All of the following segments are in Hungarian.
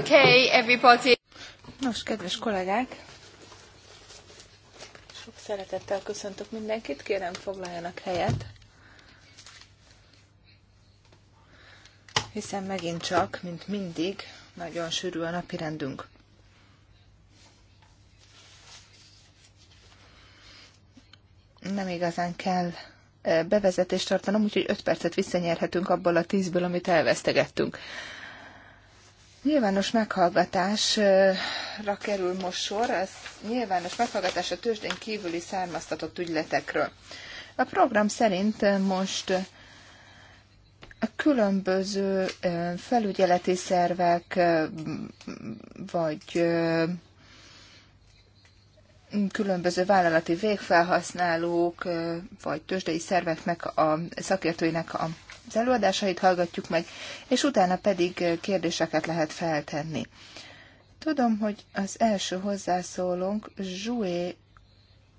Okay, everybody. Nos, kedves kollégák, sok szeretettel köszöntök mindenkit, kérem foglaljanak helyet, hiszen megint csak, mint mindig, nagyon sűrű a napi rendünk. Nem igazán kell eh, bevezetést tartanom, úgyhogy 5 percet visszanyerhetünk abból a 10-ből, amit elvesztegettünk. Nyilvános meghallgatásra kerül most sor, ez nyilvános meghallgatás a tőzsdén kívüli származtatott ügyletekről. A program szerint most a különböző felügyeleti szervek vagy különböző vállalati végfelhasználók vagy tőzsdei szerveknek a szakértőinek a az előadásait hallgatjuk meg, és utána pedig kérdéseket lehet feltenni. Tudom, hogy az első hozzászólónk Zsué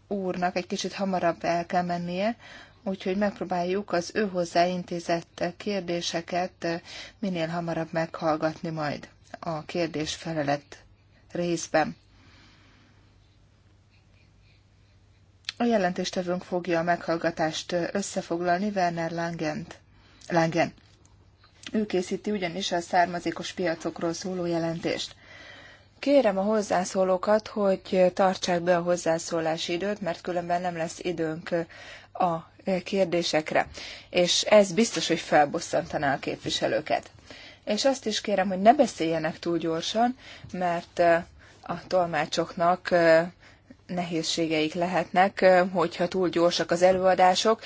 úrnak egy kicsit hamarabb el kell mennie, úgyhogy megpróbáljuk az ő hozzáintézett kérdéseket minél hamarabb meghallgatni majd a kérdés-felelet részben. A jelentéstevőnk fogja a meghallgatást összefoglalni Werner Langent. Langen. Ő készíti ugyanis a származékos piacokról szóló jelentést. Kérem a hozzászólókat, hogy tartsák be a hozzászólási időt, mert különben nem lesz időnk a kérdésekre. És ez biztos, hogy felbosszantaná a képviselőket. És azt is kérem, hogy ne beszéljenek túl gyorsan, mert a tolmácsoknak nehézségeik lehetnek, hogyha túl gyorsak az előadások,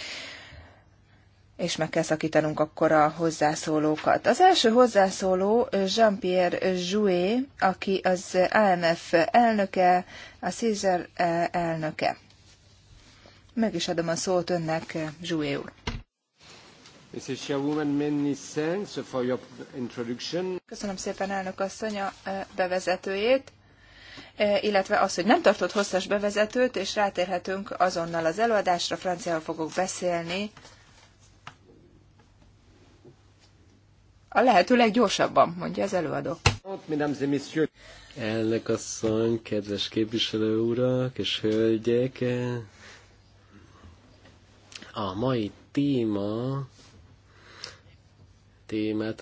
és meg kell szakítanunk akkor a hozzászólókat. Az első hozzászóló Jean-Pierre Jouet, aki az AMF elnöke, a Caesar eh, elnöke. Meg is adom a szót önnek, Jouet úr. Köszönöm szépen elnök asszony a eh, bevezetőjét, eh, illetve az, hogy nem tartott hosszas bevezetőt, és rátérhetünk azonnal az előadásra, franciául fogok beszélni, a lehető leggyorsabban, mondja az előadó. Elnök asszony, kedves képviselő urak és hölgyek, a mai téma témát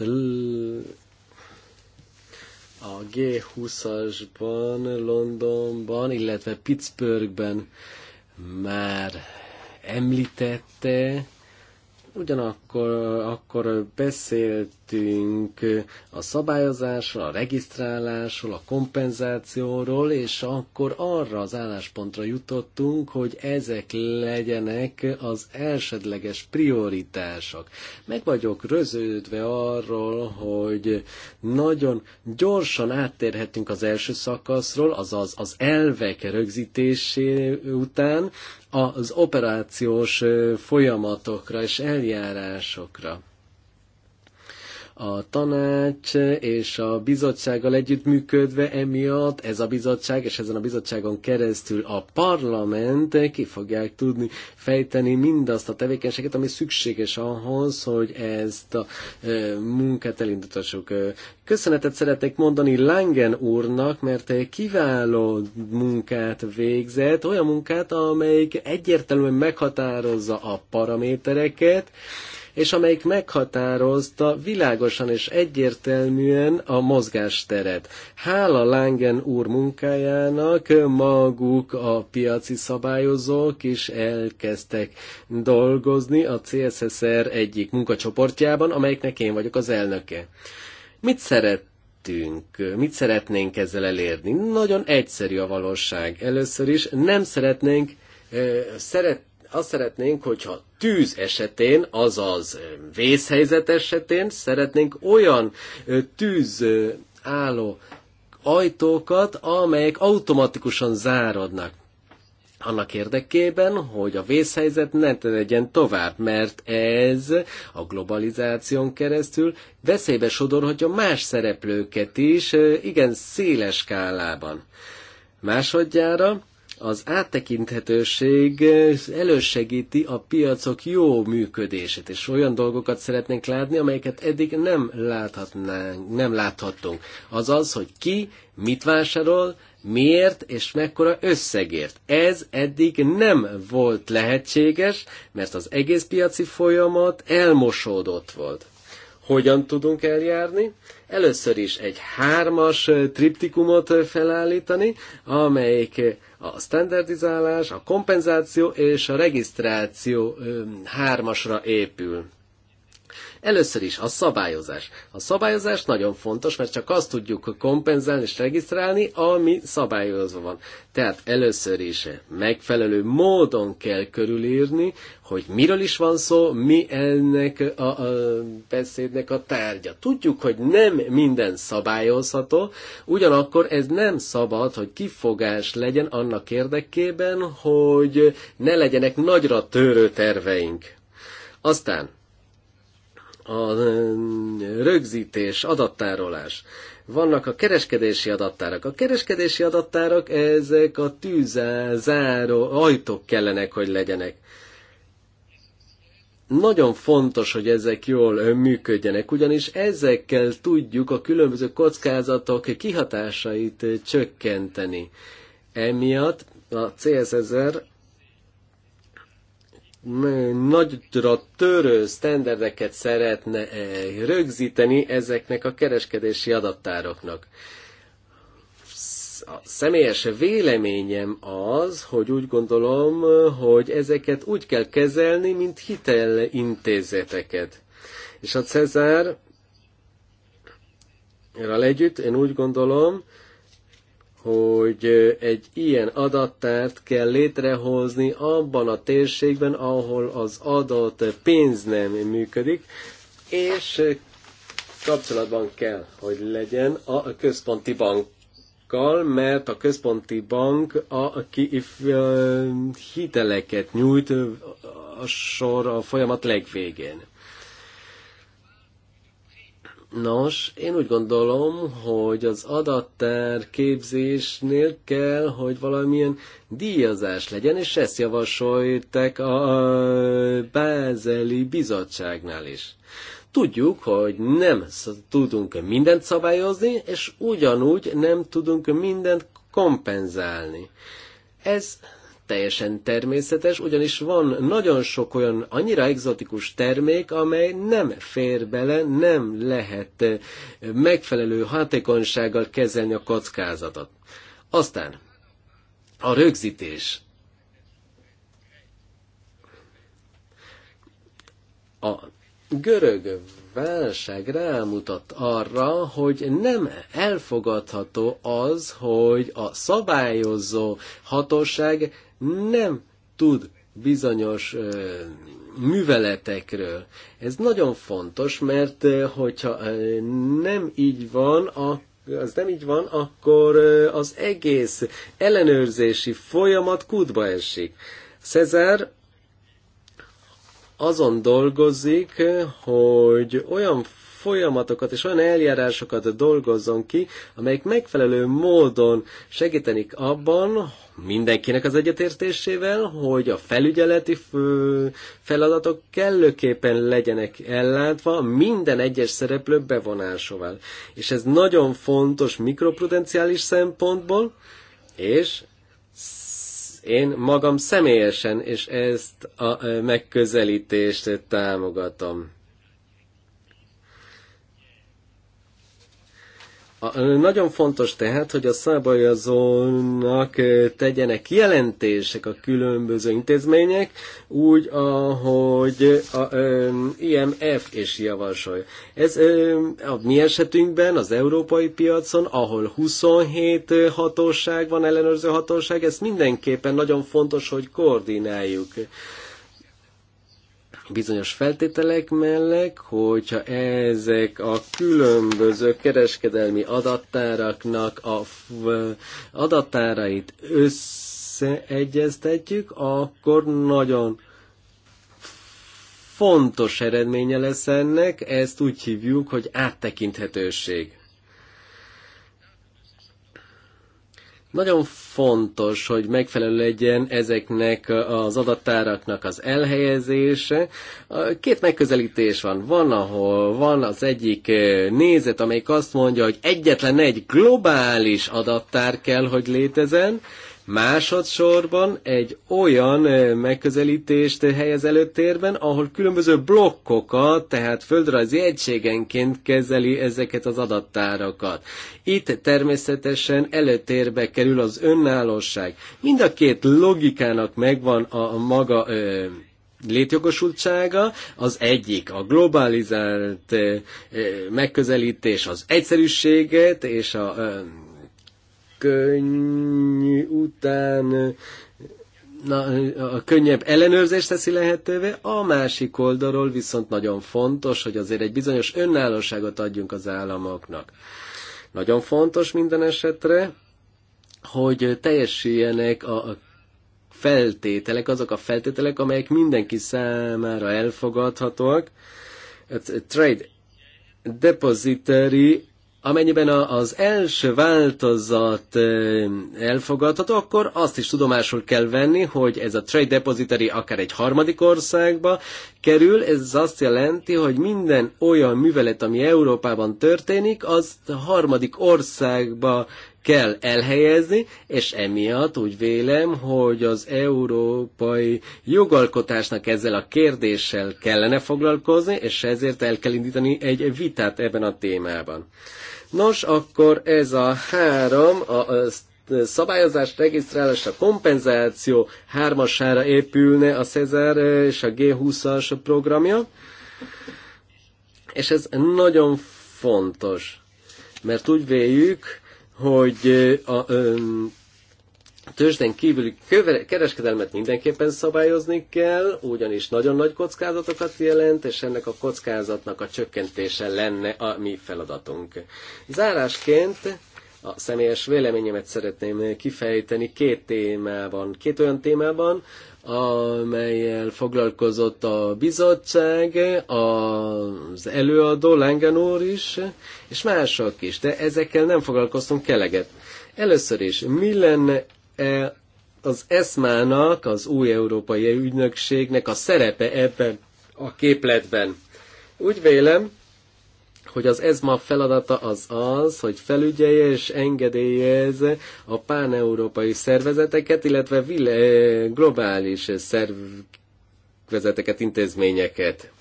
a G20-asban, Londonban, illetve Pittsburghben már említette Ugyanakkor akkor beszéltünk a szabályozásról, a regisztrálásról, a kompenzációról, és akkor arra az álláspontra jutottunk, hogy ezek legyenek az elsődleges prioritások. Meg vagyok röződve arról, hogy nagyon gyorsan áttérhetünk az első szakaszról, azaz az elvek rögzítésé után, az operációs folyamatokra és eljárásokra. A tanács és a bizottsággal együttműködve emiatt ez a bizottság és ezen a bizottságon keresztül a parlament ki fogják tudni fejteni mindazt a tevékenységet, ami szükséges ahhoz, hogy ezt a munkát elindítassuk. Köszönetet szeretnék mondani Langen úrnak, mert egy kiváló munkát végzett, olyan munkát, amelyik egyértelműen meghatározza a paramétereket, és amelyik meghatározta világosan és egyértelműen a mozgásteret. Hála Langen úr munkájának maguk a piaci szabályozók is elkezdtek dolgozni a CSSR egyik munkacsoportjában, amelyiknek én vagyok az elnöke. Mit szeret mit szeretnénk ezzel elérni. Nagyon egyszerű a valóság. Először is nem szeretnénk, szeret, azt szeretnénk, hogyha tűz esetén, azaz vészhelyzet esetén szeretnénk olyan tűz álló ajtókat, amelyek automatikusan záradnak annak érdekében, hogy a vészhelyzet ne legyen tovább, mert ez a globalizáción keresztül veszélybe sodorhatja más szereplőket is, igen széles skálában. Másodjára az áttekinthetőség elősegíti a piacok jó működését, és olyan dolgokat szeretnénk látni, amelyeket eddig nem láthatnánk, nem láthattunk. Azaz, hogy ki mit vásárol, miért és mekkora összegért. Ez eddig nem volt lehetséges, mert az egész piaci folyamat elmosódott volt hogyan tudunk eljárni. Először is egy hármas triptikumot felállítani, amelyik a standardizálás, a kompenzáció és a regisztráció hármasra épül. Először is a szabályozás. A szabályozás nagyon fontos, mert csak azt tudjuk kompenzálni és regisztrálni, ami szabályozva van. Tehát először is megfelelő módon kell körülírni, hogy miről is van szó, mi ennek a, a beszédnek a tárgya. Tudjuk, hogy nem minden szabályozható, ugyanakkor ez nem szabad, hogy kifogás legyen annak érdekében, hogy ne legyenek nagyra törő terveink. Aztán a rögzítés, adattárolás. Vannak a kereskedési adattárak. A kereskedési adattárak ezek a tűzáró ajtók kellenek, hogy legyenek. Nagyon fontos, hogy ezek jól működjenek, ugyanis ezekkel tudjuk a különböző kockázatok kihatásait csökkenteni. Emiatt a CSSR nagyra törő sztenderdeket szeretne eh, rögzíteni ezeknek a kereskedési adattároknak. A személyes véleményem az, hogy úgy gondolom, hogy ezeket úgy kell kezelni, mint hitelintézeteket. És a Cezár, erre együtt én úgy gondolom, hogy egy ilyen adattárt kell létrehozni abban a térségben, ahol az adott pénz nem működik, és kapcsolatban kell, hogy legyen a központi bankkal, mert a központi bank a, ki, hiteleket nyújt a sor a folyamat legvégén. Nos, én úgy gondolom, hogy az adattár képzésnél kell, hogy valamilyen díjazás legyen, és ezt javasoltak a Bázeli Bizottságnál is. Tudjuk, hogy nem tudunk mindent szabályozni, és ugyanúgy nem tudunk mindent kompenzálni. Ez teljesen természetes, ugyanis van nagyon sok olyan annyira egzotikus termék, amely nem fér bele, nem lehet eh, megfelelő hatékonysággal kezelni a kockázatot. Aztán a rögzítés. A görög válság rámutat arra, hogy nem elfogadható az, hogy a szabályozó hatóság nem tud bizonyos ö, műveletekről. Ez nagyon fontos, mert ö, hogyha ö, nem így van, a, az nem így van, akkor az egész ellenőrzési folyamat kútba esik. Cezár azon dolgozik, hogy olyan folyamatokat és olyan eljárásokat dolgozzon ki, amelyek megfelelő módon segítenik abban, mindenkinek az egyetértésével, hogy a felügyeleti feladatok kellőképpen legyenek ellátva minden egyes szereplő bevonásával. És ez nagyon fontos mikroprudenciális szempontból, és én magam személyesen, és ezt a megközelítést támogatom. Nagyon fontos tehát, hogy a szabályozónak tegyenek jelentések a különböző intézmények, úgy, ahogy a IMF is javasolja. Ez a mi esetünkben az európai piacon, ahol 27 hatóság van, ellenőrző hatóság, ez mindenképpen nagyon fontos, hogy koordináljuk bizonyos feltételek mellett, hogyha ezek a különböző kereskedelmi adattáraknak a adattárait összeegyeztetjük, akkor nagyon fontos eredménye lesz ennek, ezt úgy hívjuk, hogy áttekinthetőség. Nagyon fontos, hogy megfelelő legyen ezeknek az adattáraknak az elhelyezése. Két megközelítés van. Van, ahol van az egyik eh, nézet, amelyik azt mondja, hogy egyetlen egy globális adattár kell, hogy létezen, Másodszorban egy olyan megközelítést helyez előtérben, ahol különböző blokkokat, tehát földrajzi egységenként kezeli ezeket az adattárakat. Itt természetesen előtérbe kerül az önállóság. Mind a két logikának megvan a maga ö, létjogosultsága, az egyik a globalizált megközelítés, az egyszerűséget és a könny után na, a könnyebb ellenőrzést teszi lehetővé, a másik oldalról viszont nagyon fontos, hogy azért egy bizonyos önállóságot adjunk az államoknak. Nagyon fontos minden esetre, hogy teljesüljenek a feltételek, azok a feltételek, amelyek mindenki számára elfogadhatóak. A trade depository Amennyiben az első változat elfogadható, akkor azt is tudomásul kell venni, hogy ez a trade depository akár egy harmadik országba kerül. Ez azt jelenti, hogy minden olyan művelet, ami Európában történik, az harmadik országba kell elhelyezni, és emiatt úgy vélem, hogy az európai jogalkotásnak ezzel a kérdéssel kellene foglalkozni, és ezért el kell indítani egy vitát ebben a témában. Nos, akkor ez a három, a, a szabályozás, regisztrálás, a kompenzáció hármasára épülne a Cezár és a G20-as programja, és ez nagyon fontos, mert úgy véljük, hogy a, a, a tőzsden kívüli kereskedelmet mindenképpen szabályozni kell, ugyanis nagyon nagy kockázatokat jelent, és ennek a kockázatnak a csökkentése lenne a mi feladatunk. Zárásként a személyes véleményemet szeretném kifejteni két témában, két olyan témában, amelyel foglalkozott a bizottság, az előadó Lengen úr is, és mások is, de ezekkel nem foglalkoztunk keleget. Először is, mi lenne E, az ESMA-nak, az új európai ügynökségnek a szerepe ebben a képletben. Úgy vélem, hogy az ESMA feladata az az, hogy felügyelje és engedélyezze a páneurópai szervezeteket, illetve e, globális szervezeteket, intézményeket.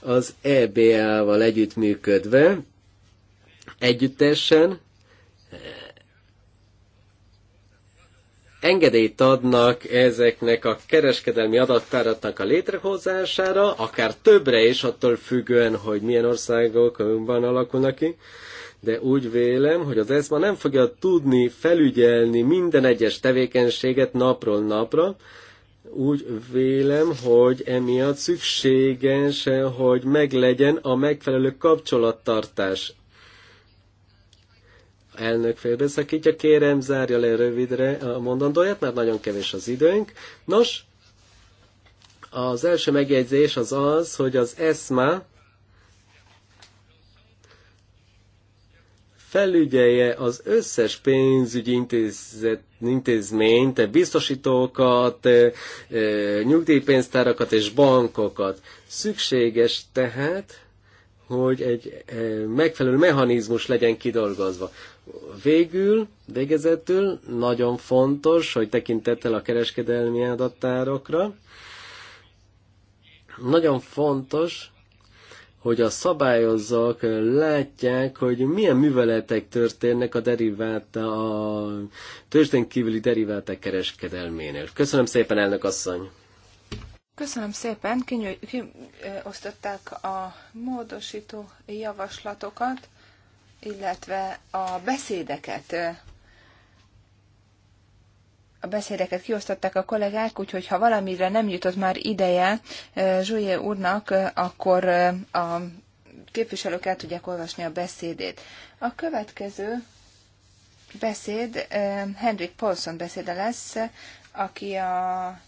Az EBA-val együttműködve, együttesen engedélyt adnak ezeknek a kereskedelmi adattáratnak a létrehozására, akár többre is, attól függően, hogy milyen országokban alakulnak ki, de úgy vélem, hogy az ESMA nem fogja tudni felügyelni minden egyes tevékenységet napról napra, úgy vélem, hogy emiatt szükséges, hogy meglegyen a megfelelő kapcsolattartás Elnök félbeszakítja, kérem, zárja le rövidre a mondandóját, mert nagyon kevés az időnk. Nos, az első megjegyzés az az, hogy az ESMA felügyelje az összes pénzügyi intézet, intézményt, biztosítókat, nyugdíjpénztárakat és bankokat. Szükséges tehát, hogy egy megfelelő mechanizmus legyen kidolgozva. Végül, végezetül nagyon fontos, hogy tekintettel a kereskedelmi adattárokra, nagyon fontos, hogy a szabályozók látják, hogy milyen műveletek történnek a deriváta, a törzsdén kívüli deriváták kereskedelménél. Köszönöm szépen, elnök asszony! Köszönöm szépen, kinyújtották a módosító javaslatokat illetve a beszédeket a beszédeket kiosztották a kollégák, úgyhogy ha valamire nem jutott már ideje Zsujé úrnak, akkor a képviselők el tudják olvasni a beszédét. A következő beszéd Henrik Paulson beszéde lesz, aki a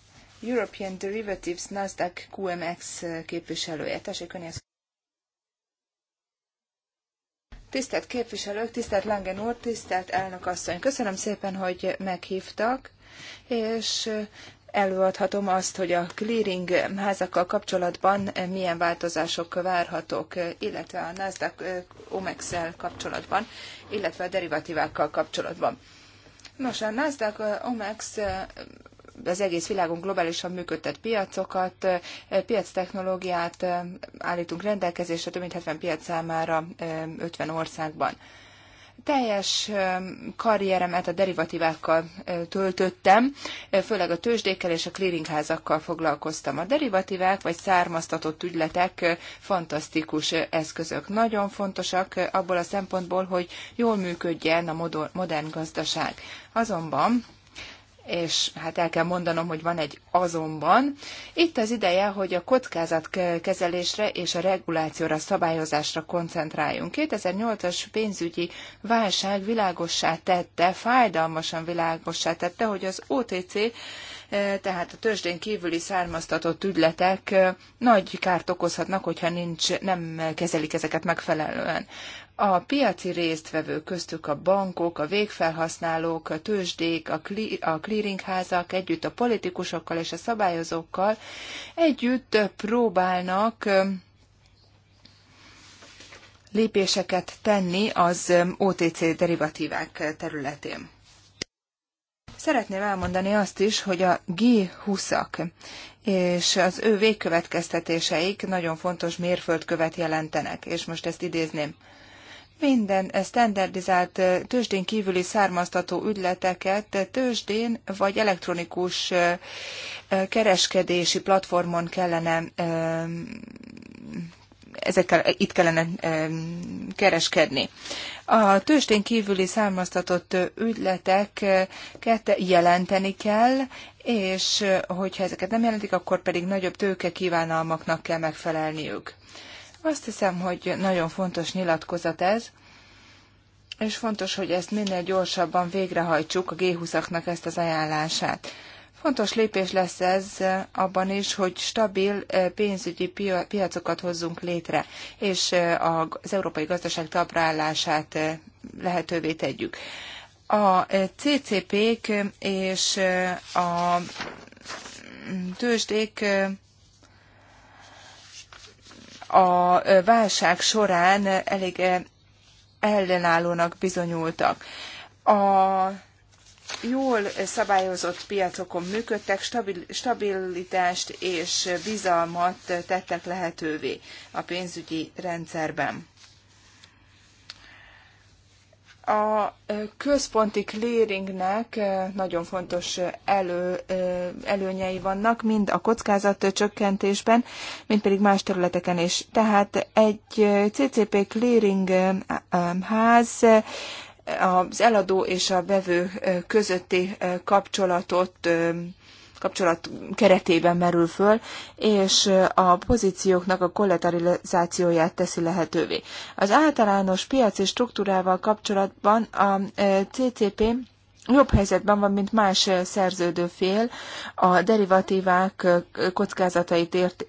European Derivatives Nasdaq QMX képviselője. Tessék, Tisztelt képviselők, tisztelt Langen úr, tisztelt elnök asszony, köszönöm szépen, hogy meghívtak, és előadhatom azt, hogy a clearing házakkal kapcsolatban milyen változások várhatók, illetve a Nasdaq eh, omex kapcsolatban, illetve a derivatívákkal kapcsolatban. Nos, a Nasdaq eh, OMEX eh, az egész világon globálisan működtet piacokat, piac technológiát állítunk rendelkezésre több mint 70 piac számára 50 országban. Teljes karrieremet a derivatívákkal töltöttem, főleg a tőzsdékkel és a clearingházakkal foglalkoztam. A derivatívák vagy származtatott ügyletek fantasztikus eszközök. Nagyon fontosak abból a szempontból, hogy jól működjen a modern gazdaság. Azonban és hát el kell mondanom, hogy van egy azonban. Itt az ideje, hogy a kockázatkezelésre és a regulációra, szabályozásra koncentráljunk. 2008-as pénzügyi válság világossá tette, fájdalmasan világossá tette, hogy az OTC eh, tehát a törzsdén kívüli származtatott ügyletek eh, nagy kárt okozhatnak, hogyha nincs, nem kezelik ezeket megfelelően a piaci résztvevők köztük a bankok, a végfelhasználók, a tőzsdék, a, kli, a clearingházak együtt a politikusokkal és a szabályozókkal együtt próbálnak lépéseket tenni az OTC derivatívák területén. Szeretném elmondani azt is, hogy a G20-ak és az ő végkövetkeztetéseik nagyon fontos mérföldkövet jelentenek, és most ezt idézném minden standardizált tőzsdén kívüli származtató ügyleteket tőzsdén vagy elektronikus kereskedési platformon kellene ezekkel itt kellene kereskedni. A tőzsdén kívüli származtatott ügyleteket jelenteni kell, és hogyha ezeket nem jelentik, akkor pedig nagyobb tőke kívánalmaknak kell megfelelniük. Azt hiszem, hogy nagyon fontos nyilatkozat ez, és fontos, hogy ezt minél gyorsabban végrehajtsuk a G20-aknak ezt az ajánlását. Fontos lépés lesz ez abban is, hogy stabil eh, pénzügyi piacokat hozzunk létre, és eh, az európai gazdaság talpraállását eh, lehetővé tegyük. A CCP-k és a tőzsdék a válság során elég eh, ellenállónak bizonyultak. A jól szabályozott piacokon működtek, stabil, stabilitást és bizalmat tettek lehetővé a pénzügyi rendszerben a központi clearingnek nagyon fontos elő, előnyei vannak, mind a kockázat csökkentésben, mind pedig más területeken is. Tehát egy CCP clearing ház az eladó és a vevő közötti kapcsolatot kapcsolat keretében merül föl, és a pozícióknak a kolletarizációját teszi lehetővé. Az általános piaci struktúrával kapcsolatban a CCP jobb helyzetben van, mint más szerződő fél a derivatívák kockázatait ért,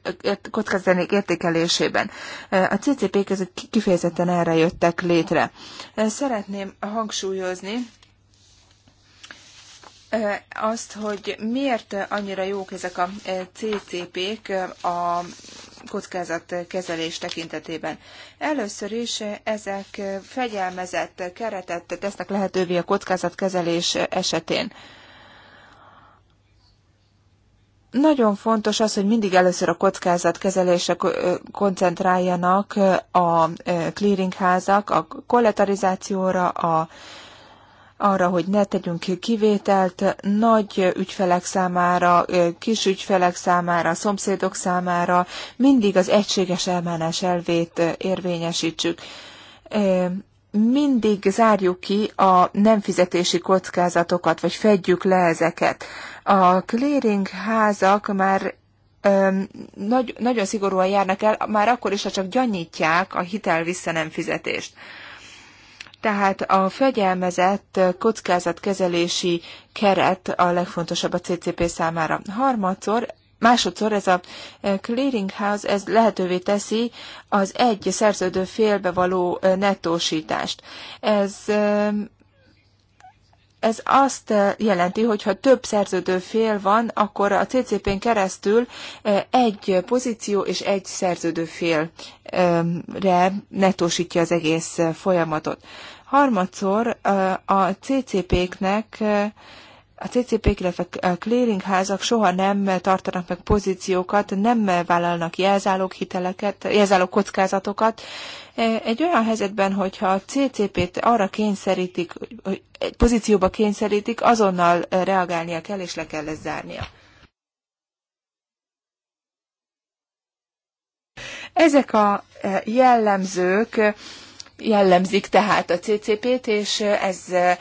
kockázatának értékelésében. A CCP-k kifejezetten erre jöttek létre. Szeretném hangsúlyozni, azt, hogy miért annyira jók ezek a CCP-k a kockázatkezelés tekintetében. Először is ezek fegyelmezett keretet tesznek lehetővé a kockázatkezelés esetén. Nagyon fontos az, hogy mindig először a kockázatkezelésre koncentráljanak a clearingházak, a kolletarizációra, a arra, hogy ne tegyünk kivételt nagy ügyfelek számára, kis ügyfelek számára, szomszédok számára, mindig az egységes elmánás elvét érvényesítsük. Mindig zárjuk ki a nem fizetési kockázatokat, vagy fedjük le ezeket. A clearing házak már nagy, nagyon szigorúan járnak el, már akkor is, ha csak gyanítják a hitel vissza nem fizetést. Tehát a fegyelmezett kockázatkezelési keret a legfontosabb a CCP számára. Harmadszor Másodszor ez a eh, clearinghouse ez lehetővé teszi az egy szerződő félbe való eh, nettósítást. Ez eh, ez azt eh, jelenti, hogy ha több szerződő fél van, akkor a CCP-n keresztül eh, egy pozíció és egy szerződő félre eh, netósítja az egész folyamatot. Harmadszor a CCP-knek a CCP-k, illetve a clearingházak soha nem tartanak meg pozíciókat, nem vállalnak jelzálók hiteleket, jelzálók kockázatokat, E, egy olyan helyzetben, hogyha a CCP-t arra kényszerítik, hogy egy pozícióba kényszerítik, azonnal reagálnia kell, és le kell ezt zárnia. Ezek a e, jellemzők jellemzik tehát a CCP-t, és ez e,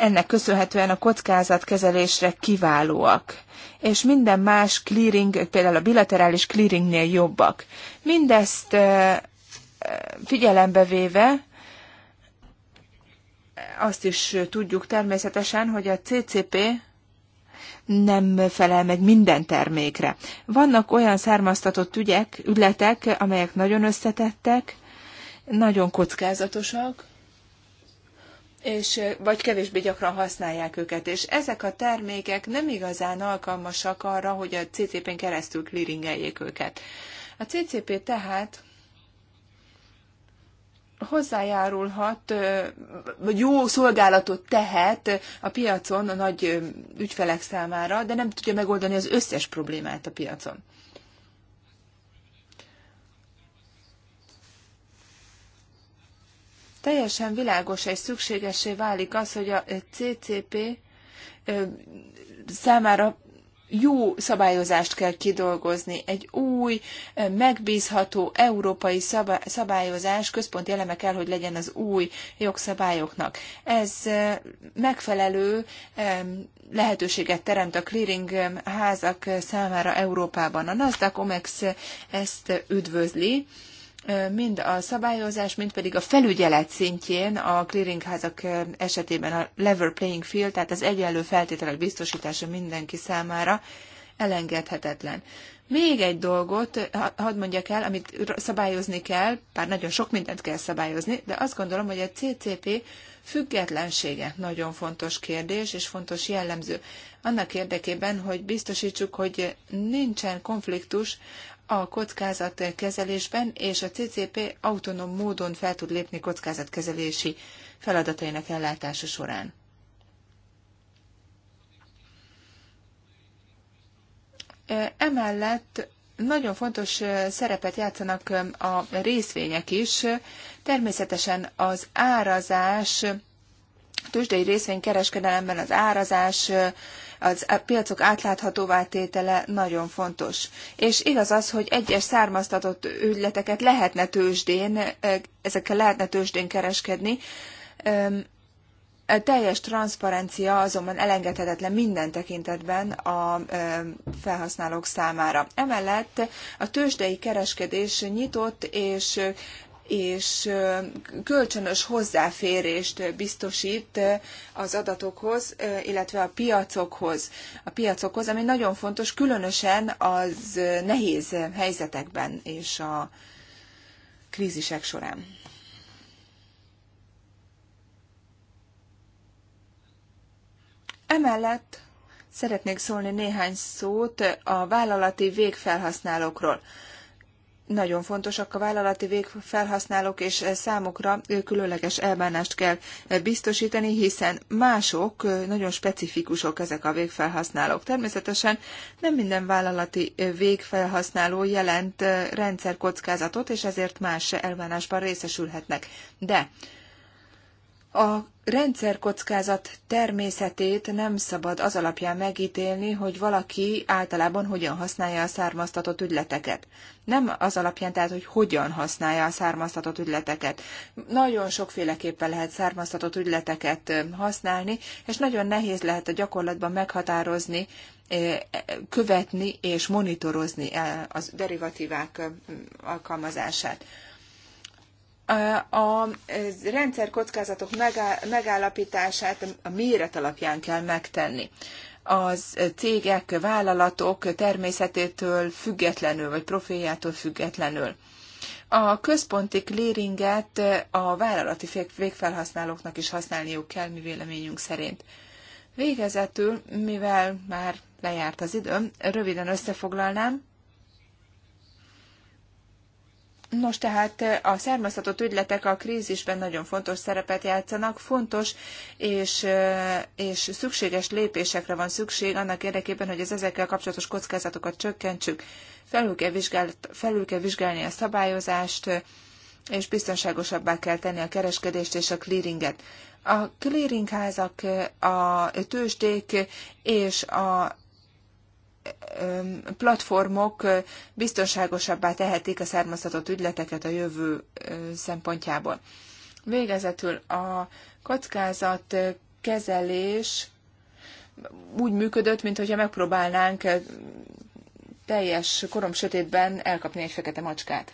ennek köszönhetően a kockázatkezelésre kiválóak, és minden más clearing, például a bilaterális clearingnél jobbak. Mindezt figyelembe véve azt is tudjuk természetesen, hogy a CCP nem felel meg minden termékre. Vannak olyan származtatott ügyek, ügyletek, amelyek nagyon összetettek, nagyon kockázatosak, és vagy kevésbé gyakran használják őket, és ezek a termékek nem igazán alkalmasak arra, hogy a CCP-n keresztül clearingeljék őket. A CCP tehát hozzájárulhat, vagy jó szolgálatot tehet a piacon a nagy ügyfelek számára, de nem tudja megoldani az összes problémát a piacon. Teljesen világos és szükségessé válik az, hogy a CCP számára jó szabályozást kell kidolgozni, egy új, eh, megbízható európai szabályozás központi eleme kell, hogy legyen az új jogszabályoknak. Ez eh, megfelelő lehetőséget teremt a clearing házak számára Európában. A Nasdaq Omex eh, ezt üdvözli, mind a szabályozás, mind pedig a felügyelet szintjén a clearingházak esetében a level playing field, tehát az egyenlő feltételek biztosítása mindenki számára elengedhetetlen. Még egy dolgot hadd mondjak el, amit szabályozni kell, bár nagyon sok mindent kell szabályozni, de azt gondolom, hogy a CCP függetlensége nagyon fontos kérdés és fontos jellemző. Annak érdekében, hogy biztosítsuk, hogy nincsen konfliktus a kockázatkezelésben, és a CCP autonóm módon fel tud lépni kockázatkezelési feladatainak ellátása során. Emellett nagyon fontos szerepet játszanak a részvények is. Természetesen az árazás, tőzsdei részvénykereskedelemben az árazás az a e- piacok átláthatóvá tétele nagyon fontos. És igaz az, hogy egyes származtatott ügyleteket lehetne tőzsdén, e, ezekkel lehetne tőzsdén kereskedni, a teljes transzparencia azonban elengedhetetlen minden tekintetben a felhasználók számára. Emellett a tőzsdei kereskedés nyitott és és kölcsönös hozzáférést biztosít az adatokhoz, illetve a piacokhoz, a piacokhoz, ami nagyon fontos, különösen az nehéz helyzetekben és a krízisek során. Emellett szeretnék szólni néhány szót a vállalati végfelhasználókról nagyon fontosak a vállalati végfelhasználók, és eh, számukra eh, különleges elbánást kell eh, biztosítani, hiszen mások, nagyon specifikusok ezek a végfelhasználók. Természetesen nem minden vállalati végfelhasználó jelent rendszerkockázatot, és ezért más elbánásban részesülhetnek. De a rendszerkockázat természetét nem szabad az alapján megítélni, hogy valaki általában hogyan használja a származtatott ügyleteket. Nem az alapján tehát, hogy hogyan használja a származtatott ügyleteket. Nagyon sokféleképpen lehet származtatott ügyleteket használni, és nagyon nehéz lehet a gyakorlatban meghatározni, követni és monitorozni az derivatívák alkalmazását a rendszer kockázatok megállapítását a méret alapján kell megtenni. Az cégek, vállalatok természetétől függetlenül, vagy profiljától függetlenül. A központi clearinget a vállalati végfelhasználóknak is használniuk kell, mi véleményünk szerint. Végezetül, mivel már lejárt az időm, röviden összefoglalnám, Nos, tehát a származtatott ügyletek a krízisben nagyon fontos szerepet játszanak, fontos és, és szükséges lépésekre van szükség annak érdekében, hogy az ezekkel kapcsolatos kockázatokat csökkentsük. Felül kell, vizsgált, felül kell vizsgálni a szabályozást, és biztonságosabbá kell tenni a kereskedést és a clearinget. A clearingházak, a tőzsdék és a platformok biztonságosabbá tehetik a származtatott ügyleteket a jövő szempontjából. Végezetül a kockázat kezelés úgy működött, mintha megpróbálnánk teljes korom sötétben elkapni egy fekete macskát.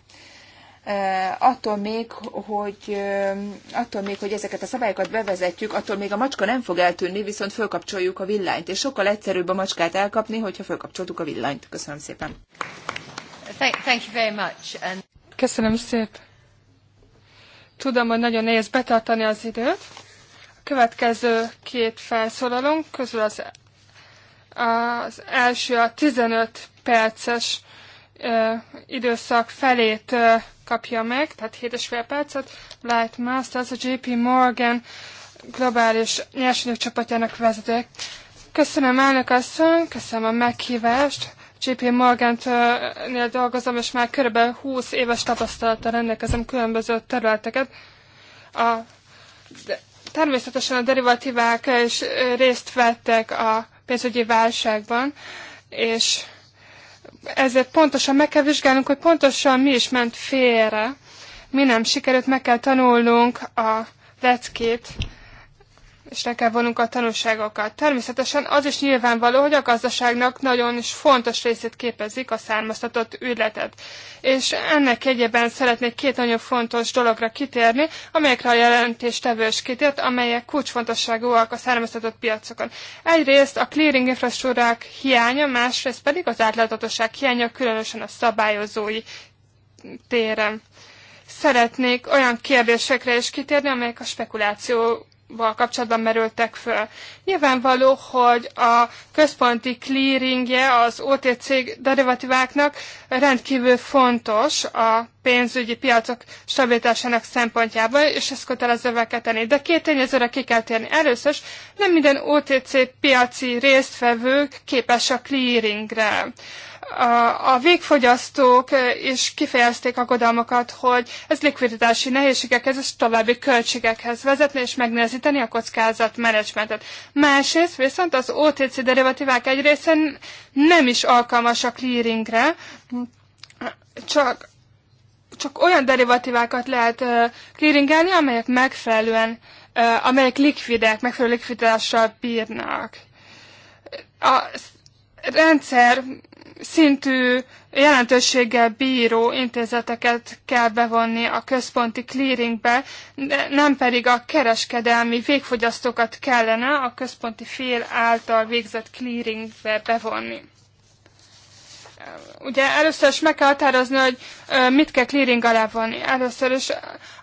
Eh, attól még, hogy, eh, attól még, hogy ezeket a szabályokat bevezetjük, attól még a macska nem fog eltűnni, viszont fölkapcsoljuk a villanyt, és sokkal egyszerűbb a macskát elkapni, hogyha fölkapcsoltuk a villanyt. Köszönöm szépen. Thank, you very much. And... Köszönöm szépen. Tudom, hogy nagyon nehéz betartani az időt. A következő két felszólalónk közül az, az első a 15 perces ö, időszak felét ö, kapja meg, tehát 7,5 percet. Light Masters, a JP Morgan globális nyersanyag csapatjának vezetők. Köszönöm elnök asszony, köszönöm a meghívást. JP Morgan-nél dolgozom, és már kb. 20 éves tapasztalattal rendelkezem különböző területeket. A, de, természetesen a derivatívák is részt vettek a pénzügyi válságban, és ezért pontosan meg kell vizsgálnunk, hogy pontosan mi is ment félre, mi nem sikerült, meg kell tanulnunk a leckét és le kell vonunk a tanulságokat. Természetesen az is nyilvánvaló, hogy a gazdaságnak nagyon is fontos részét képezik a származtatott ügyletet. És ennek egyében szeretnék két nagyon fontos dologra kitérni, amelyekre a jelentés tevős kitért, amelyek kulcsfontosságúak a származtatott piacokon. Egyrészt a clearing infrastruktúrák hiánya, másrészt pedig az átláthatóság hiánya, különösen a szabályozói téren szeretnék olyan kérdésekre is kitérni, amelyek a spekuláció val kapcsolatban merültek föl. Nyilvánvaló, hogy a központi clearingje az OTC derivatíváknak rendkívül fontos a pénzügyi piacok stabilitásának szempontjából, és ezt kötelezővé kell tenni. De két tényezőre ki kell térni. Először is nem minden OTC piaci résztvevő képes a clearingre a, a végfogyasztók eh, is kifejezték aggodalmakat, hogy ez likviditási nehézségekhez és további költségekhez vezetne és megnehezíteni a kockázatmenedzsmentet. Másrészt viszont az OTC derivatívák egy részen nem is alkalmas a clearingre, csak, csak olyan derivatívákat lehet eh, clearingelni, amelyek megfelelően, eh, amelyek likvidek, megfelelő likviditással bírnak. A rendszer szintű jelentőséggel bíró intézeteket kell bevonni a központi clearingbe, nem pedig a kereskedelmi végfogyasztókat kellene a központi fél által végzett clearingbe bevonni. Ugye először is meg kell határozni, hogy mit kell clearing alá vonni. Először is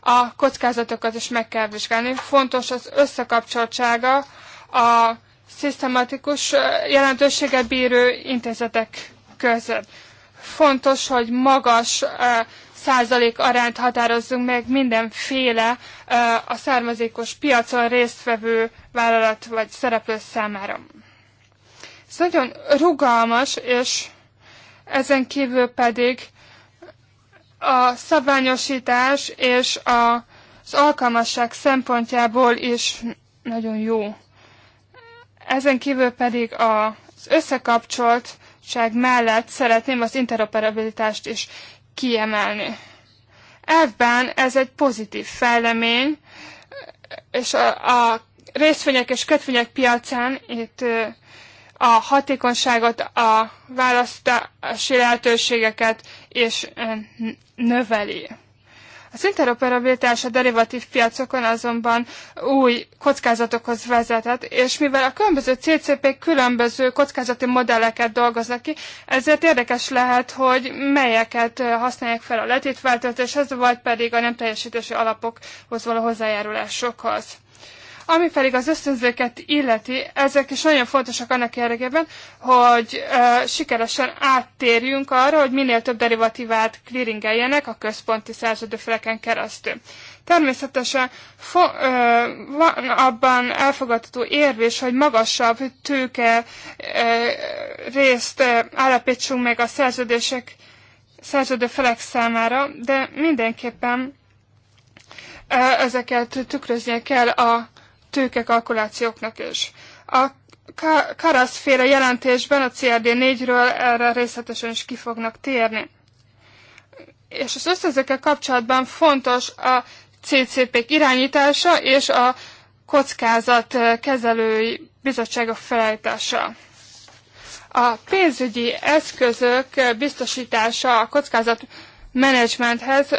a kockázatokat is meg kell vizsgálni. Fontos az összekapcsoltsága a szisztematikus jelentőséget bírő intézetek között. Fontos, hogy magas százalék arányt határozzunk meg mindenféle a származékos piacon résztvevő vállalat vagy szereplő számára. Ez nagyon rugalmas, és ezen kívül pedig a szabványosítás és a, az alkalmasság szempontjából is nagyon jó. Ezen kívül pedig az összekapcsolt mellett szeretném az interoperabilitást is kiemelni. Ebben ez egy pozitív fejlemény, és a, a részvények és kötvények piacán itt a hatékonyságot, a választási lehetőségeket és növeli. Az interoperabilitás a derivatív piacokon azonban új kockázatokhoz vezetett, és mivel a különböző CCP különböző kockázati modelleket dolgoznak ki, ezért érdekes lehet, hogy melyeket használják fel a letétváltozáshoz, vagy pedig a nem teljesítési alapokhoz való hozzájárulásokhoz. Ami pedig az ösztönzőket illeti, ezek is nagyon fontosak annak érdekében, hogy e, sikeresen áttérjünk arra, hogy minél több derivatívát clearingeljenek a központi szerződőfeleken keresztül. Természetesen fo- ö, van abban elfogadható érvés, hogy magasabb tőke ö, részt ö, állapítsunk meg a szerződések, szerződő felek számára, de mindenképpen ö, ezeket tükröznie kell a tőkekalkulációknak is. A Karaszféle jelentésben a CRD 4-ről erre részletesen is ki fognak térni. És az összezőkkel kapcsolatban fontos a ccp irányítása és a kockázat kezelői bizottsága felállítása. A pénzügyi eszközök biztosítása a kockázat menedzsmenthez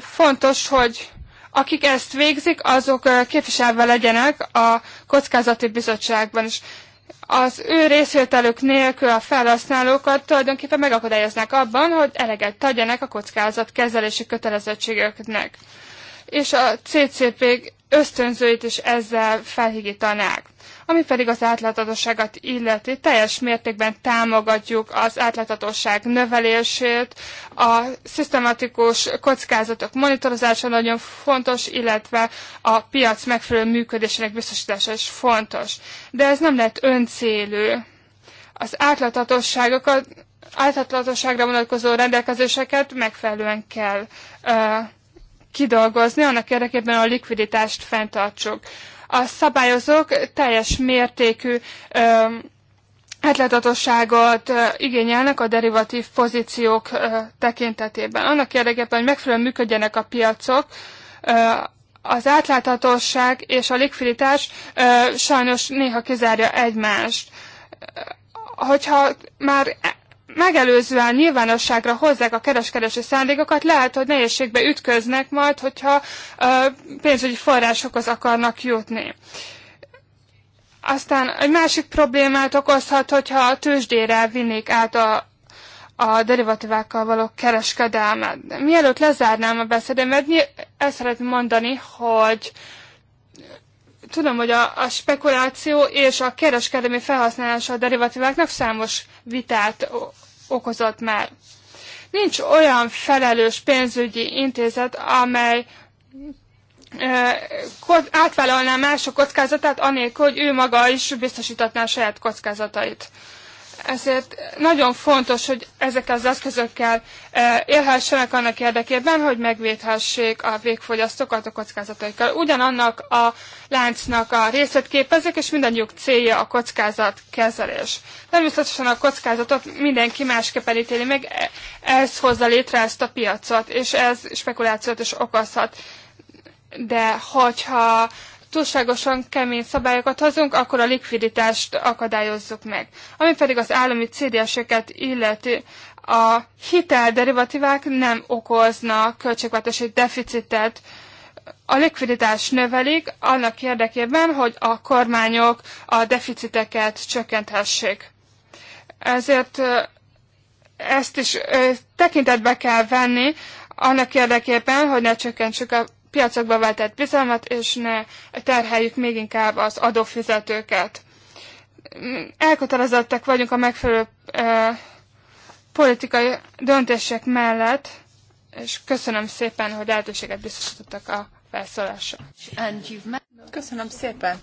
fontos, hogy akik ezt végzik, azok képviselve legyenek a kockázati bizottságban is. Az ő részvételük nélkül a felhasználókat tulajdonképpen megakadályoznak abban, hogy eleget tegyenek a kezelési kötelezettségeknek. És a CCP ösztönzőit is ezzel felhigítanák. Ami pedig az átláthatóságot illeti, teljes mértékben támogatjuk az átláthatóság növelését, a szisztematikus kockázatok monitorozása nagyon fontos, illetve a piac megfelelő működésének biztosítása is fontos. De ez nem lehet öncélű. Az átláthatóságokat, átláthatóságra vonatkozó rendelkezéseket megfelelően kell uh, kidolgozni, annak érdekében a likviditást fenntartsuk a szabályozók teljes mértékű hetletatosságot igényelnek a derivatív pozíciók tekintetében. Annak érdekében, hogy megfelelően működjenek a piacok, az átláthatóság és a likviditás sajnos néha kizárja egymást. Hogyha már megelőzően nyilvánosságra hozzák a kereskedési szándékokat, lehet, hogy nehézségbe ütköznek majd, hogyha pénzügyi forrásokhoz akarnak jutni. Aztán egy másik problémát okozhat, hogyha a tőzsdére vinnék át a, a derivatívákkal való kereskedelmet. Mielőtt lezárnám a beszédemet, ezt szeretném mondani, hogy tudom, hogy a, a spekuláció és a kereskedelmi felhasználása a derivatíváknak számos vitát okozott már. Nincs olyan felelős pénzügyi intézet, amely átvállalná mások kockázatát, anélkül, hogy ő maga is biztosítatná a saját kockázatait ezért nagyon fontos, hogy ezekkel az eszközökkel e, élhessenek annak érdekében, hogy megvédhessék a végfogyasztókat a kockázataikkal. Ugyanannak a láncnak a részét képezik, és mindannyiuk célja a kockázatkezelés. Természetesen a kockázatot mindenki másképp elítéli meg, e, ez hozza létre ezt a piacot, és ez spekulációt is okozhat. De hogyha túlságosan kemény szabályokat hozunk, akkor a likviditást akadályozzuk meg. Ami pedig az állami CDS-eket illeti, a hitelderivatívák nem okoznak költségvetési deficitet, a likviditás növelik annak érdekében, hogy a kormányok a deficiteket csökkenthessék. Ezért ezt is tekintetbe kell venni annak érdekében, hogy ne csökkentsük a piacokba vetett bizalmat, és ne terheljük még inkább az adófizetőket. Elkötelezettek vagyunk a megfelelő eh, politikai döntések mellett, és köszönöm szépen, hogy lehetőséget biztosítottak a felszólásra. Köszönöm szépen.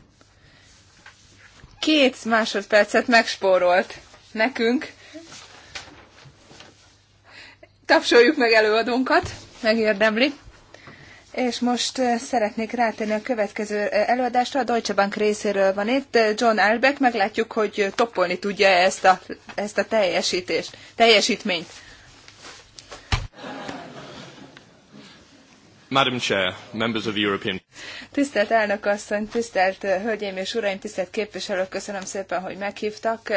Két másodpercet megspórolt nekünk. Tapsoljuk meg előadónkat, megérdemli. És most eh, szeretnék rátenni a következő eh, előadásra. A Deutsche Bank részéről van itt. Eh, John Albeck, meglátjuk, hogy toppolni tudja ezt a, ezt a teljesítést, teljesítményt. Madam Chair, members of the European... Tisztelt elnök asszony, tisztelt hölgyeim és uraim, tisztelt képviselők, köszönöm szépen, hogy meghívtak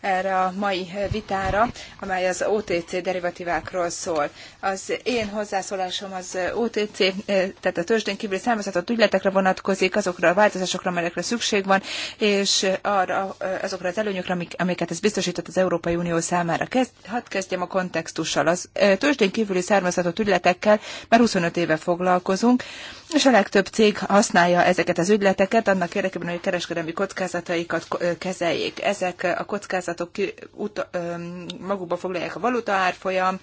erre a mai vitára, amely az OTC derivatívákról szól. Az én hozzászólásom az OTC, eh, tehát a tőzsdén kívüli származtatott ügyletekre vonatkozik, azokra a változásokra, amelyekre szükség van, és arra, eh, azokra az előnyökre, amiket ez biztosított az Európai Unió számára. Kezd, hadd kezdjem a kontextussal. Az eh, tőzsdén kívüli származtatott ügyletekkel már 25 éve foglalkozunk, és a legtöbb cég használja ezeket az ügyleteket annak érdekében, hogy a kereskedelmi kockázataikat kezeljék. Ezek a kockázatok magukba foglalják a valuta árfolyam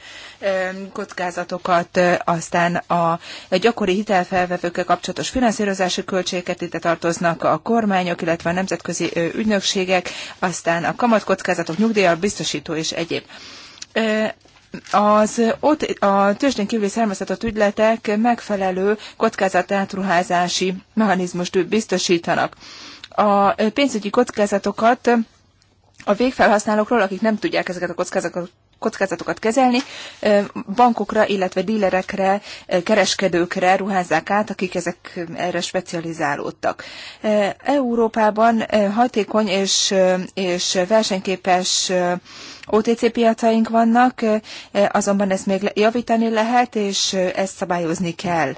kockázatokat, aztán a gyakori hitelfelvevőkkel kapcsolatos finanszírozási költségeket ide tartoznak a kormányok, illetve a nemzetközi ügynökségek, aztán a kamatkockázatok, nyugdíjal biztosító és egyéb az ott a tőzsdén kívüli származtatott ügyletek megfelelő kockázatátruházási mechanizmust biztosítanak. A pénzügyi kockázatokat a végfelhasználókról, akik nem tudják ezeket a kockázatokat kockázatokat kezelni, bankokra, illetve dílerekre, kereskedőkre ruházzák át, akik ezek erre specializálódtak. Európában hatékony és, és versenyképes OTC piacaink vannak, azonban ezt még javítani lehet, és ezt szabályozni kell.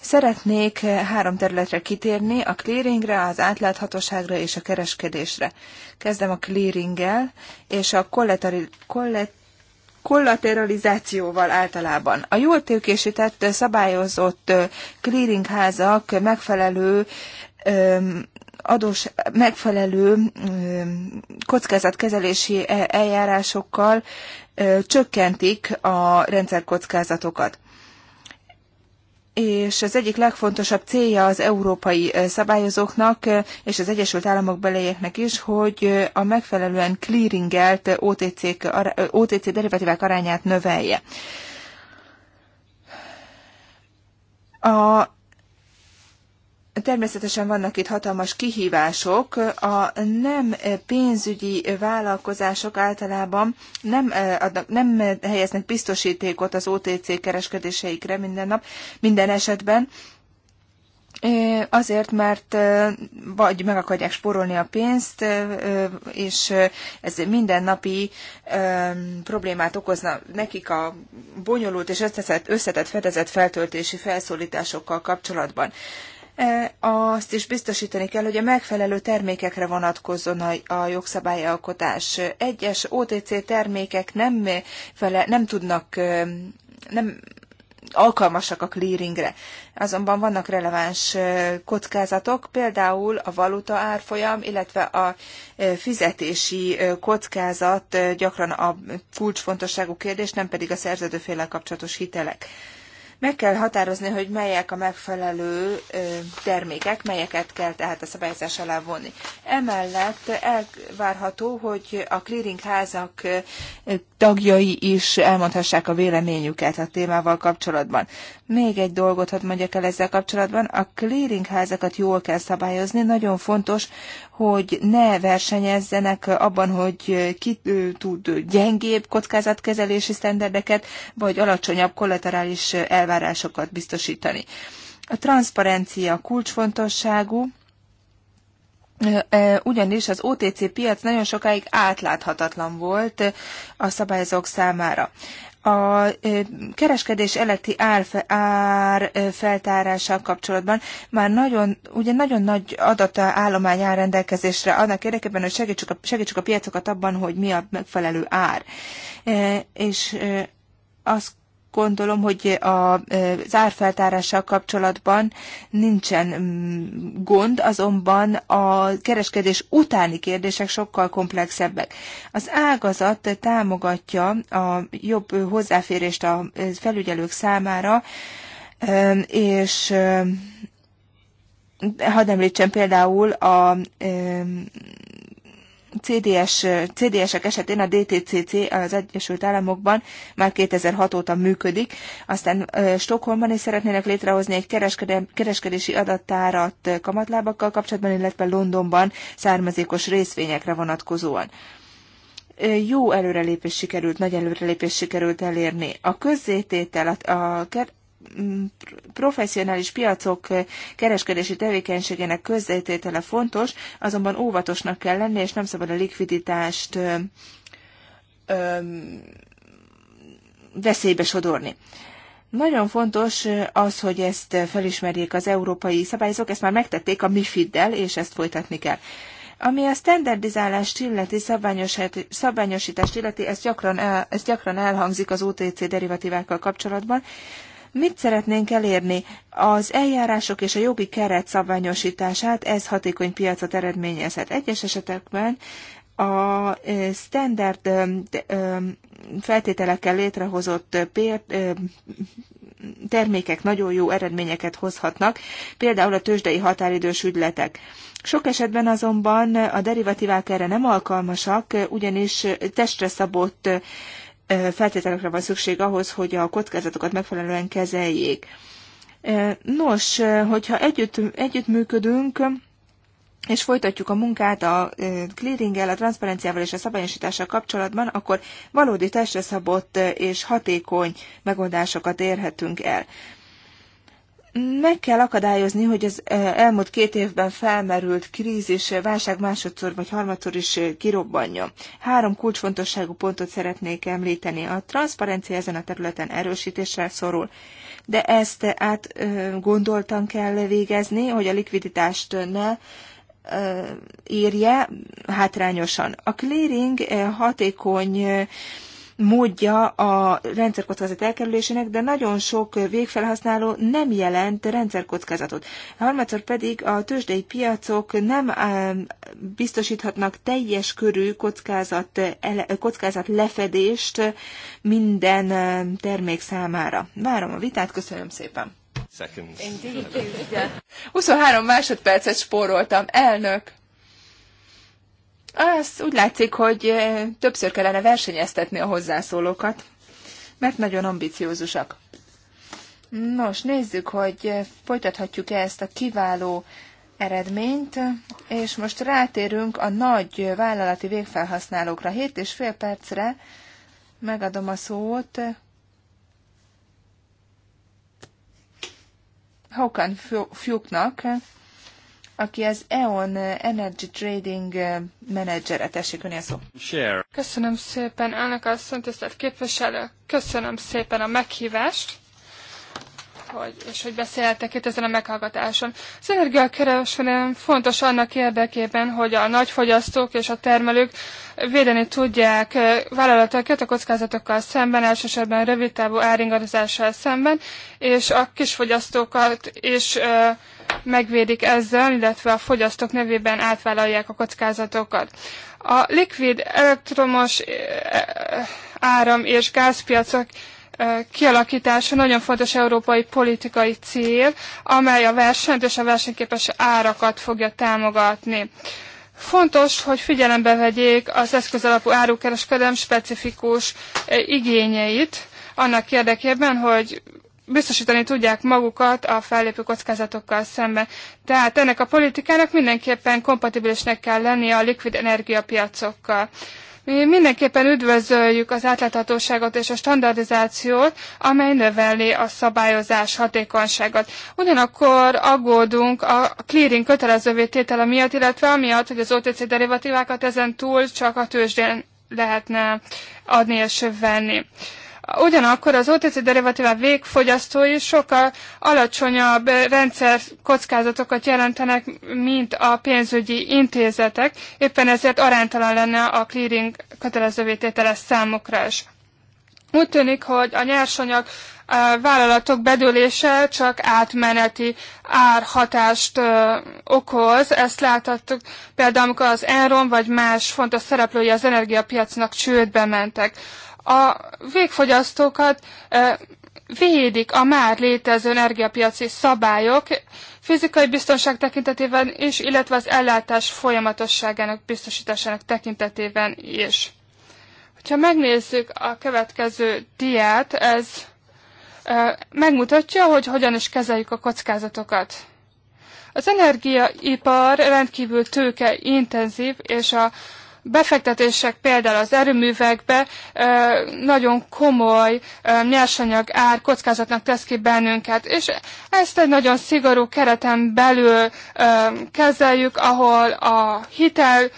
Szeretnék három területre kitérni, a clearingre, az átláthatóságra és a kereskedésre. Kezdem a clearinggel, és a kollet kollateralizációval általában. A jól tőkésített, szabályozott clearingházak megfelelő adós megfelelő kockázatkezelési e, eljárásokkal csökkentik a rendszerkockázatokat és az egyik legfontosabb célja az európai szabályozóknak és az Egyesült Államok belejéknek is, hogy a megfelelően clearingelt OTC, OTC derivatívák arányát növelje. A Természetesen vannak itt hatalmas kihívások. A nem pénzügyi vállalkozások általában nem, eh, adnak, nem helyeznek biztosítékot az OTC kereskedéseikre minden nap, minden esetben. Eh, azért, mert eh, vagy meg akarják spórolni a pénzt, és ez mindennapi problémát okozna nekik a bonyolult és összetett, összetett fedezett feltöltési felszólításokkal kapcsolatban. E, azt is biztosítani kell, hogy a megfelelő termékekre vonatkozzon a, jogszabályalkotás. Egyes OTC termékek nem, fele, nem tudnak, e, nem alkalmasak a clearingre. Azonban vannak releváns e, kockázatok, például a valuta árfolyam, illetve a fizetési kockázat gyakran a kulcsfontosságú kérdés, nem pedig a szerződőféle kapcsolatos hitelek. Meg kell határozni, hogy melyek a megfelelő termékek, melyeket kell tehát a szabályozás alá vonni. Emellett elvárható, hogy a clearingházak tagjai is elmondhassák a véleményüket a témával kapcsolatban. Még egy dolgot hadd mondjak el ezzel kapcsolatban. A clearingházakat jól kell szabályozni. Nagyon fontos, hogy ne versenyezzenek abban, hogy ki tud gyengébb kockázatkezelési sztenderdeket, vagy alacsonyabb kollaterális elvárásokat biztosítani. A transzparencia kulcsfontosságú, ugyanis az OTC piac nagyon sokáig átláthatatlan volt a szabályozók számára a kereskedés eletti feltárással kapcsolatban már nagyon, ugye nagyon nagy adatállomány áll rendelkezésre annak érdekében, hogy segítsük a, segítsük a piacokat abban, hogy mi a megfelelő ár. És azt gondolom, hogy a árfeltárással kapcsolatban nincsen mm, gond, azonban a kereskedés utáni kérdések sokkal komplexebbek. Az ágazat támogatja a jobb hozzáférést a felügyelők számára, és hadd említsen például a CDS, CDS-ek esetén a DTCC az Egyesült Államokban már 2006 óta működik, aztán Stockholmban is szeretnének létrehozni egy kereskedési adattárat kamatlábakkal kapcsolatban, illetve Londonban származékos részvényekre vonatkozóan. Jó előrelépés sikerült, nagy előrelépés sikerült elérni. A közzététel, a, a professzionális piacok eh, kereskedési tevékenységének közzététele fontos, azonban óvatosnak kell lenni, és nem szabad a likviditást eh, eh, veszélybe sodorni. Nagyon fontos az, hogy ezt felismerjék az európai szabályzók. ezt már megtették a MIFID-del, és ezt folytatni kell. Ami a standardizálást illeti, hát, szabványosítást illeti, ez gyakran, el, ez gyakran elhangzik az OTC derivatívákkal kapcsolatban. Mit szeretnénk elérni? Az eljárások és a jogi keret szabványosítását ez hatékony piacot eredményezhet. Egyes esetekben a standard feltételekkel létrehozott termékek nagyon jó eredményeket hozhatnak, például a tőzsdei határidős ügyletek. Sok esetben azonban a derivatívák erre nem alkalmasak, ugyanis testre szabott feltételekre van szükség ahhoz, hogy a kockázatokat megfelelően kezeljék. Nos, hogyha együtt, együttműködünk, és folytatjuk a munkát a clearinggel, a transzparenciával és a szabályosítással kapcsolatban, akkor valódi testre szabott és hatékony megoldásokat érhetünk el. Meg kell akadályozni, hogy az eh, elmúlt két évben felmerült krízis, eh, válság másodszor vagy harmadszor is eh, kirobbanja. Három kulcsfontosságú pontot szeretnék említeni. A transzparencia ezen a területen erősítésre szorul, de ezt át gondoltan kell végezni, hogy a likviditást ne érje hátrányosan. A clearing hatékony módja a rendszerkockázat elkerülésének, de nagyon sok végfelhasználó nem jelent rendszerkockázatot. Harmadszor pedig a tőzsdei piacok nem biztosíthatnak teljes körű kockázat, kockázat lefedést minden termék számára. Várom a vitát, köszönöm szépen! 23 másodpercet spóroltam, elnök! Az úgy látszik, hogy eh, többször kellene versenyeztetni a hozzászólókat, mert nagyon ambiciózusak. Nos, nézzük, hogy eh, folytathatjuk-e ezt a kiváló eredményt, és most rátérünk a nagy vállalati végfelhasználókra. 7 és fél percre megadom a szót Hókan Fjuknak, aki az EON Energy Trading eh, menedzsere. Tessék, a szó. Share. Köszönöm szépen, elnök asszony, tisztelt képviselő. Köszönöm szépen a meghívást hogy, és hogy beszéltek itt ezen a meghallgatáson. Az energiakereskedelem fontos annak érdekében, hogy a nagyfogyasztók és a termelők védeni tudják eh, vállalatokat a kockázatokkal szemben, elsősorban rövidtávú áringadozással szemben, és a kisfogyasztókat is eh, megvédik ezzel, illetve a fogyasztók nevében átvállalják a kockázatokat. A likvid elektromos eh, eh, áram és gázpiacok eh, kialakítása nagyon fontos európai politikai cél, amely a versenyt és a versenyképes árakat fogja támogatni. Fontos, hogy figyelembe vegyék az eszközalapú árukereskedelem specifikus igényeit, annak érdekében, hogy biztosítani tudják magukat a fellépő kockázatokkal szemben. Tehát ennek a politikának mindenképpen kompatibilisnek kell lennie a likvid energiapiacokkal. Mi mindenképpen üdvözöljük az átláthatóságot és a standardizációt, amely növeli a szabályozás hatékonyságot. Ugyanakkor aggódunk a clearing kötelezővé tétele miatt, illetve amiatt, hogy az OTC derivatívákat ezen túl csak a tőzsdén lehetne adni és venni. Ugyanakkor az OTC derivatívák végfogyasztói sokkal alacsonyabb rendszer kockázatokat jelentenek, mint a pénzügyi intézetek, éppen ezért aránytalan lenne a clearing kötelezővé tételes számukra is. Úgy tűnik, hogy a nyersanyag vállalatok bedőlése csak átmeneti árhatást okoz. Ezt láthattuk például, amikor az Enron vagy más fontos szereplői az energiapiacnak csődbe mentek a végfogyasztókat védik a már létező energiapiaci szabályok, fizikai biztonság tekintetében is, illetve az ellátás folyamatosságának biztosításának tekintetében is. Ha megnézzük a következő diát, ez megmutatja, hogy hogyan is kezeljük a kockázatokat. Az energiaipar rendkívül intenzív és a befektetések például az erőművekbe nagyon komoly nyersanyag ár kockázatnak tesz ki bennünket, és ezt egy nagyon szigorú kereten belül kezeljük, ahol a hitel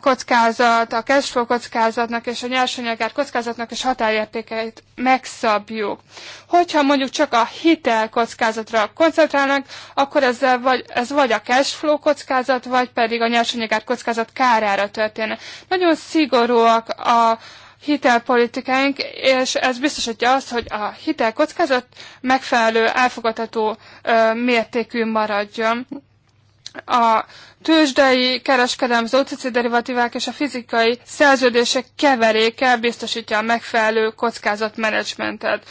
kockázat, a cashflow kockázatnak és a nyersanyagár kockázatnak és határértékeit megszabjuk. Hogyha mondjuk csak a hitel kockázatra koncentrálnak, akkor ezzel vagy, ez vagy a cashflow kockázat, vagy pedig a nyersanyagár kockázat kárára történne. Nagyon szigorúak a hitelpolitikáink, és ez biztosítja azt, hogy a hitelkockázat megfelelő, elfogadható ö, mértékű maradjon a tőzsdei kereskedelem, az OTC derivatívák és a fizikai szerződések keveréke biztosítja a megfelelő kockázatmenedzsmentet.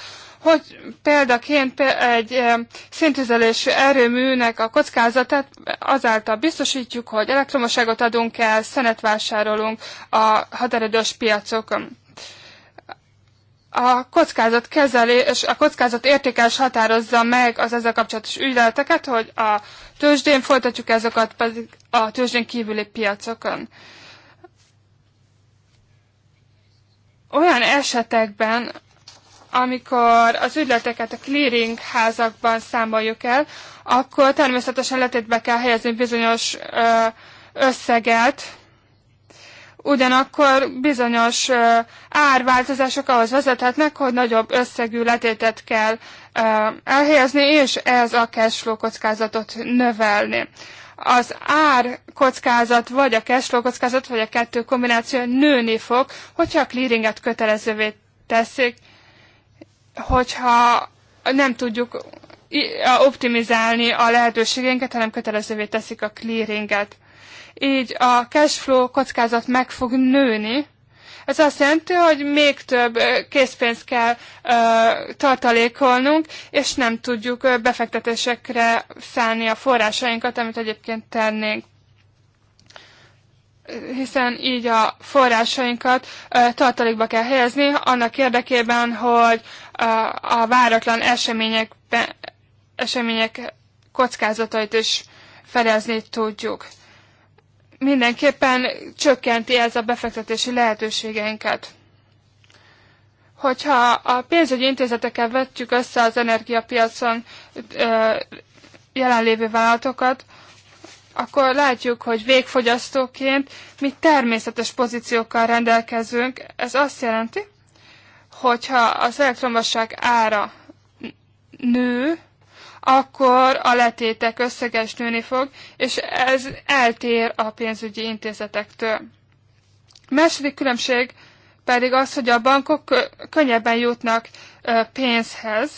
Hogy példaként egy eh, szintüzelésű erőműnek a kockázatát azáltal biztosítjuk, hogy elektromosságot adunk el, szenet vásárolunk a határidős piacokon a kockázat kezelés, a kockázat értékes határozza meg az ezzel kapcsolatos ügyleteket, hogy a tőzsdén folytatjuk ezeket pedig a tőzsdén kívüli piacokon. Olyan esetekben, amikor az ügyleteket a clearing házakban számoljuk el, akkor természetesen letétbe kell helyezni bizonyos összeget, ugyanakkor bizonyos árváltozások ahhoz vezethetnek, hogy nagyobb összegű letétet kell elhelyezni, és ez a cashflow kockázatot növelni. Az ár kockázat, vagy a cashflow kockázat, vagy a kettő kombináció nőni fog, hogyha a clearinget kötelezővé teszik, hogyha nem tudjuk optimizálni a lehetőségeinket, hanem kötelezővé teszik a clearinget így a cashflow kockázat meg fog nőni. Ez azt jelenti, hogy még több készpénzt kell ö, tartalékolnunk, és nem tudjuk befektetésekre szállni a forrásainkat, amit egyébként tennénk hiszen így a forrásainkat tartalékba kell helyezni, annak érdekében, hogy a váratlan események, események kockázatait is fedezni tudjuk mindenképpen csökkenti ez a befektetési lehetőségeinket. Hogyha a pénzügyi intézetekkel vetjük össze az energiapiacon jelenlévő vállalatokat, akkor látjuk, hogy végfogyasztóként mi természetes pozíciókkal rendelkezünk. Ez azt jelenti, hogyha az elektromosság ára nő, akkor a letétek összeges nőni fog, és ez eltér a pénzügyi intézetektől. A második különbség pedig az, hogy a bankok könnyebben jutnak pénzhez,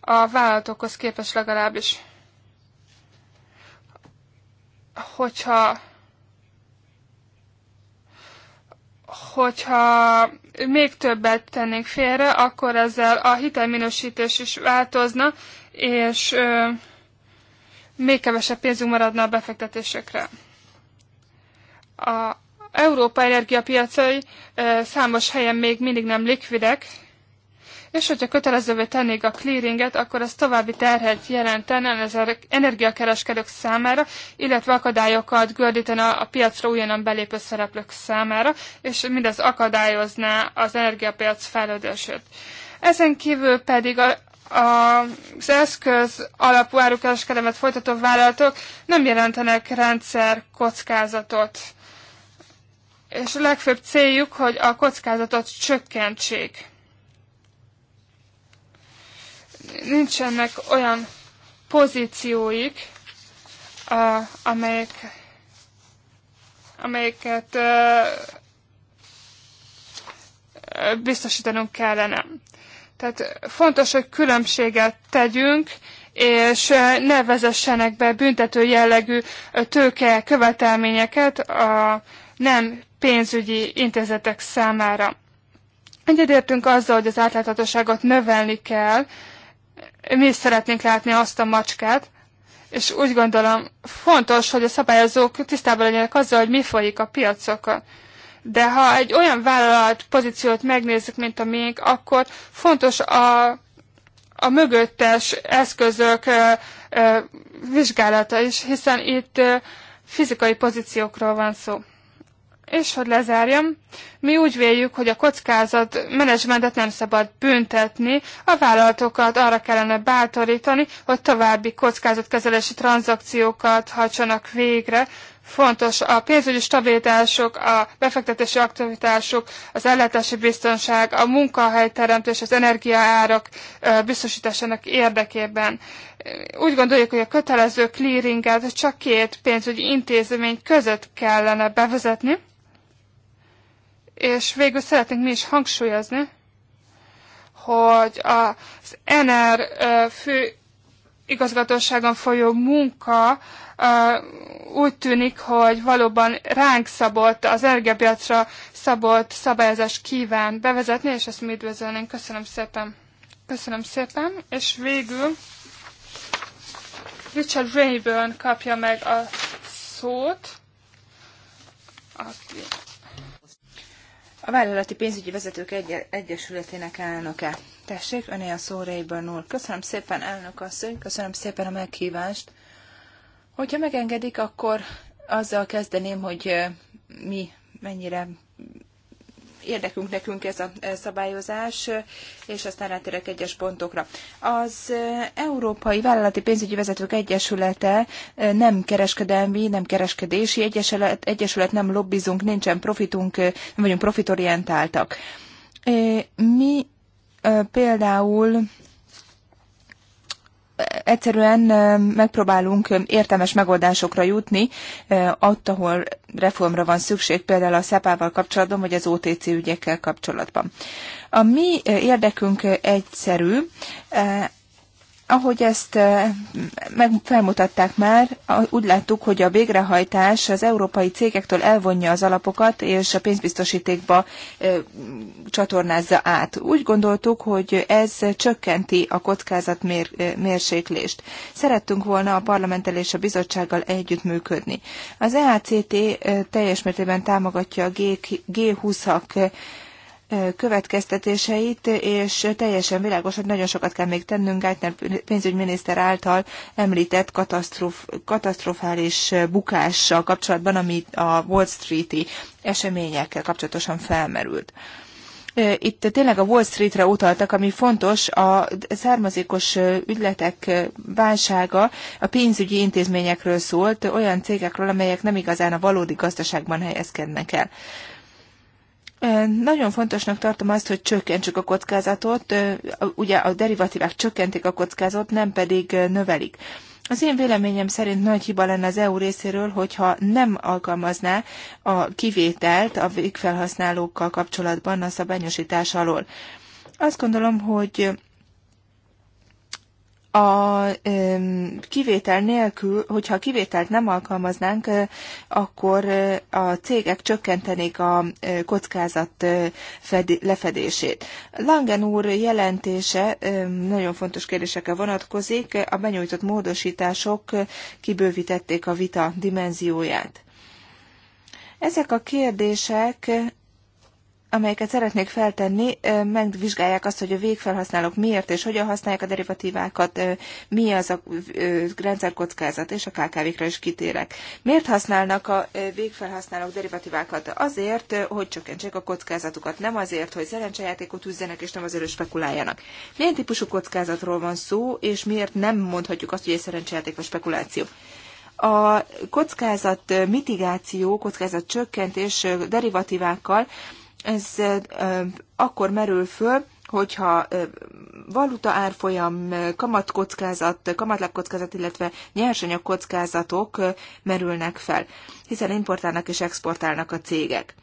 a vállalatokhoz képest legalábbis. Hogyha hogyha még többet tennénk félre, akkor ezzel a hitelminősítés is változna, és ö, még kevesebb pénzünk maradna a befektetésekre. A Európa energiapiacai ö, számos helyen még mindig nem likvidek, és hogyha kötelezővé tennék a clearinget, akkor ez további terhet jelentene az er-, energiakereskedők számára, illetve akadályokat gördítene a piacra újonnan belépő szereplők számára, és mindez akadályozná az energiapiac fejlődését. Ezen kívül pedig a, az eszköz alapú árukereskedelmet folytató vállalatok nem jelentenek rendszer kockázatot. És a legfőbb céljuk, hogy a kockázatot csökkentsék. Nincsenek olyan pozícióik, amelyek, amelyeket biztosítanunk kellene. Tehát fontos, hogy különbséget tegyünk, és ne vezessenek be büntető jellegű tőke követelményeket a nem pénzügyi intézetek számára. Egyedértünk azzal, hogy az átláthatóságot növelni kell, mi is szeretnénk látni azt a macskát, és úgy gondolom fontos, hogy a szabályozók tisztában legyenek azzal, hogy mi folyik a piacokon de ha egy olyan vállalat pozíciót megnézzük, mint a miénk, akkor fontos a, a mögöttes eszközök ö, ö, vizsgálata is, hiszen itt ö, fizikai pozíciókról van szó. És hogy lezárjam, mi úgy véljük, hogy a kockázat menedzsmentet nem szabad büntetni, a vállalatokat arra kellene bátorítani, hogy további kockázatkezelési tranzakciókat hajtsanak végre, fontos a pénzügyi stabilitások, a befektetési aktivitások, az ellátási biztonság, a munkahelyteremtés, az energiaárak biztosításának érdekében. Úgy gondoljuk, hogy a kötelező clearinget csak két pénzügyi intézmény között kellene bevezetni, és végül szeretnénk mi is hangsúlyozni, hogy az NR fő igazgatóságon folyó munka úgy tűnik, hogy valóban ránk szabott, az energiapiacra szabott szabályozás kíván bevezetni, és ezt mi üdvözölnénk. Köszönöm szépen. Köszönöm szépen. És végül Richard Rayburn kapja meg a szót. Aki a Vállalati Pénzügyi Vezetők Egy- Egyesületének elnöke. Tessék, öné a szó Rayburn úr. Köszönöm szépen, elnök asszony, köszönöm szépen a meghívást. Hogyha megengedik, akkor azzal kezdeném, hogy mi mennyire érdekünk nekünk ez a szabályozás, és aztán rátérek egyes pontokra. Az Európai Vállalati Pénzügyi Vezetők Egyesülete nem kereskedelmi, nem kereskedési egyesület, egyesület nem lobbizunk, nincsen profitunk, nem vagyunk profitorientáltak. Mi például egyszerűen megpróbálunk értelmes megoldásokra jutni, ott, ahol reformra van szükség, például a SZEPÁ-val kapcsolatban, vagy az OTC ügyekkel kapcsolatban. A mi érdekünk egyszerű, ahogy ezt eh, meg felmutatták már, úgy láttuk, hogy a végrehajtás az európai cégektől elvonja az alapokat, és a pénzbiztosítékba eh, csatornázza át. Úgy gondoltuk, hogy ez csökkenti a kockázat mér, eh, mérséklést. Szerettünk volna a parlamenttel és a bizottsággal együttműködni. Az EACT teljes mértében támogatja a G20-ak következtetéseit, és teljesen világos, hogy nagyon sokat kell még tennünk Geithner pénzügyminiszter által említett katasztrof, katasztrofális bukással kapcsolatban, ami a Wall Street-i eseményekkel kapcsolatosan felmerült. Itt tényleg a Wall Streetre utaltak, ami fontos, a származékos ügyletek válsága a pénzügyi intézményekről szólt, olyan cégekről, amelyek nem igazán a valódi gazdaságban helyezkednek el. Nagyon fontosnak tartom azt, hogy csökkentsük a kockázatot. Ugye a derivatívák csökkentik a kockázatot, nem pedig növelik. Az én véleményem szerint nagy hiba lenne az EU részéről, hogyha nem alkalmazná a kivételt a végfelhasználókkal kapcsolatban a szabályosítás alól. Azt gondolom, hogy a kivétel nélkül, hogyha a kivételt nem alkalmaznánk, akkor a cégek csökkentenék a kockázat lefedését. Langen úr jelentése nagyon fontos kérdésekre vonatkozik, a benyújtott módosítások kibővítették a vita dimenzióját. Ezek a kérdések amelyeket szeretnék feltenni, megvizsgálják azt, hogy a végfelhasználók miért és hogyan használják a derivatívákat, mi az a rendszerkockázat, és a KKV-kra is kitérek. Miért használnak a végfelhasználók derivatívákat? Azért, hogy csökkentsék a kockázatukat, nem azért, hogy szerencsejátékot üzzenek, és nem azért, hogy spekuláljanak. Milyen típusú kockázatról van szó, és miért nem mondhatjuk azt, hogy egy szerencsejáték vagy spekuláció? A kockázat mitigáció, kockázat csökkentés derivatívákkal ez akkor merül föl, hogyha valuta árfolyam, kamatkockázat, kamatlábkockázat, illetve nyersanyagkockázatok merülnek fel, hiszen importálnak és exportálnak a cégek.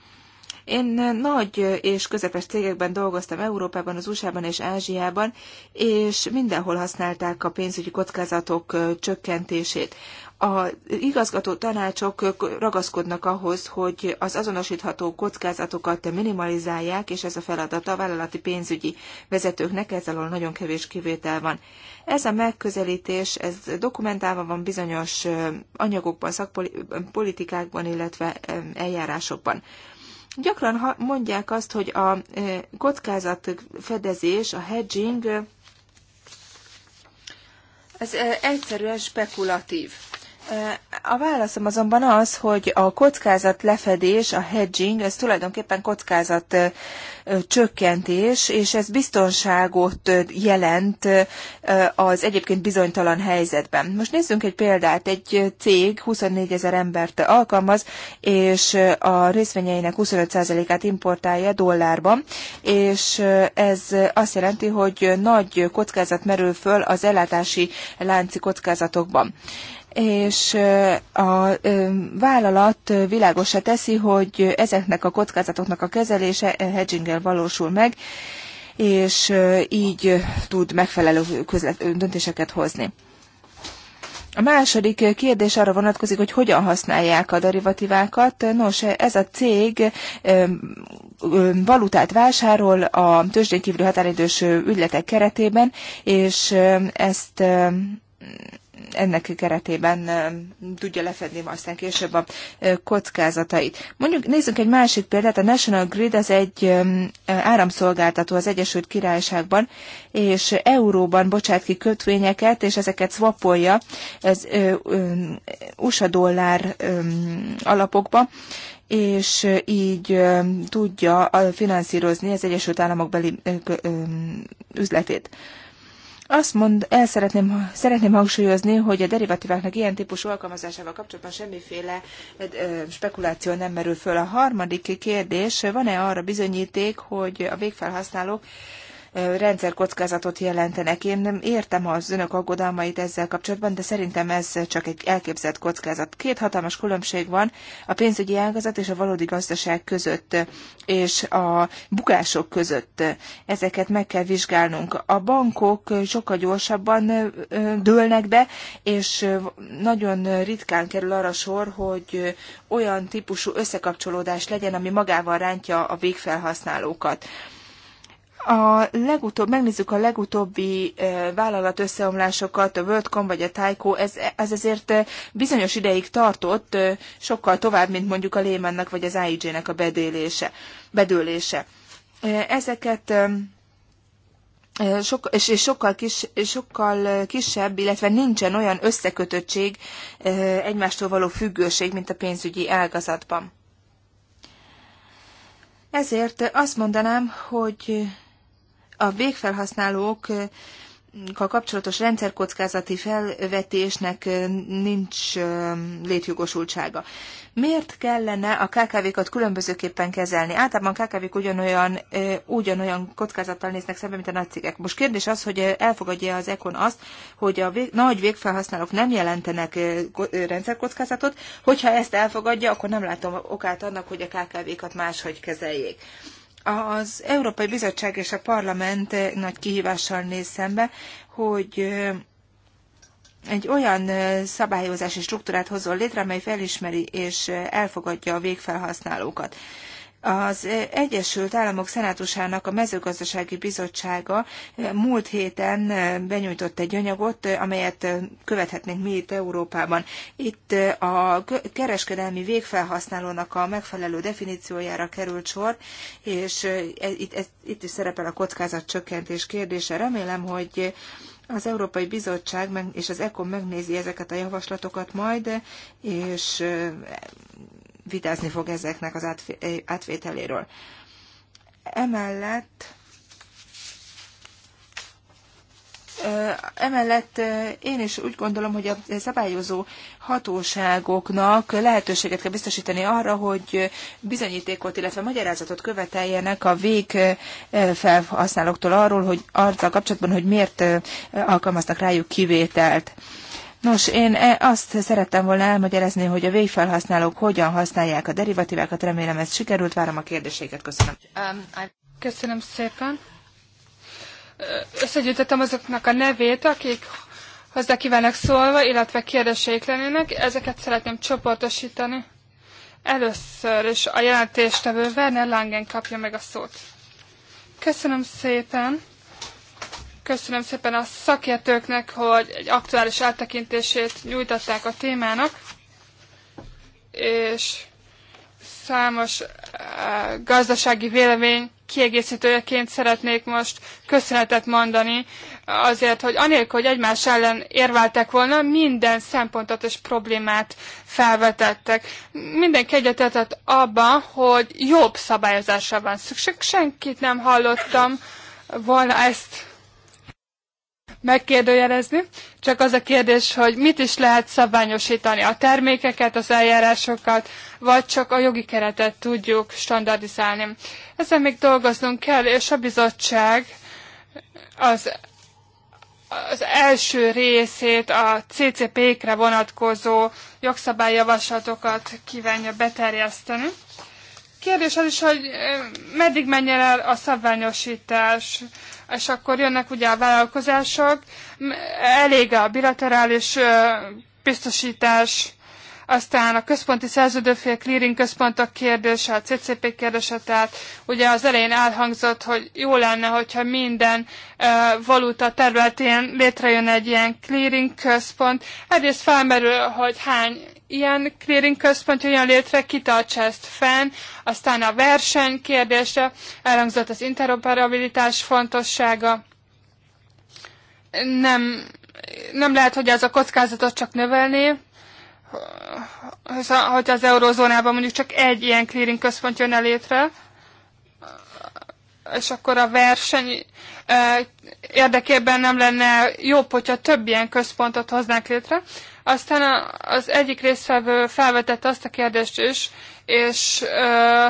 Én nagy és közepes cégekben dolgoztam Európában, az USA-ban és Ázsiában, és mindenhol használták a pénzügyi kockázatok csökkentését. A igazgató tanácsok ragaszkodnak ahhoz, hogy az azonosítható kockázatokat minimalizálják, és ez a feladat a vállalati pénzügyi vezetőknek, ez alól nagyon kevés kivétel van. Ez a megközelítés, ez dokumentálva van bizonyos anyagokban, szakpolitikákban, illetve eljárásokban. Gyakran mondják azt, hogy a kockázat fedezés, a hedging, ez egyszerűen spekulatív. A válaszom azonban az, hogy a kockázat lefedés, a hedging, ez tulajdonképpen kockázat csökkentés, és ez biztonságot jelent az egyébként bizonytalan helyzetben. Most nézzünk egy példát. Egy cég 24 ezer embert alkalmaz, és a részvényeinek 25%-át importálja dollárban, és ez azt jelenti, hogy nagy kockázat merül föl az ellátási lánci kockázatokban és a vállalat világosra teszi, hogy ezeknek a kockázatoknak a kezelése hedginggel valósul meg, és így tud megfelelő közlet, döntéseket hozni. A második kérdés arra vonatkozik, hogy hogyan használják a derivatívákat. Nos, ez a cég valutát vásárol a tőzsdén kívüli határidős ügyletek keretében, és ezt ennek keretében tudja lefedni aztán később a kockázatait. Mondjuk nézzünk egy másik példát, a National Grid az egy áramszolgáltató az Egyesült Királyságban, és euróban bocsát ki kötvényeket, és ezeket swapolja az USA dollár alapokba, és így tudja finanszírozni az Egyesült Államok beli üzletét. Azt mond, el szeretném, szeretném hangsúlyozni, hogy a derivatíváknak ilyen típusú alkalmazásával kapcsolatban semmiféle spekuláció nem merül föl. A harmadik kérdés, van-e arra bizonyíték, hogy a végfelhasználók rendszerkockázatot jelentenek. Én nem értem az önök aggodalmait ezzel kapcsolatban, de szerintem ez csak egy elképzelt kockázat. Két hatalmas különbség van a pénzügyi ágazat és a valódi gazdaság között, és a bukások között. Ezeket meg kell vizsgálnunk. A bankok sokkal gyorsabban dőlnek be, és nagyon ritkán kerül arra sor, hogy olyan típusú összekapcsolódás legyen, ami magával rántja a végfelhasználókat. A legutóbb, megnézzük a legutóbbi vállalat összeomlásokat, a WorldCom vagy a Tyco, ez, ez azért bizonyos ideig tartott, sokkal tovább, mint mondjuk a Lehmannek vagy az AIG-nek a bedőlése. bedőlése. Ezeket sok, és sokkal, kis, sokkal kisebb, illetve nincsen olyan összekötöttség, egymástól való függőség, mint a pénzügyi ágazatban. Ezért azt mondanám, hogy a végfelhasználók kapcsolatos rendszerkockázati felvetésnek nincs létjogosultsága. Miért kellene a KKV-kat különbözőképpen kezelni? Általában a KKV-k ugyanolyan, ugyanolyan kockázattal néznek szembe, mint a nagy cégek. Most kérdés az, hogy elfogadja az Econ azt, hogy a vég, nagy végfelhasználók nem jelentenek rendszerkockázatot, hogyha ezt elfogadja, akkor nem látom okát annak, hogy a KKV-kat máshogy kezeljék. Az Európai Bizottság és a Parlament nagy kihívással néz szembe, hogy egy olyan szabályozási struktúrát hozzon létre, amely felismeri és elfogadja a végfelhasználókat. Az Egyesült Államok Szenátusának a mezőgazdasági bizottsága múlt héten benyújtott egy anyagot, amelyet követhetnénk mi itt Európában. Itt a kereskedelmi végfelhasználónak a megfelelő definíciójára került sor, és itt, itt is szerepel a kockázatcsökkentés kérdése. Remélem, hogy az Európai Bizottság és az ECOM megnézi ezeket a javaslatokat majd, és vitázni fog ezeknek az eh, átvételéről. Emellett eh, Emellett eh, én is úgy gondolom, hogy a szabályozó hatóságoknak lehetőséget kell biztosítani arra, hogy bizonyítékot, illetve magyarázatot követeljenek a végfelhasználóktól arról, hogy azzal kapcsolatban, hogy miért alkalmaztak rájuk kivételt. Nos, én e, azt szerettem volna elmagyarázni, hogy a végfelhasználók hogyan használják a derivatívákat. Remélem ez sikerült. Várom a kérdéseket. Köszönöm. Um, Köszönöm szépen. Összegyűjtöttem azoknak a nevét, akik hozzá kívánnak szólva, illetve kérdéseik lennének. Ezeket szeretném csoportosítani. Először is a jelentéstevő Werner Langen kapja meg a szót. Köszönöm szépen. Köszönöm szépen a szakértőknek, hogy egy aktuális áttekintését nyújtották a témának, és számos eh, gazdasági vélemény kiegészítőjeként szeretnék most köszönetet mondani azért, hogy anélkül, hogy egymás ellen érveltek volna, minden szempontot és problémát felvetettek. Mindenki egyetetett abban, hogy jobb szabályozásra van szükség. Senkit nem hallottam volna ezt megkérdőjelezni. Csak az a kérdés, hogy mit is lehet szabványosítani, a termékeket, az eljárásokat, vagy csak a jogi keretet tudjuk standardizálni. Ezen még dolgoznunk kell, és a bizottság az, az első részét a CCP-kre vonatkozó jogszabályjavaslatokat kívánja beterjeszteni. Kérdés az is, hogy eh, meddig menjen el a szabványosítás és akkor jönnek ugye a vállalkozások, elég a bilaterális biztosítás, aztán a központi szerződőfél clearing központok kérdése, a CCP kérdése, tehát ugye az elején elhangzott, hogy jó lenne, hogyha minden valuta területén létrejön egy ilyen clearing központ. Egyrészt felmerül, hogy hány ilyen clearing központja jön létre, kitartsa ezt fenn, aztán a verseny kérdése, elhangzott az interoperabilitás fontossága. Nem, nem lehet, hogy ez a kockázatot csak növelné, hogy az eurozónában mondjuk csak egy ilyen clearing központ jön létre, és akkor a verseny érdekében nem lenne jobb, hogyha több ilyen központot hoznánk létre. Aztán az egyik résztvevő felvetett azt a kérdést is, és ö,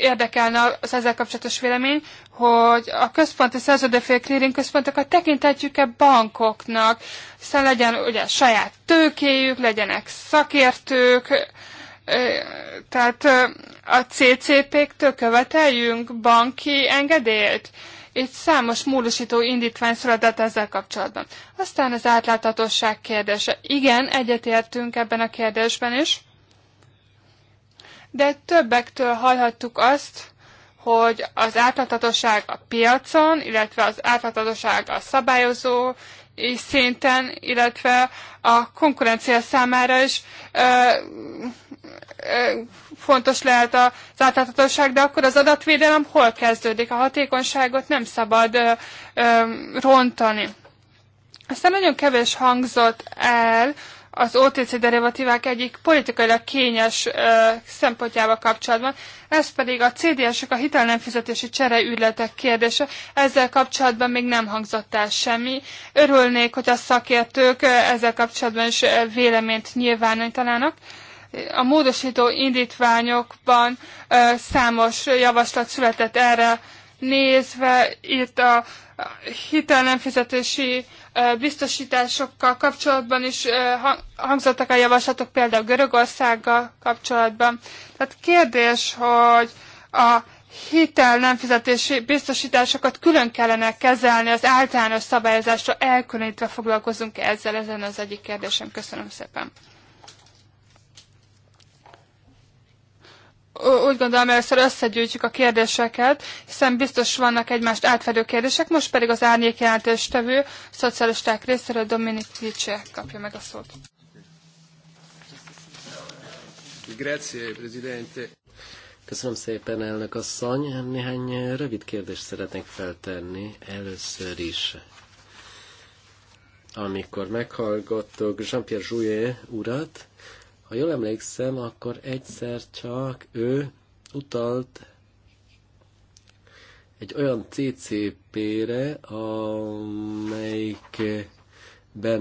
érdekelne az ezzel kapcsolatos vélemény, hogy a központi szerződőfél clearing központokat tekintetjük-e bankoknak, hiszen legyen ugye saját tőkéjük, legyenek szakértők, tehát a ccp ktől követeljünk banki engedélyt, itt számos módosító indítvány született ezzel kapcsolatban. Aztán az átláthatóság kérdése. Igen, egyetértünk ebben a kérdésben is, de többektől hallhattuk azt, hogy az átláthatóság a piacon, illetve az átláthatóság a szabályozó szinten, illetve a konkurencia számára is ö, fontos lehet az átláthatóság, de akkor az adatvédelem hol kezdődik? A hatékonyságot nem szabad ö, ö, rontani. Aztán nagyon kevés hangzott el az OTC derivatívák egyik politikailag kényes ö, szempontjával kapcsolatban, ez pedig a CDS-ek, a fizetési csereügyletek kérdése. Ezzel kapcsolatban még nem hangzott el semmi. Örülnék, hogy a szakértők ezzel kapcsolatban is véleményt nyilvánítanának. Ö, a módosító indítványokban számos javaslat született erre nézve, itt a hitelnemfizetési biztosításokkal kapcsolatban is hangzottak a javaslatok, például Görögországgal kapcsolatban. Tehát kérdés, hogy a hitel nem fizetési biztosításokat külön kellene kezelni az általános szabályozásra, elkülönítve foglalkozunk ezzel, ezen az egyik kérdésem. Köszönöm szépen. úgy gondolom, először összegyűjtjük a kérdéseket, hiszen biztos vannak egymást átfedő kérdések, most pedig az árnyék jelentéstevő, a szocialisták részéről Dominik Vicse kapja meg a szót. Köszönöm szépen, elnök asszony. Néhány rövid kérdést szeretnék feltenni először is. Amikor meghallgattok Jean-Pierre Jouet urat, ha jól emlékszem, akkor egyszer csak ő utalt egy olyan CCP-re, amelyikben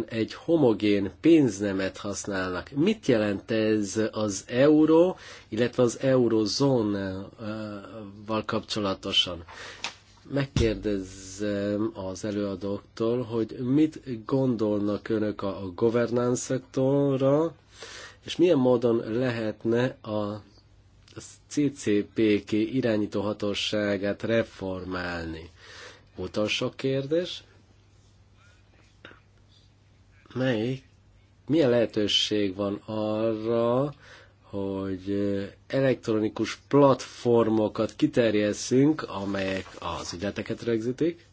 egy homogén pénznemet használnak. Mit jelent ez az euró, illetve az eurozónával kapcsolatosan? Megkérdezem az előadóktól, hogy mit gondolnak önök a governance szektorra, és milyen módon lehetne a CCPK hatóságát reformálni. Utolsó kérdés. Melyik? Milyen lehetőség van arra, hogy elektronikus platformokat kiterjesszünk, amelyek az ügyeteket rögzítik,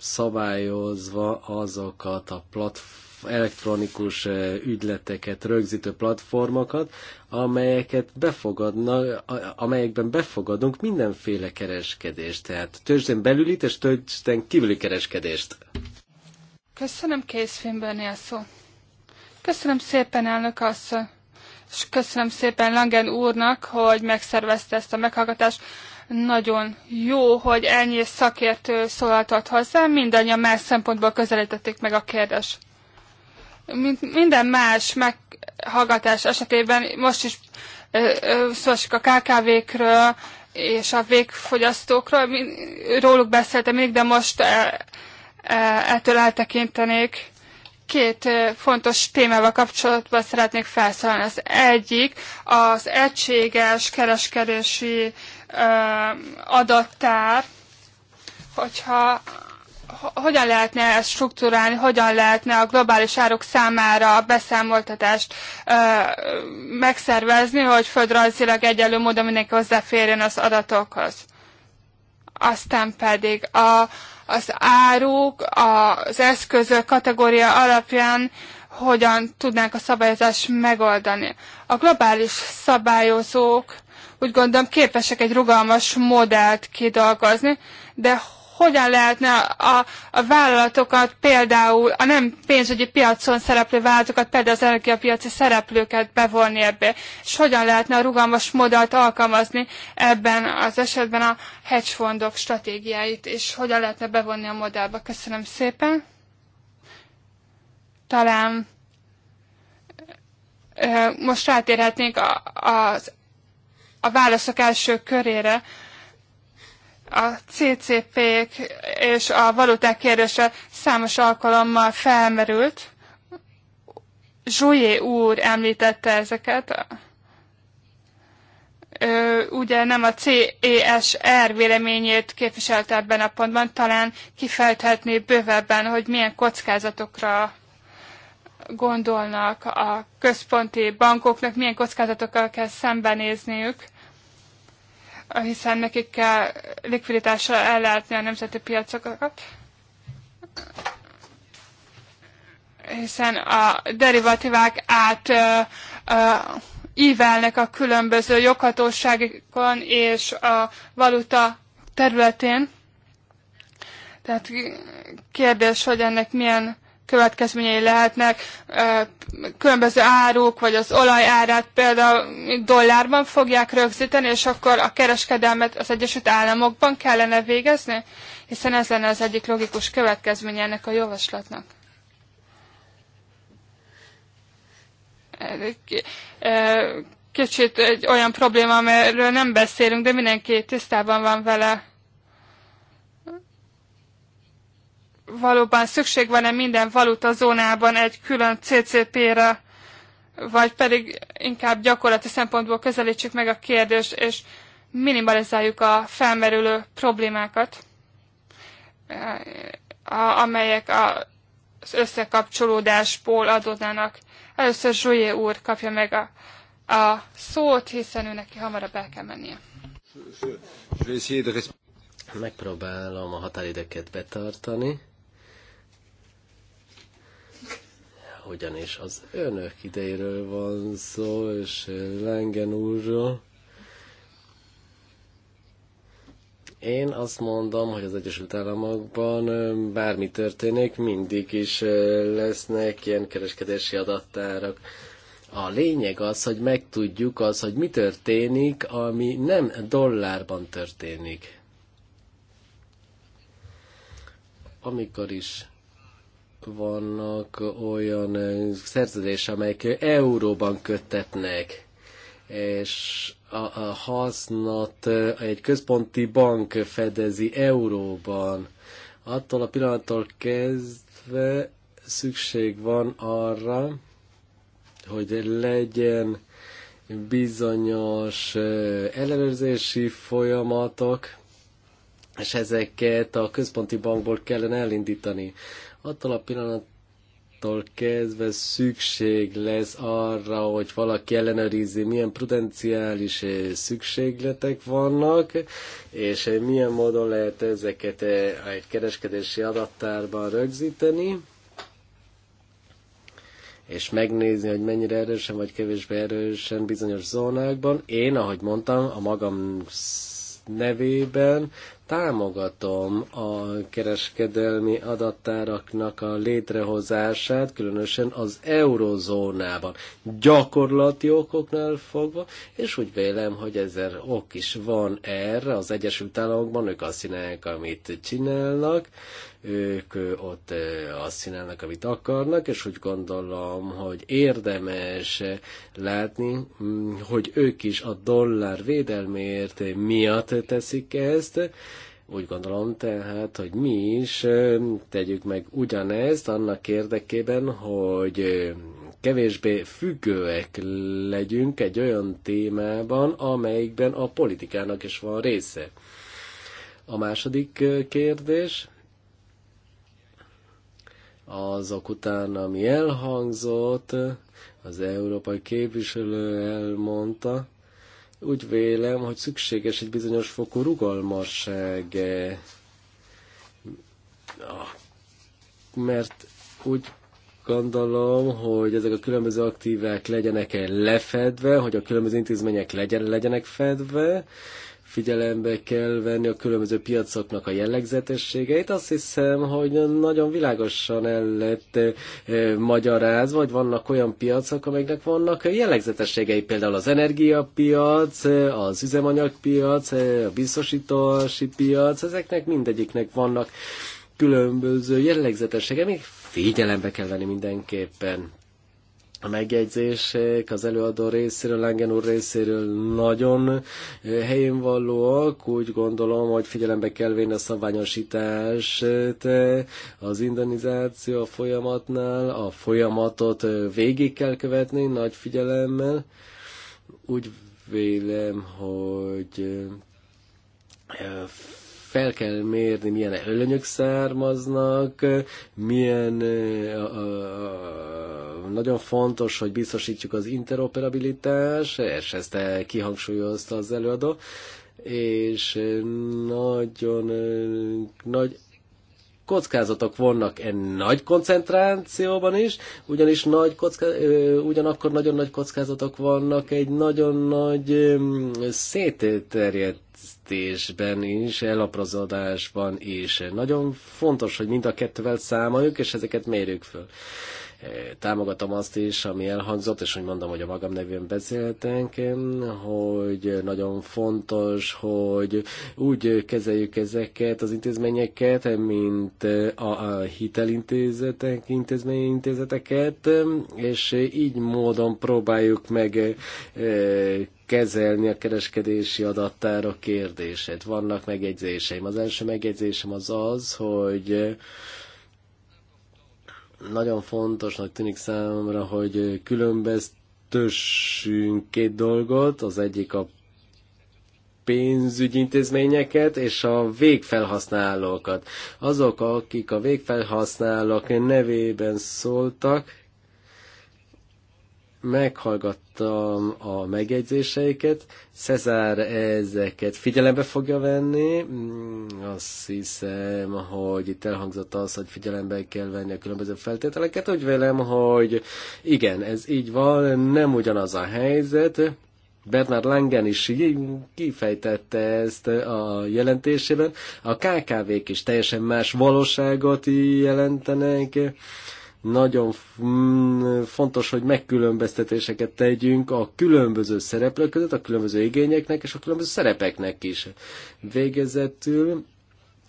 szabályozva azokat a platformokat, elektronikus ügyleteket rögzítő platformokat, amelyeket befogadnak, amelyekben befogadunk mindenféle kereskedést, tehát tőzsdén belüli és tőzsdén kívüli kereskedést. Köszönöm készfilmben a szó. Köszönöm szépen, elnök asszony. És köszönöm szépen Langen úrnak, hogy megszervezte ezt a meghallgatást. Nagyon jó, hogy ennyi szakértő szólaltat hozzá, mindannyian más szempontból közelítették meg a kérdést. Mint minden más meghallgatás esetében most is szóval a KKV-kről és a végfogyasztókról, róluk beszéltem még, de most ettől eltekintenék két fontos témával kapcsolatban szeretnék felszólalni. Az egyik az egységes kereskedési adattár, hogyha hogyan lehetne ezt struktúrálni, hogyan lehetne a globális árok számára a beszámoltatást ö, megszervezni, hogy földrajzilag egyenlő módon mindenki hozzáférjen az adatokhoz. Aztán pedig a, az áruk, a, az eszközök kategória alapján hogyan tudnánk a szabályozást megoldani. A globális szabályozók úgy gondolom képesek egy rugalmas modellt kidolgozni, de hogyan lehetne a, a vállalatokat, például a nem pénzügyi piacon szereplő vállalatokat, például az energiapiaci szereplőket bevonni ebbe, és hogyan lehetne a rugalmas modellt alkalmazni ebben az esetben a hedgefondok stratégiáit, és hogyan lehetne bevonni a modellbe. Köszönöm szépen. Talán most rátérhetnénk az a válaszok első körére a CCP-k és a valuták kérdése számos alkalommal felmerült. Zsujé úr említette ezeket. Ö, ugye nem a CESR véleményét képviselte ebben a pontban, talán kifejthetné bővebben, hogy milyen kockázatokra gondolnak a központi bankoknak, milyen kockázatokkal kell szembenézniük, hiszen nekik kell likviditással ellátni a nemzeti piacokat hiszen a derivatívák át ívelnek a különböző joghatóságokon és a valuta területén. Tehát kérdés, hogy ennek milyen következményei lehetnek, különböző áruk, vagy az olaj árát például dollárban fogják rögzíteni, és akkor a kereskedelmet az Egyesült Államokban kellene végezni, hiszen ez lenne az egyik logikus következménye ennek a javaslatnak. Kicsit egy olyan probléma, amelyről nem beszélünk, de mindenki tisztában van vele valóban szükség van-e minden valutazónában egy külön CCP-re, vagy pedig inkább gyakorlati szempontból közelítsük meg a kérdést, és minimalizáljuk a felmerülő problémákat, amelyek az összekapcsolódásból adódnának. Először Zsujé úr kapja meg a, a szót, hiszen ő neki hamarabb el kell mennie. Megpróbálom a határidőket betartani. és az önök idejéről van szó, és Lengen úrról. Én azt mondom, hogy az Egyesült Államokban bármi történik, mindig is lesznek ilyen kereskedési adattárak. A lényeg az, hogy megtudjuk az, hogy mi történik, ami nem dollárban történik. Amikor is vannak olyan szerződés, amelyek euróban köttetnek, és a, a hasznat egy központi bank fedezi euróban. Attól a pillanattól kezdve szükség van arra, hogy legyen bizonyos ellenőrzési folyamatok, és ezeket a központi bankból kellene elindítani attól a pillanattól kezdve szükség lesz arra, hogy valaki ellenőrizzi, milyen prudenciális eh, szükségletek vannak, és eh, milyen módon lehet ezeket eh, egy kereskedési adattárban rögzíteni és megnézni, hogy mennyire erősen vagy kevésbé erősen bizonyos zónákban. Én, ahogy mondtam, a magam nevében támogatom a kereskedelmi adattáraknak a létrehozását, különösen az eurozónában, gyakorlati okoknál fogva, és úgy vélem, hogy ezer ok is van erre, az Egyesült Államokban ők azt csinálják, amit csinálnak, ők ott azt csinálnak, amit akarnak, és úgy gondolom, hogy érdemes látni, mm, hogy ők is a dollár védelmért miatt teszik ezt, úgy gondolom tehát, hogy mi is tegyük meg ugyanezt annak érdekében, hogy kevésbé függőek legyünk egy olyan témában, amelyikben a politikának is van része. A második kérdés azok után, ami elhangzott, az európai képviselő elmondta, úgy vélem, hogy szükséges egy bizonyos fokú rugalmasság, mert úgy gondolom, hogy ezek a különböző aktívák legyenek -e lefedve, hogy a különböző intézmények legyen, legyenek fedve, figyelembe kell venni a különböző piacoknak a jellegzetességeit. Azt hiszem, hogy nagyon világosan el lett e, magyarázva, vagy vannak olyan piacok, amelyeknek vannak jellegzetességei, például az energiapiac, eh, az üzemanyagpiac, eh, a biztosítási piac, ezeknek mindegyiknek vannak különböző jellegzetességei, még figyelembe kell venni mindenképpen a megjegyzések az előadó részéről, Lengen úr részéről nagyon helyén valóak. Úgy gondolom, hogy figyelembe kell venni a szabványosítást az indonizáció a folyamatnál, a folyamatot végig kell követni nagy figyelemmel. Úgy vélem, hogy fel kell mérni, milyen előnyök származnak, milyen nagyon fontos, hogy biztosítjuk az interoperabilitás, és ezt kihangsúlyozta az előadó, és nagyon nagy kockázatok vannak e nagy koncentrációban is, ugyanis nagy kocká, ugyanakkor nagyon nagy kockázatok vannak egy nagyon nagy szétterjedt fejlesztésben is, elaprazadásban is. Nagyon fontos, hogy mind a kettővel számoljuk, és ezeket mérjük föl. E, támogatom azt is, ami elhangzott, és hogy mondom, hogy a magam nevén beszéltünk, hogy nagyon fontos, hogy úgy kezeljük ezeket az intézményeket, mint a hitelintézetek, intézményintézeteket, és így módon próbáljuk meg e, kezelni a kereskedési adattára kérdését. Vannak megjegyzéseim. Az első megjegyzésem az az, hogy nagyon fontosnak tűnik számomra, hogy különböztessünk két dolgot. Az egyik a pénzügyi intézményeket és a végfelhasználókat. Azok, akik a végfelhasználók nevében szóltak, meghallgattam a megjegyzéseiket, Cezár ezeket figyelembe fogja venni, mm, azt hiszem, hogy itt elhangzott az, hogy figyelembe kell venni a különböző feltételeket, úgy vélem, hogy igen, ez így van, nem ugyanaz a helyzet, Bernard Langen is kifejtette ezt a jelentésében. A KKV-k is teljesen más valóságot jelentenek, nagyon mm, fontos, hogy megkülönböztetéseket tegyünk a különböző szereplők között, a különböző igényeknek és a különböző szerepeknek is. Végezetül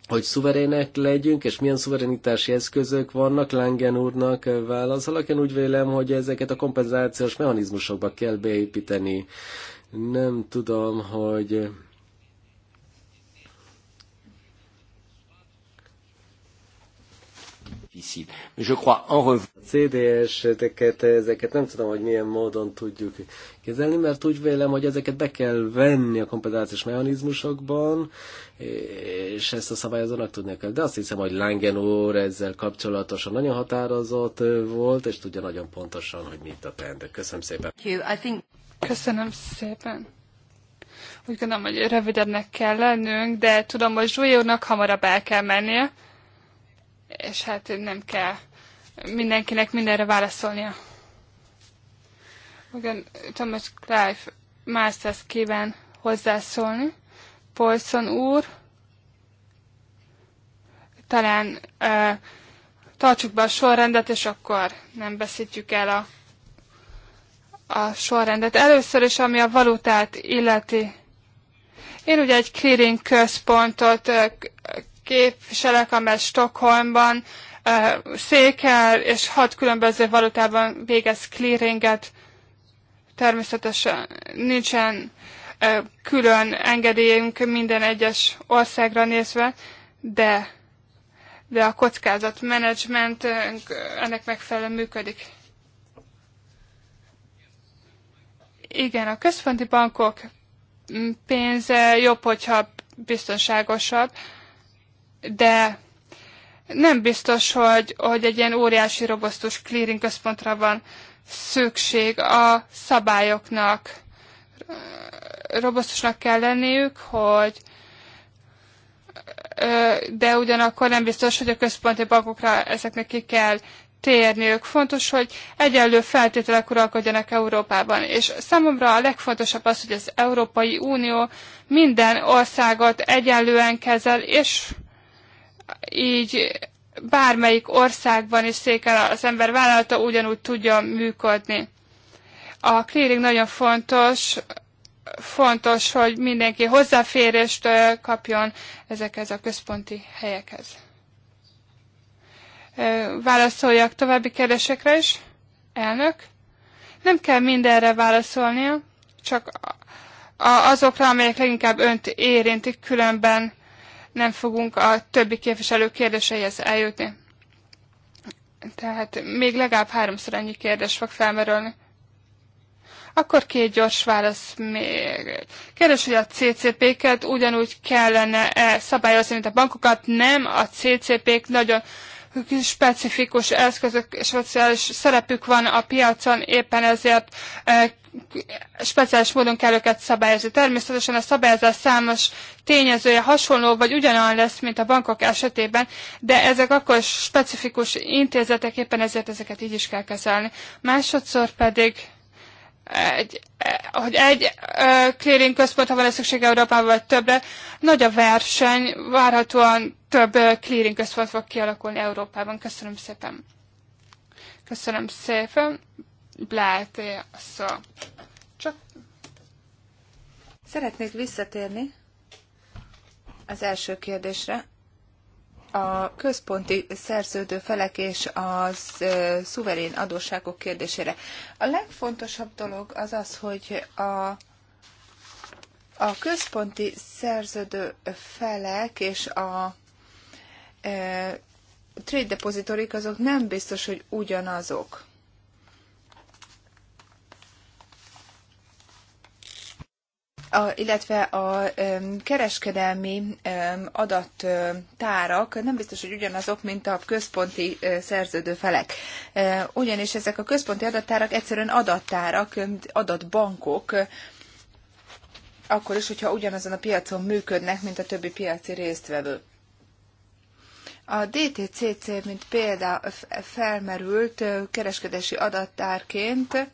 hogy szuverének legyünk, és milyen szuverenitási eszközök vannak, Langen úrnak válaszolok. Én úgy vélem, hogy ezeket a kompenzációs mechanizmusokba kell beépíteni. Nem tudom, hogy difficile. Mais je crois en CDS-eket, ezeket nem tudom, hogy milyen módon tudjuk kezelni, mert úgy vélem, hogy ezeket be kell venni a kompenzációs mechanizmusokban, és ezt a szabályozónak tudni kell. De azt hiszem, hogy Langen úr ezzel kapcsolatosan nagyon határozott volt, és tudja nagyon pontosan, hogy mit a teendő. Köszönöm szépen. Köszönöm szépen úgy gondolom, hogy rövidebbnek kell lennünk, de tudom, hogy Zsúlyónak hamarabb el kell mennie és hát nem kell mindenkinek mindenre válaszolnia. Ugyan Thomas Clive Masters kíván hozzászólni. Polson úr, talán e, tartsuk be a sorrendet, és akkor nem beszítjük el a, a sorrendet. Először is, ami a valutát illeti. Én ugye egy clearing központot képviselek, amely Stockholmban székel, és hat különböző valutában végez clearinget. Természetesen nincsen külön engedélyünk minden egyes országra nézve, de, de a kockázatmenedzsment ennek megfelelően működik. Igen, a központi bankok pénze jobb, hogyha biztonságosabb de nem biztos, hogy, hogy egy ilyen óriási robosztus clearing központra van szükség a szabályoknak. Robosztusnak kell lenniük, hogy de ugyanakkor nem biztos, hogy a központi bankokra ezeknek ki kell térniük. Fontos, hogy egyenlő feltételek uralkodjanak Európában, és számomra a legfontosabb az, hogy az Európai Unió minden országot egyenlően kezel, és így bármelyik országban is székel az ember vállalata ugyanúgy tudjon működni. A clearing nagyon fontos, fontos, hogy mindenki hozzáférést kapjon ezekhez a központi helyekhez. Válaszoljak további kérdésekre is, elnök. Nem kell mindenre válaszolnia, csak azokra, amelyek leginkább önt érintik, különben nem fogunk a többi képviselő kérdéseihez eljutni. Tehát még legalább háromszor ennyi kérdés fog felmerülni. Akkor két gyors válasz még. Kérdés, hogy a CCP-ket ugyanúgy kellene -e szabályozni, mint a bankokat. Nem, a CCP-k nagyon specifikus eszközök, speciális szerepük van a piacon, éppen ezért e, speciális módon kell őket szabályozni. Természetesen a szabályozás számos tényezője hasonló vagy ugyanolyan lesz, mint a bankok esetében, de ezek akkor specifikus intézetek, éppen ezért ezeket így is kell kezelni. Másodszor pedig egy, hogy egy clearing központ ha van szüksége Európában, vagy többre. Nagy a verseny, várhatóan több clearing központ fog kialakulni Európában. Köszönöm szépen. Köszönöm szépen. Bláté a szó. Csak... Szeretnék visszatérni az első kérdésre, a központi szerződő felek és a szuverén adósságok kérdésére. A legfontosabb dolog az az, hogy a a központi szerződő felek és a e, trade depositorik azok nem biztos, hogy ugyanazok. a, illetve a kereskedelmi adattárak nem biztos, hogy ugyanazok, mint a központi szerződő felek. Ugyanis ezek a központi adattárak egyszerűen adattárak, adatbankok, akkor is, hogyha ugyanazon a piacon működnek, mint a többi piaci résztvevő. A DTCC, mint példa felmerült kereskedési adattárként,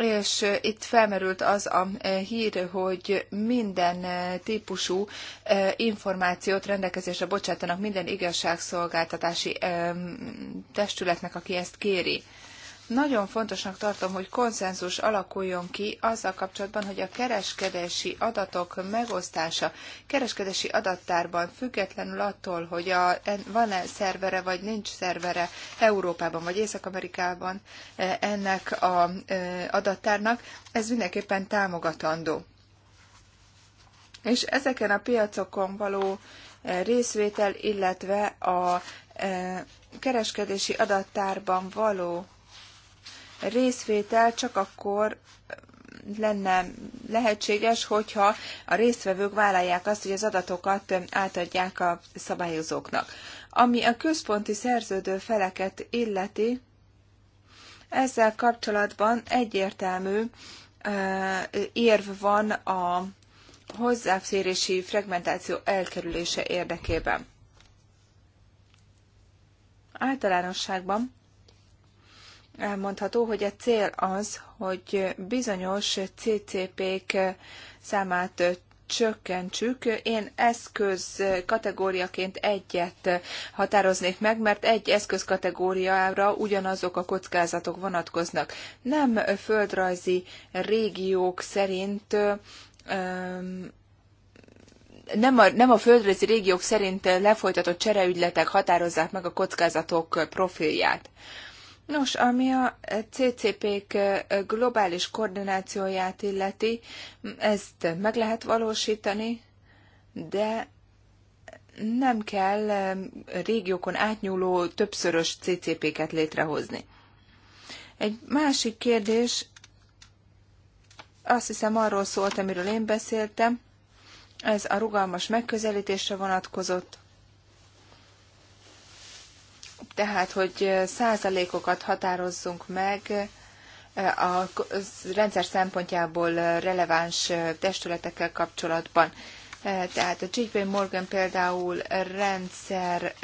És itt felmerült az a hír, hogy minden típusú információt rendelkezésre bocsátanak minden igazságszolgáltatási testületnek, aki ezt kéri. Nagyon fontosnak tartom, hogy konszenzus alakuljon ki azzal kapcsolatban, hogy a kereskedési adatok megosztása kereskedési adattárban függetlenül attól, hogy van-e szervere vagy nincs szervere Európában vagy Észak-Amerikában e, ennek az e, adattárnak, ez mindenképpen támogatandó. És ezeken a piacokon való e, részvétel, illetve a kereskedési adattárban való részvétel csak akkor lenne lehetséges, hogyha a résztvevők vállalják azt, hogy az adatokat átadják a szabályozóknak. Ami a központi szerződő feleket illeti, ezzel kapcsolatban egyértelmű érv van a hozzáférési fragmentáció elkerülése érdekében. Általánosságban elmondható, hogy a cél az, hogy bizonyos CCP-k számát csökkentsük. Én eszköz kategóriaként egyet határoznék meg, mert egy eszköz kategóriára ugyanazok a kockázatok vonatkoznak. Nem földrajzi régiók szerint nem a, nem a földrajzi régiók szerint lefolytatott csereügyletek határozzák meg a kockázatok profilját. Nos, ami a CCP-k globális koordinációját illeti, ezt meg lehet valósítani, de nem kell régiókon átnyúló többszörös CCP-ket létrehozni. Egy másik kérdés, azt hiszem arról szólt, amiről én beszéltem, ez a rugalmas megközelítésre vonatkozott tehát, hogy százalékokat határozzunk meg a rendszer szempontjából releváns testületekkel kapcsolatban. Tehát a JP Morgan például rendszer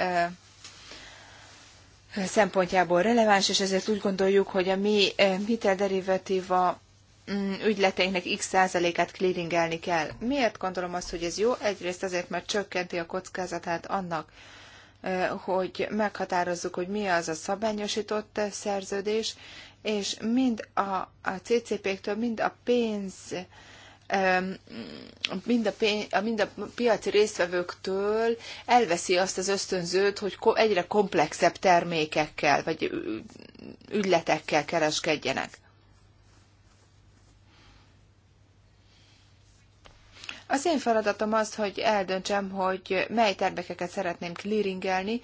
szempontjából releváns, és ezért úgy gondoljuk, hogy a mi derivatíva mm, ügyleteinek x százalékát clearingelni kell. Miért gondolom azt, hogy ez jó? Egyrészt azért, mert csökkenti a kockázatát annak, hogy meghatározzuk, hogy mi az a szabályosított szerződés, és mind a, a ccp től mind a pénz, mind a, pénz, mind a piaci résztvevőktől elveszi azt az ösztönzőt, hogy egyre komplexebb termékekkel vagy ügyletekkel kereskedjenek. Az én feladatom az, hogy eldöntsem, hogy mely termékeket szeretném clearingelni,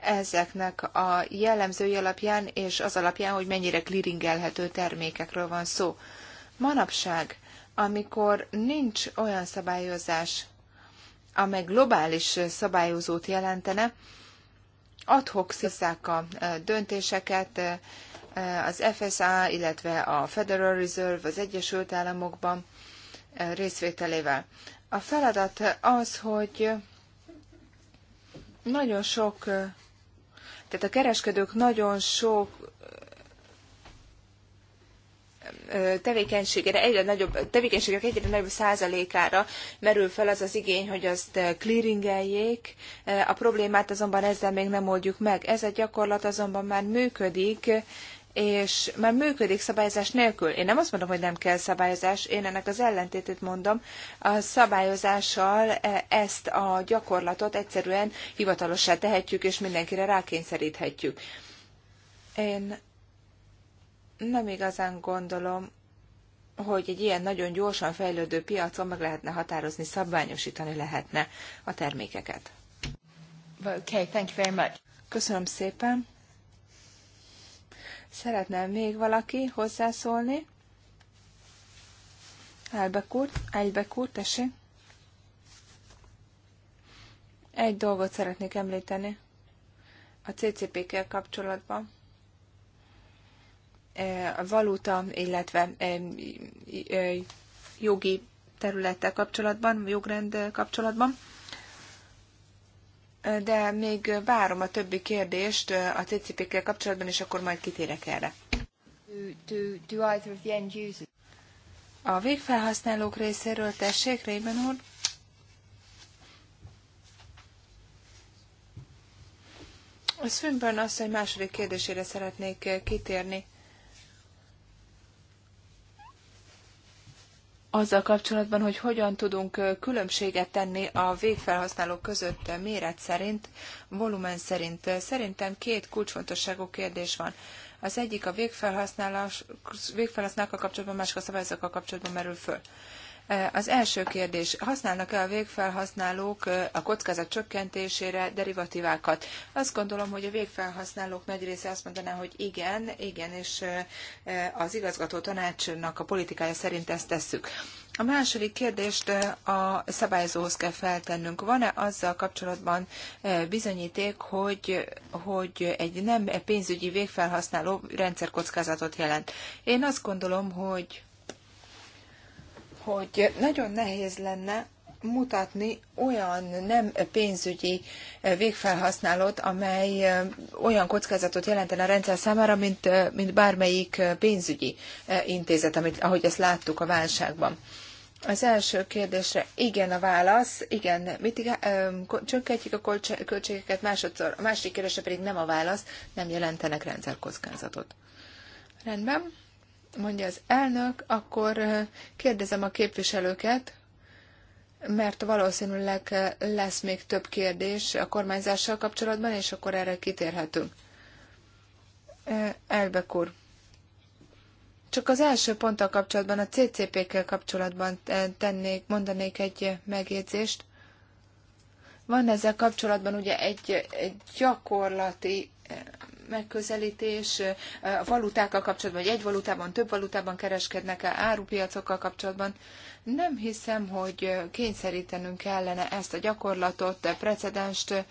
ezeknek a jellemzői alapján és az alapján, hogy mennyire clearingelhető termékekről van szó. Manapság, amikor nincs olyan szabályozás, amely globális szabályozót jelentene, adhok sziszák a döntéseket, az FSA, illetve a Federal Reserve az Egyesült Államokban, részvételével. A feladat az, hogy nagyon sok, tehát a kereskedők nagyon sok tevékenységére egyre nagyobb, tevékenységek egyre nagyobb százalékára merül fel az az igény, hogy azt clearingeljék. A problémát azonban ezzel még nem oldjuk meg. Ez a gyakorlat azonban már működik, és már működik szabályozás nélkül. Én nem azt mondom, hogy nem kell szabályozás, én ennek az ellentétét mondom. A szabályozással e, ezt a gyakorlatot egyszerűen hivatalossá tehetjük, és mindenkire rákényszeríthetjük. Én nem igazán gondolom, hogy egy ilyen nagyon gyorsan fejlődő piacon meg lehetne határozni, szabványosítani lehetne a termékeket. Okay, thank you very much. Köszönöm szépen. Szeretne még valaki hozzászólni? Elbek úr, Elbek úr, tessék. Egy dolgot szeretnék említeni a CCP-kkel kapcsolatban. E, a valuta, illetve e, e, jogi területtel kapcsolatban, jogrend kapcsolatban de még várom a többi kérdést a ccp kapcsolatban, és akkor majd kitérek erre. Do, do, do either of the end users? A végfelhasználók részéről tessék, Rében úr. A Swinburne asszony második kérdésére szeretnék kitérni. azzal kapcsolatban, hogy hogyan tudunk különbséget tenni a végfelhasználók között méret szerint, volumen szerint. Szerintem két kulcsfontosságú kérdés van. Az egyik a végfelhasználás, végfelhasználókkal kapcsolatban, másik a szabályozókkal kapcsolatban merül föl. Az első kérdés, használnak-e a végfelhasználók a kockázat csökkentésére derivatívákat? Azt gondolom, hogy a végfelhasználók nagy része azt mondaná, hogy igen, igen, és az igazgató tanácsnak a politikája szerint ezt tesszük. A második kérdést a szabályozóhoz kell feltennünk. Van-e azzal kapcsolatban bizonyíték, hogy, hogy egy nem pénzügyi végfelhasználó rendszerkockázatot jelent? Én azt gondolom, hogy hogy nagyon nehéz lenne mutatni olyan nem pénzügyi eh, végfelhasználót, amely eh, olyan kockázatot jelentene a rendszer számára, mint, eh, mint bármelyik pénzügyi intézet, amit, ahogy ezt láttuk a válságban. Az első kérdésre igen a válasz, igen, mit, csökkentjük a költségeket, másodszor, a másik kérdésre pedig nem a válasz, nem jelentenek rendszerkockázatot. Rendben mondja az elnök, akkor kérdezem a képviselőket, mert valószínűleg lesz még több kérdés a kormányzással kapcsolatban, és akkor erre kitérhetünk. Elbek úr. Csak az első ponttal kapcsolatban, a CCP-kkel kapcsolatban tennék, mondanék egy megjegyzést. Van ezzel kapcsolatban ugye egy, egy gyakorlati megközelítés, a valutákkal kapcsolatban, vagy egy valutában, több valutában kereskednek -e, árupiacokkal kapcsolatban. Nem hiszem, hogy kényszerítenünk kellene ezt a gyakorlatot, a precedenst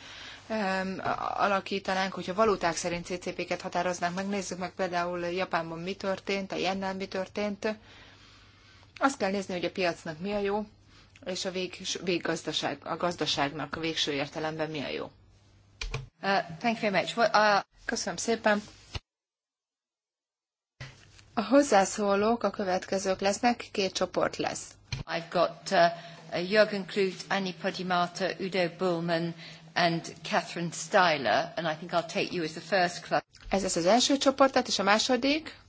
alakítanánk, hogyha valuták szerint CCP-ket határoznánk meg. meg például Japánban mi történt, a jennel mi történt. Azt kell nézni, hogy a piacnak mi a jó, és a, vég, véggazdaság, a gazdaságnak a végső értelemben mi a jó. Uh, thank you very much. Well, uh... Köszönöm szépen. A hozzászólók a következők lesznek, két csoport lesz. I've got uh, Jürgen Klut, Annie Podimata, Udo Bullman and Catherine Styler, and I think I'll take you as the first club. Ez lesz az első csoport, tehát és a második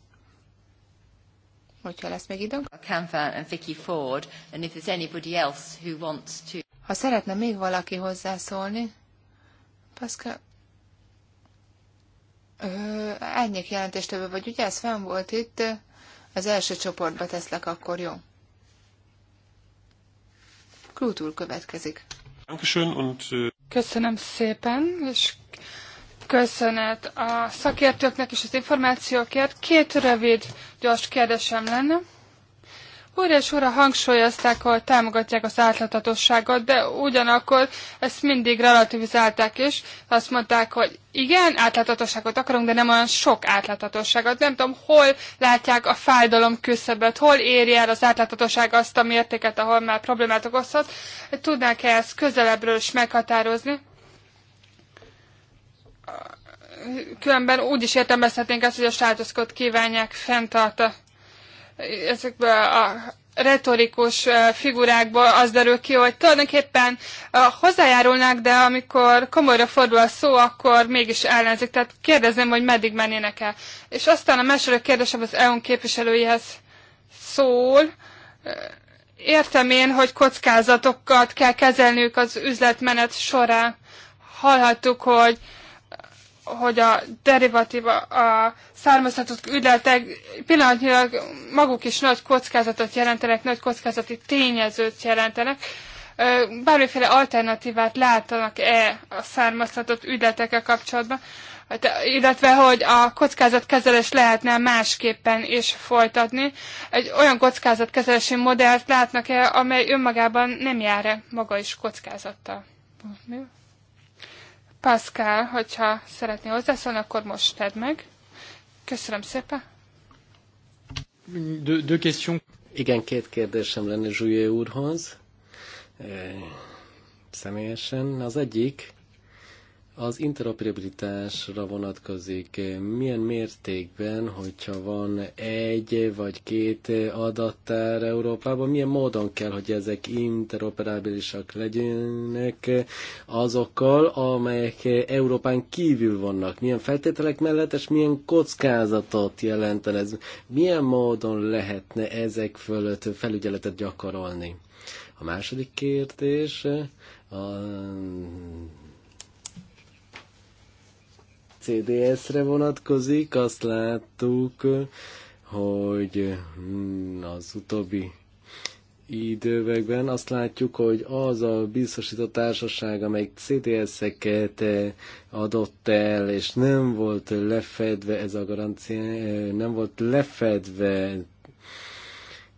hogyha lesz még időnk. Canfan and Vicky Ford, and if there's anybody else who wants to... Ha szeretne még valaki hozzászólni, Pascal árnyék jelentéstevő vagy, ugye ez fenn volt itt, az első csoportba teszlek, akkor jó. Krútul következik. Köszönöm szépen, és köszönet a szakértőknek és az információkért. Két rövid, gyors kérdésem lenne újra és újra hangsúlyozták, hogy támogatják az átláthatóságot, de ugyanakkor ezt mindig relativizálták is. Azt mondták, hogy igen, átláthatóságot akarunk, de nem olyan sok átláthatóságot. Nem tudom, hol látják a fájdalom küszöbet, hol éri el az átláthatóság azt a mértéket, ahol már problémát okozhat. Tudnák-e ezt közelebbről is meghatározni? Különben úgy is értelmezhetnénk ezt, hogy a státuszkot kívánják fenntartani ezekből a retorikus eh, figurákból az derül ki, hogy tulajdonképpen eh, hozzájárulnák, de amikor komolyra fordul a szó, akkor mégis ellenzik. Tehát kérdezem, hogy meddig mennének el. És aztán a második kérdésem az EU-n képviselőihez szól. Eh, értem én, hogy kockázatokat kell kezelniük az üzletmenet során. Hallhattuk, hogy hogy a derivatív a származhatók ügyletek pillanatnyilag maguk is nagy kockázatot jelentenek, nagy kockázati tényezőt jelentenek. Bármiféle alternatívát látanak-e a származhatott ügyletekkel kapcsolatban, hát, illetve hogy a kockázatkezelés lehetne másképpen is folytatni. Egy olyan kockázatkezelési modellt látnak-e, amely önmagában nem jár -e maga is kockázattal? Mi? Pascal, hogyha szeretné hozzászólni, akkor most tedd meg. Köszönöm szépen. De, de question. Igen, két kérdésem lenne Zsujé úrhoz. E, személyesen. Az egyik, az interoperabilitásra vonatkozik. Milyen mértékben, hogyha van egy vagy két adattár Európában, milyen módon kell, hogy ezek interoperabilisak legyenek azokkal, amelyek Európán kívül vannak? Milyen feltételek mellett, és milyen kockázatot jelenten ez? Milyen módon lehetne ezek fölött felügyeletet gyakorolni? A második kérdés, a CDS-re vonatkozik. Azt láttuk, hogy hm, az utóbbi időben azt látjuk, hogy az a biztosító társaság, amely CDS-eket eh, adott el, és nem volt lefedve ez a garancia, eh, nem volt lefedve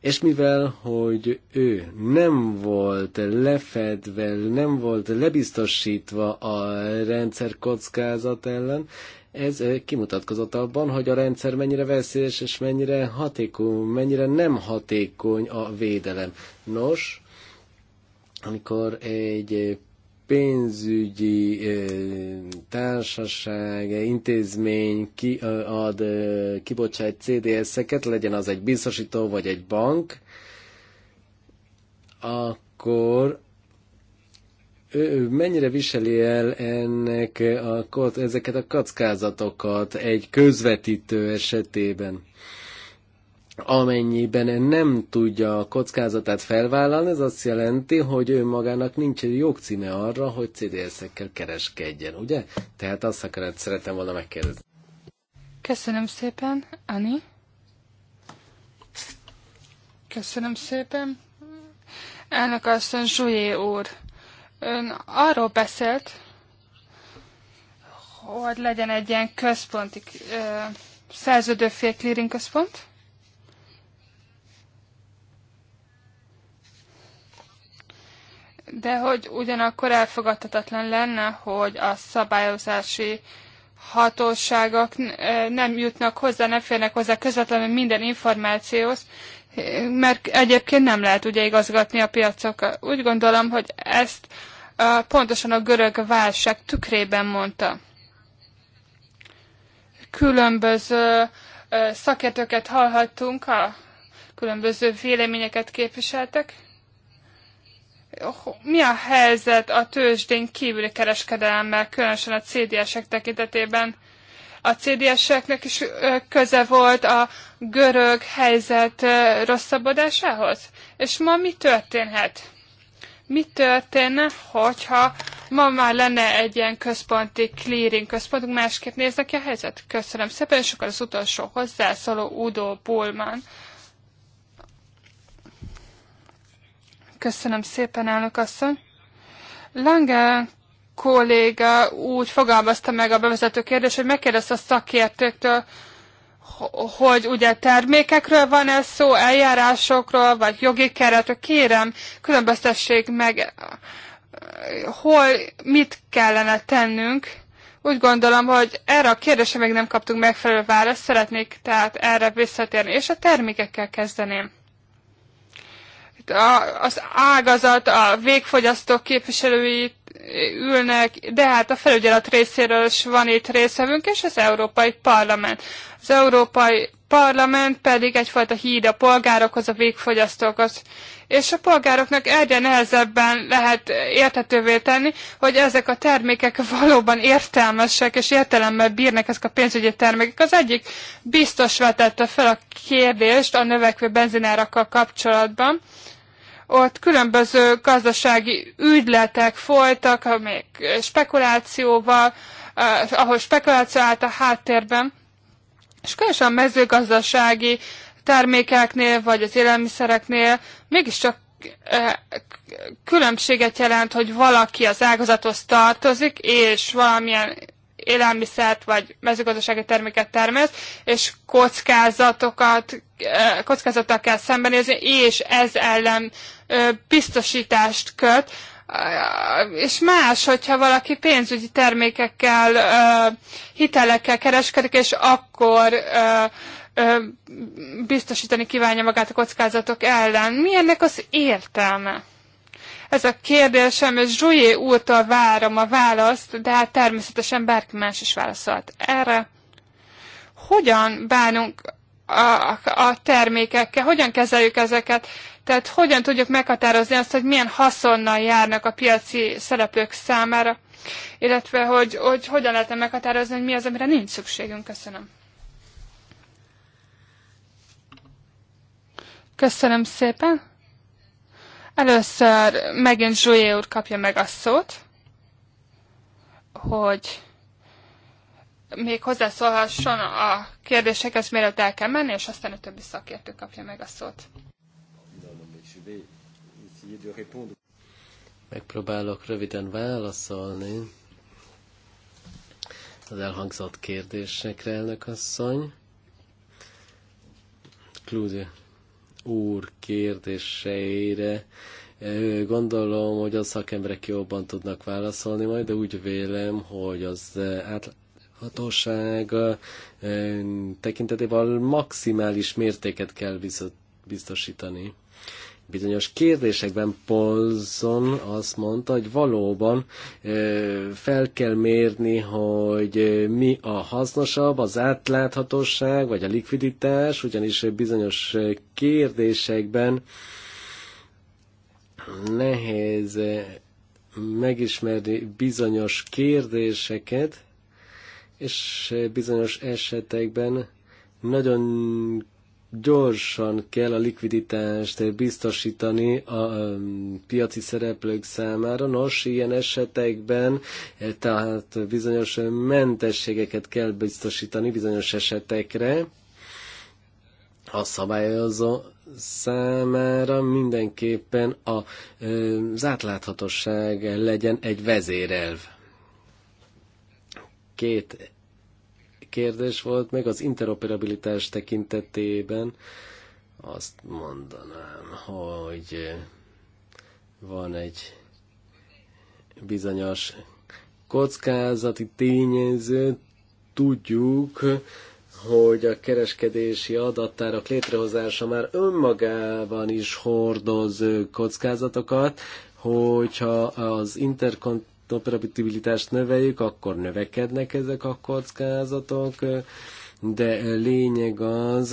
és mivel, hogy ő nem volt lefedve, nem volt lebiztosítva a rendszer kockázat ellen, ez kimutatkozott abban, hogy a rendszer mennyire veszélyes és mennyire hatékony, mennyire nem hatékony a védelem. Nos, amikor egy pénzügyi társaság, intézmény kiad, kibocsát CDS-eket, legyen az egy biztosító vagy egy bank, akkor ő mennyire viseli el ennek a, ezeket a kockázatokat egy közvetítő esetében? amennyiben nem tudja a kockázatát felvállalni, ez azt jelenti, hogy ő magának nincs jogcíme arra, hogy CDS-ekkel kereskedjen, ugye? Tehát azt akarod, szeretem volna megkérdezni. Köszönöm szépen, Ani. Köszönöm szépen. Elnök asszony, Zsujé úr, ön arról beszélt, hogy legyen egy ilyen központi ö, szerződőfél clearing központ, de hogy ugyanakkor elfogadhatatlan lenne, hogy a szabályozási hatóságok eh, nem jutnak hozzá, nem férnek hozzá közvetlenül minden információhoz, mert egyébként nem lehet ugye igazgatni a piacokat. Úgy gondolom, hogy ezt eh, pontosan a görög válság tükrében mondta. Különböző eh, szakértőket hallhattunk, a különböző véleményeket képviseltek mi a helyzet a tőzsdén kívüli kereskedelemmel, különösen a CDS-ek tekintetében? A CDS-eknek is köze volt a görög helyzet rosszabbodásához? És ma mi történhet? Mi történne, hogyha ma már lenne egy ilyen központi clearing központunk, másképp néznek ki a helyzet? Köszönöm szépen, és akkor az utolsó hozzászóló Udo Bullman. Köszönöm szépen, elnök asszony. Lange kolléga úgy fogalmazta meg a bevezető kérdést, hogy megkérdezte a szakértőktől, hogy ugye termékekről van ez szó, eljárásokról, vagy jogi keretről. Kérem, különböztessék meg, hol mit kellene tennünk. Úgy gondolom, hogy erre a kérdésre még nem kaptunk megfelelő választ, szeretnék tehát erre visszatérni, és a termékekkel kezdeném a, az ágazat, a végfogyasztók képviselőit ülnek, de hát a felügyelet részéről is van itt részevünk, és az Európai Parlament. Az Európai Parlament pedig egyfajta híd a polgárokhoz, a végfogyasztókhoz. És a polgároknak egyre nehezebben lehet értetővé tenni, hogy ezek a termékek valóban értelmesek és értelemmel bírnak ezek a pénzügyi termékek. Az egyik biztos vetette fel a kérdést a növekvő benzinárakkal kapcsolatban, ott különböző gazdasági ügyletek folytak, amik spekulációval, eh, ahol spekuláció állt a háttérben, és különösen a mezőgazdasági termékeknél, vagy az élelmiszereknél mégiscsak eh, különbséget jelent, hogy valaki az ágazathoz tartozik, és valamilyen élelmiszert vagy mezőgazdasági terméket termeszt, és kockázatokat, eh, kockázatokat kell szembenézni, és ez ellen biztosítást köt, és más, hogyha valaki pénzügyi termékekkel, hitelekkel kereskedik, és akkor biztosítani kívánja magát a kockázatok ellen. Mi ennek az értelme? Ez a kérdésem, és Zsujé úrtól várom a választ, de hát természetesen bárki más is válaszolt erre. Hogyan bánunk a, a termékekkel, hogyan kezeljük ezeket, tehát hogyan tudjuk meghatározni azt, hogy milyen haszonnal járnak a piaci szereplők számára, illetve hogy, hogy hogyan lehetne meghatározni, hogy mi az, amire nincs szükségünk. Köszönöm. Köszönöm szépen. Először megint Zsujé úr kapja meg a szót, hogy még hozzászólhasson a kérdésekhez, mielőtt el kell menni, és aztán a többi szakértő kapja meg a szót. Megpróbálok röviden válaszolni az elhangzott kérdésekre, elnök asszony. Klúzi úr kérdéseire eh, gondolom, hogy a szakemberek jobban tudnak válaszolni majd, de úgy vélem, hogy az eh, átláthatóság eh, tekintetében maximális mértéket kell biztosítani bizonyos kérdésekben Polzon azt mondta, hogy valóban fel kell mérni, hogy mi a hasznosabb, az átláthatóság, vagy a likviditás, ugyanis bizonyos kérdésekben nehéz megismerni bizonyos kérdéseket, és bizonyos esetekben nagyon gyorsan kell a likviditást biztosítani a piaci szereplők számára. Nos, ilyen esetekben e, tehát bizonyos mentességeket kell biztosítani bizonyos esetekre a szabályozó számára mindenképpen a, e, az átláthatóság legyen egy vezérelv. Két kérdés volt, meg az interoperabilitás tekintetében azt mondanám, hogy van egy bizonyos kockázati tényező, tudjuk, hogy a kereskedési adattárak létrehozása már önmagában is hordoz kockázatokat, hogyha az interkont interoperabilitást növeljük, akkor növekednek ezek a kockázatok, de lényeg az,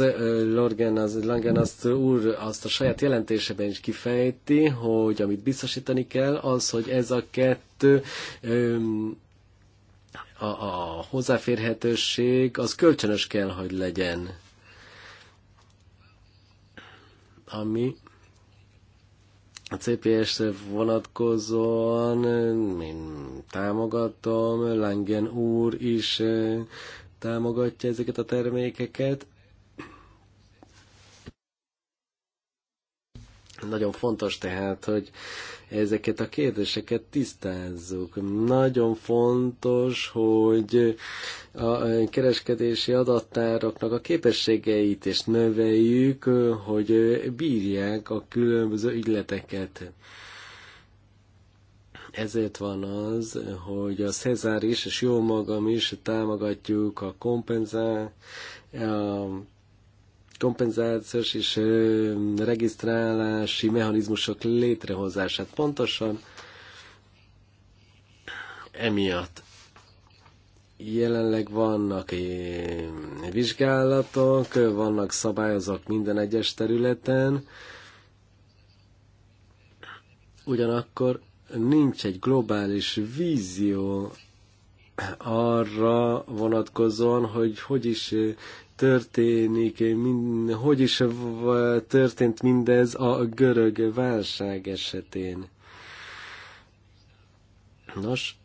Lorgen, az, Langen azt úr azt a saját jelentésében is kifejti, hogy amit biztosítani kell, az, hogy ez a kettő a, a hozzáférhetőség az kölcsönös kell, hogy legyen. Ami a CPS-re vonatkozóan eh, én támogatom, Langen úr is eh, támogatja ezeket a termékeket. Nagyon fontos tehát, hogy ezeket a kérdéseket tisztázzuk. Nagyon fontos, hogy a kereskedési adattároknak a képességeit is növeljük, hogy bírják a különböző ügyleteket ezért van az, hogy a Cezár is, és jó magam is támogatjuk a kompenzál, a kompenzációs és regisztrálási mechanizmusok létrehozását. Pontosan emiatt jelenleg vannak vizsgálatok, vannak szabályozók minden egyes területen, ugyanakkor nincs egy globális vízió arra vonatkozóan, hogy hogy is történik, hogy is történt mindez a görög válság esetén. Nos,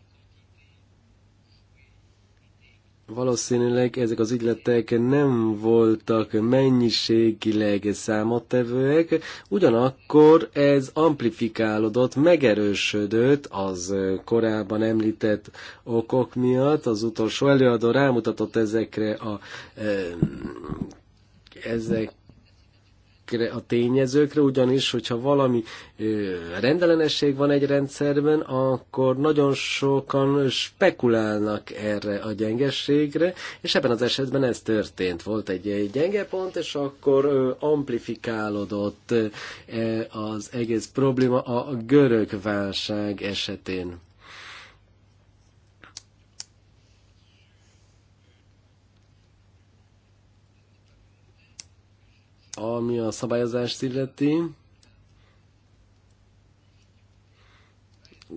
valószínűleg ezek az ügyletek nem voltak mennyiségileg számottevőek, ugyanakkor ez amplifikálódott, megerősödött az korábban említett okok miatt. Az utolsó előadó rámutatott ezekre a ezek ezekre a tényezőkre, ugyanis, hogyha valami rendellenesség van egy rendszerben, akkor nagyon sokan spekulálnak erre a gyengeségre, és ebben az esetben ez történt. Volt egy gyenge pont, és akkor amplifikálódott az egész probléma a görög válság esetén. ami a szabályozást illeti.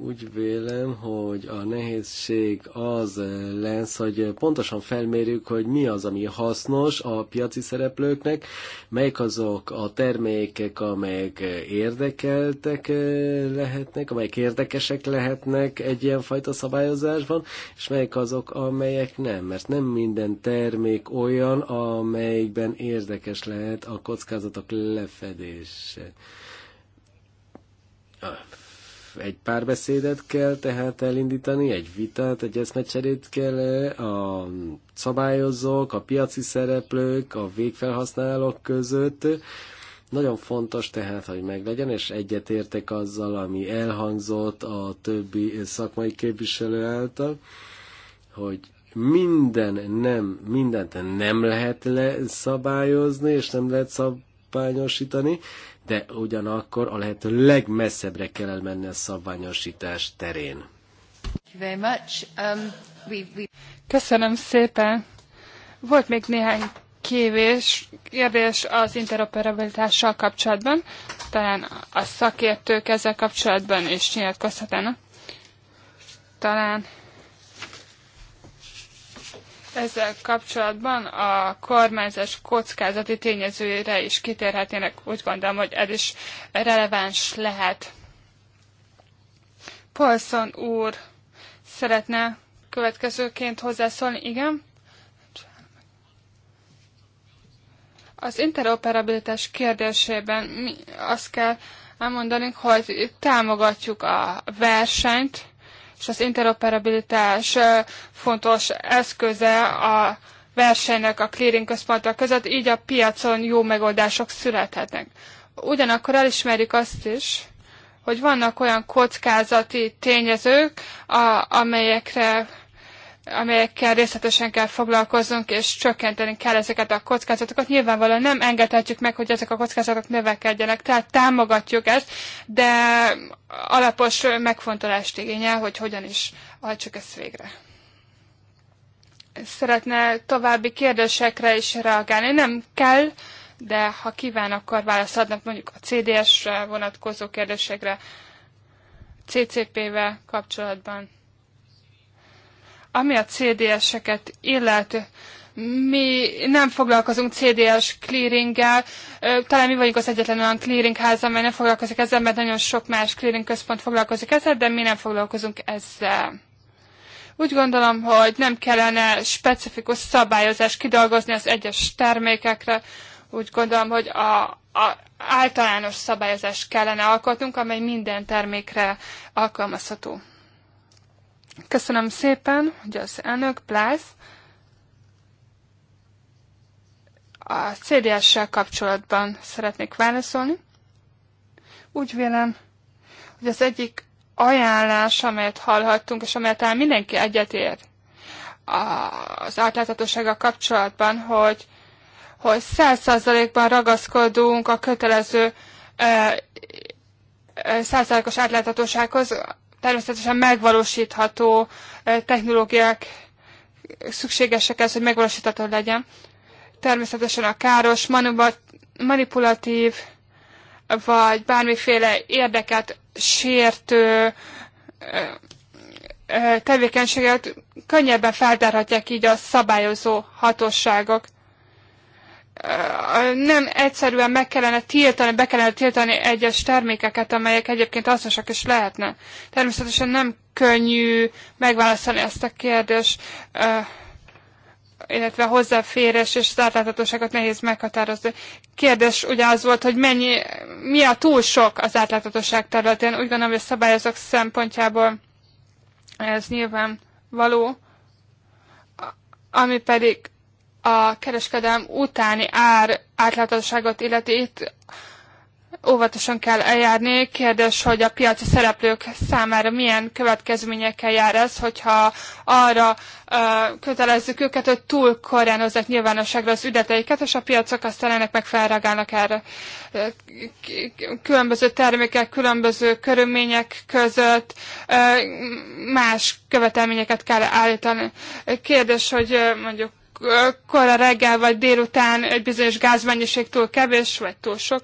úgy vélem, hogy a nehézség az lesz, hogy pontosan felmérjük, hogy mi az, ami hasznos a piaci szereplőknek, melyik azok a termékek, amelyek érdekeltek eh, lehetnek, amelyek érdekesek lehetnek egy ilyen fajta szabályozásban, és melyik azok, amelyek nem, mert nem minden termék olyan, amelyikben érdekes lehet a kockázatok lefedése ah, egy párbeszédet kell tehát elindítani, egy vitát, egy eszmecserét kell a szabályozók, a piaci szereplők, a végfelhasználók között. Nagyon fontos tehát, hogy meglegyen, és egyetértek azzal, ami elhangzott a többi szakmai képviselő által, hogy minden nem, mindent nem lehet leszabályozni, és nem lehet szabályosítani, de ugyanakkor a lehető legmesszebbre kell elmenni a szabványosítás terén. Um, Köszönöm szépen. Volt még néhány kívés kérdés az interoperabilitással kapcsolatban. Talán a szakértők ezzel kapcsolatban is nyilatkozhatnának. Talán ezzel kapcsolatban a kormányzás kockázati tényezőjére is kitérhetnének. Úgy gondolom, hogy ez is releváns lehet. Paulson úr szeretne következőként hozzászólni. Igen? Az interoperabilitás kérdésében mi azt kell elmondanunk, hogy támogatjuk a versenyt, és az interoperabilitás fontos eszköze a versenynek a clearing központok között, így a piacon jó megoldások születhetnek. Ugyanakkor elismerjük azt is, hogy vannak olyan kockázati tényezők, a, amelyekre amelyekkel részletesen kell foglalkoznunk, és csökkenteni kell ezeket a kockázatokat. Nyilvánvalóan nem engedhetjük meg, hogy ezek a kockázatok növekedjenek, tehát támogatjuk ezt, de alapos megfontolást igényel, hogy hogyan is hajtsuk ezt végre. Szeretne további kérdésekre is reagálni. Nem kell, de ha kíván, akkor válaszadnak mondjuk a CDS-re vonatkozó kérdésekre, CCP-vel kapcsolatban ami a CDS-eket illet, mi nem foglalkozunk CDS clearinggel, talán mi vagyunk az egyetlen olyan háza, amely nem foglalkozik ezzel, mert nagyon sok más clearing központ foglalkozik ezzel, de mi nem foglalkozunk ezzel. Úgy gondolom, hogy nem kellene specifikus szabályozást kidolgozni az egyes termékekre. Úgy gondolom, hogy a, a általános szabályozást kellene alkotnunk, amely minden termékre alkalmazható. Köszönöm szépen, hogy az elnök Plász a CDS-sel kapcsolatban szeretnék válaszolni. Úgy vélem, hogy az egyik ajánlás, amelyet hallhattunk, és amelyet talán mindenki egyetért az átláthatósággal kapcsolatban, hogy hogy 100%-ban ragaszkodunk a kötelező százszázalékos átláthatósághoz, természetesen megvalósítható technológiák szükségesek ez, hogy megvalósítható legyen. Természetesen a káros, manipulatív, vagy bármiféle érdeket sértő tevékenységet könnyebben feltárhatják így a szabályozó hatóságok nem egyszerűen meg kellene tiltani, be kellene tiltani egyes termékeket, amelyek egyébként hasznosak is lehetnek. Természetesen nem könnyű megválaszolni ezt a kérdést, eh, illetve hozzáférés és az átláthatóságot nehéz meghatározni. Kérdés ugye az volt, hogy mennyi, mi a túl sok az átláthatóság területén. Úgy gondolom, hogy a szabályozók szempontjából ez nyilván való. Ami pedig a kereskedelem utáni ár átláthatóságot illeti itt óvatosan kell eljárni. Kérdés, hogy a piaci szereplők számára milyen következményekkel jár ez, hogyha arra ö, kötelezzük őket, hogy túl korán hozzák nyilvánosságra az üdeteiket, és a piacok aztán ennek felragálnak erre. Különböző termékek, különböző körülmények között ö, más követelményeket kell állítani. Kérdés, hogy mondjuk kora reggel vagy délután egy bizonyos gázmennyiség túl kevés, vagy túl sok.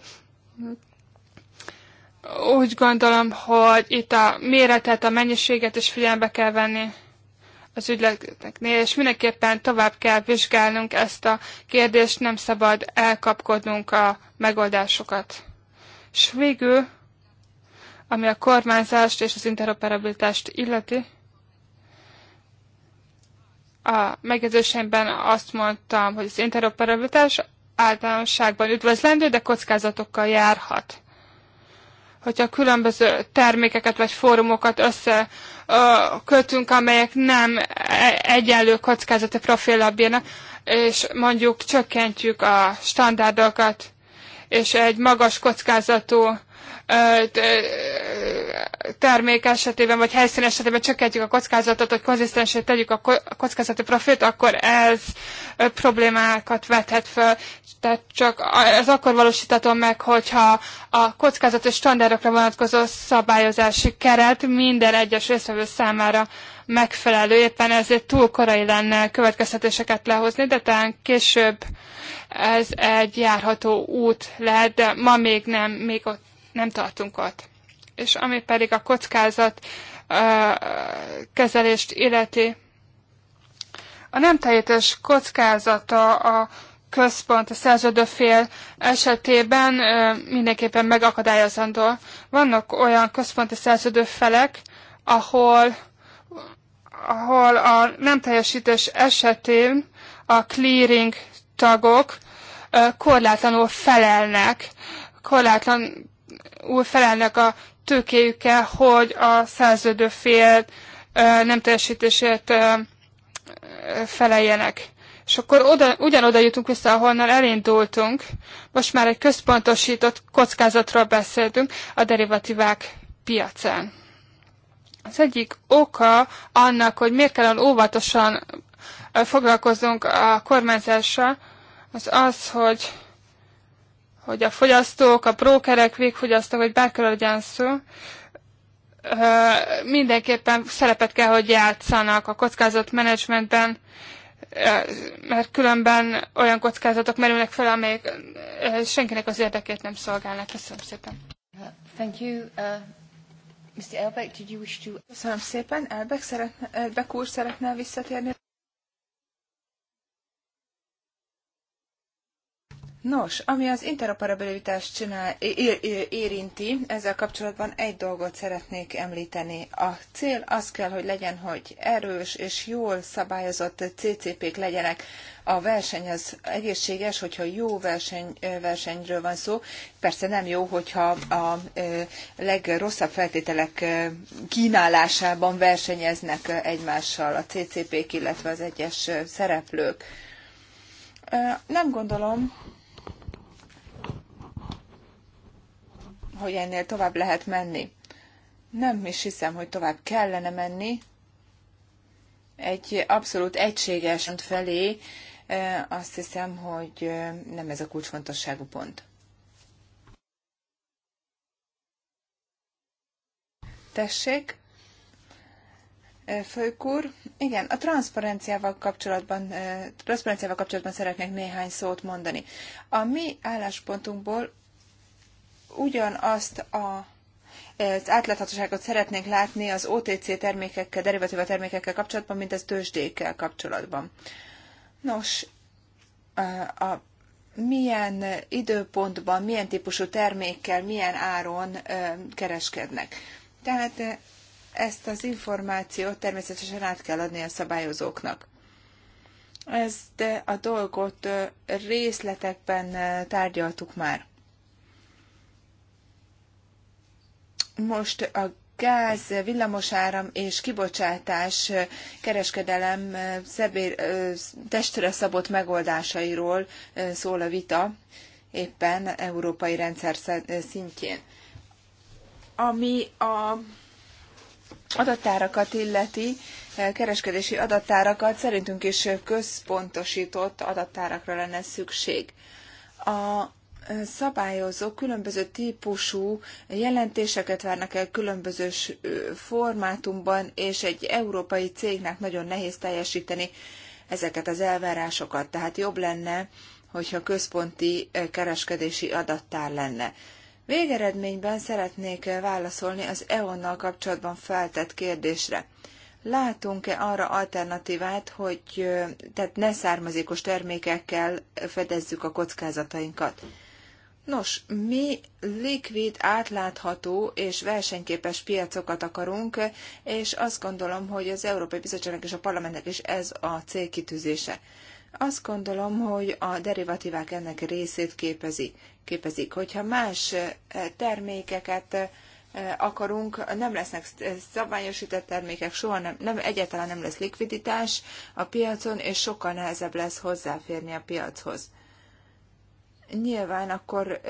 Úgy gondolom, hogy itt a méretet, a mennyiséget is figyelembe kell venni az ügyleteknél, és mindenképpen tovább kell vizsgálnunk ezt a kérdést, nem szabad elkapkodnunk a megoldásokat. És végül, ami a kormányzást és az interoperabilitást illeti, a megjegyzéseimben azt mondtam, hogy az interoperabilitás általánosságban üdvözlendő, de kockázatokkal járhat. Hogyha különböző termékeket vagy fórumokat összekötünk, amelyek nem e-, egyenlő kockázati profillal bírnak, és mondjuk csökkentjük a standardokat, és egy magas kockázatú termék esetében, vagy helyszín esetében csökkentjük a kockázatot, hogy konzisztensét tegyük a kockázati profit, akkor ez problémákat vethet fel. Tehát csak ez akkor valósítatom meg, hogyha a kockázatos standardokra vonatkozó szabályozási keret minden egyes részvevő számára megfelelő, éppen ezért túl korai lenne következtetéseket lehozni, de talán később ez egy járható út lehet, de ma még nem, még ott nem tartunk ott. És ami pedig a kockázat kezelést illeti, a nem teljes kockázata a központ, a szerződő fél esetében mindenképpen megakadályozandó. Vannak olyan központi szerződő felek, ahol, ahol a nem teljesítés esetén a clearing tagok korlátlanul felelnek, korlátlan úr felelnek a tőkéjükkel, hogy a szerződő fél nem teljesítését feleljenek. És akkor oda, ugyanoda jutunk vissza, ahonnan elindultunk. Most már egy központosított kockázatról beszéltünk a derivatívák piacán. Az egyik oka annak, hogy miért kell óvatosan foglalkozunk a kormányzással, az az, hogy hogy a fogyasztók, a brókerek, végfogyasztók, vagy bárkör legyen szó, mindenképpen szerepet kell, hogy játszanak a kockázatmenedzsmentben, mert különben olyan kockázatok merülnek fel, amelyek senkinek az érdekét nem szolgálnak. Köszönöm szépen. Thank you. Uh, Mr. Elbeck, did you wish to... Köszönöm szépen. Elbeck, szeretne, Elbeck úr szeretne visszatérni. Nos, ami az interoperabilitást csinál, érinti, ezzel kapcsolatban egy dolgot szeretnék említeni. A cél az kell, hogy legyen, hogy erős és jól szabályozott CCP-k legyenek. A verseny az egészséges, hogyha jó verseny, versenyről van szó. Persze nem jó, hogyha a legrosszabb feltételek kínálásában versenyeznek egymással a CCP-k, illetve az egyes szereplők. Nem gondolom, hogy ennél tovább lehet menni. Nem is hiszem, hogy tovább kellene menni. Egy abszolút egységes pont felé azt hiszem, hogy nem ez a kulcsfontosságú pont. Tessék, Fők úr, igen, a transzparenciával kapcsolatban, transzparenciával kapcsolatban szeretnék néhány szót mondani. A mi álláspontunkból ugyanazt a az átláthatóságot szeretnénk látni az OTC termékekkel, derivatíva termékekkel kapcsolatban, mint az tőzsdékkel kapcsolatban. Nos, a, a milyen időpontban, milyen típusú termékkel, milyen áron kereskednek. Tehát ezt az információt természetesen át kell adni a szabályozóknak. Ezt a dolgot részletekben tárgyaltuk már. Most a gáz, villamosáram és kibocsátás kereskedelem szebér, testre szabott megoldásairól szól a vita éppen európai rendszer szintjén. Ami a adattárakat illeti, kereskedési adattárakat szerintünk is központosított adattárakra lenne szükség. A szabályozó különböző típusú jelentéseket várnak el különböző formátumban, és egy európai cégnek nagyon nehéz teljesíteni ezeket az elvárásokat. Tehát jobb lenne, hogyha központi kereskedési adattár lenne. Végeredményben szeretnék válaszolni az EON-nal kapcsolatban feltett kérdésre. Látunk-e arra alternatívát, hogy tehát ne származékos termékekkel fedezzük a kockázatainkat? Nos, mi likvid, átlátható és versenyképes piacokat akarunk, és azt gondolom, hogy az Európai Bizottságnak és a Parlamentnek is ez a célkitűzése. Azt gondolom, hogy a derivatívák ennek részét képezi, képezik. Hogyha más eh, termékeket eh, akarunk, nem lesznek eh, szabványosított termékek, soha nem, nem, egyáltalán nem lesz likviditás a piacon, és sokkal nehezebb lesz hozzáférni a piachoz nyilván akkor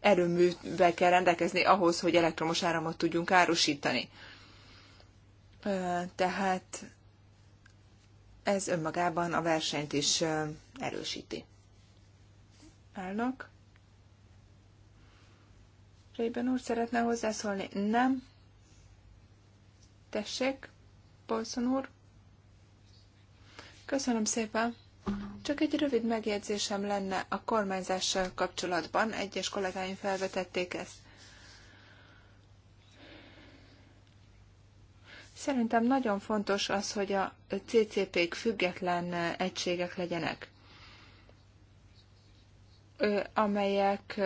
erőművel kell rendelkezni ahhoz, hogy elektromos áramot tudjunk árusítani. Tehát ez önmagában a versenyt is erősíti. Állnak. Rében úr szeretne hozzászólni? Nem. Tessék, Bolson úr. Köszönöm szépen. Csak egy rövid megjegyzésem lenne a kormányzással kapcsolatban. Egyes kollégáim felvetették ezt. Szerintem nagyon fontos az, hogy a CCP-k független egységek legyenek, amelyek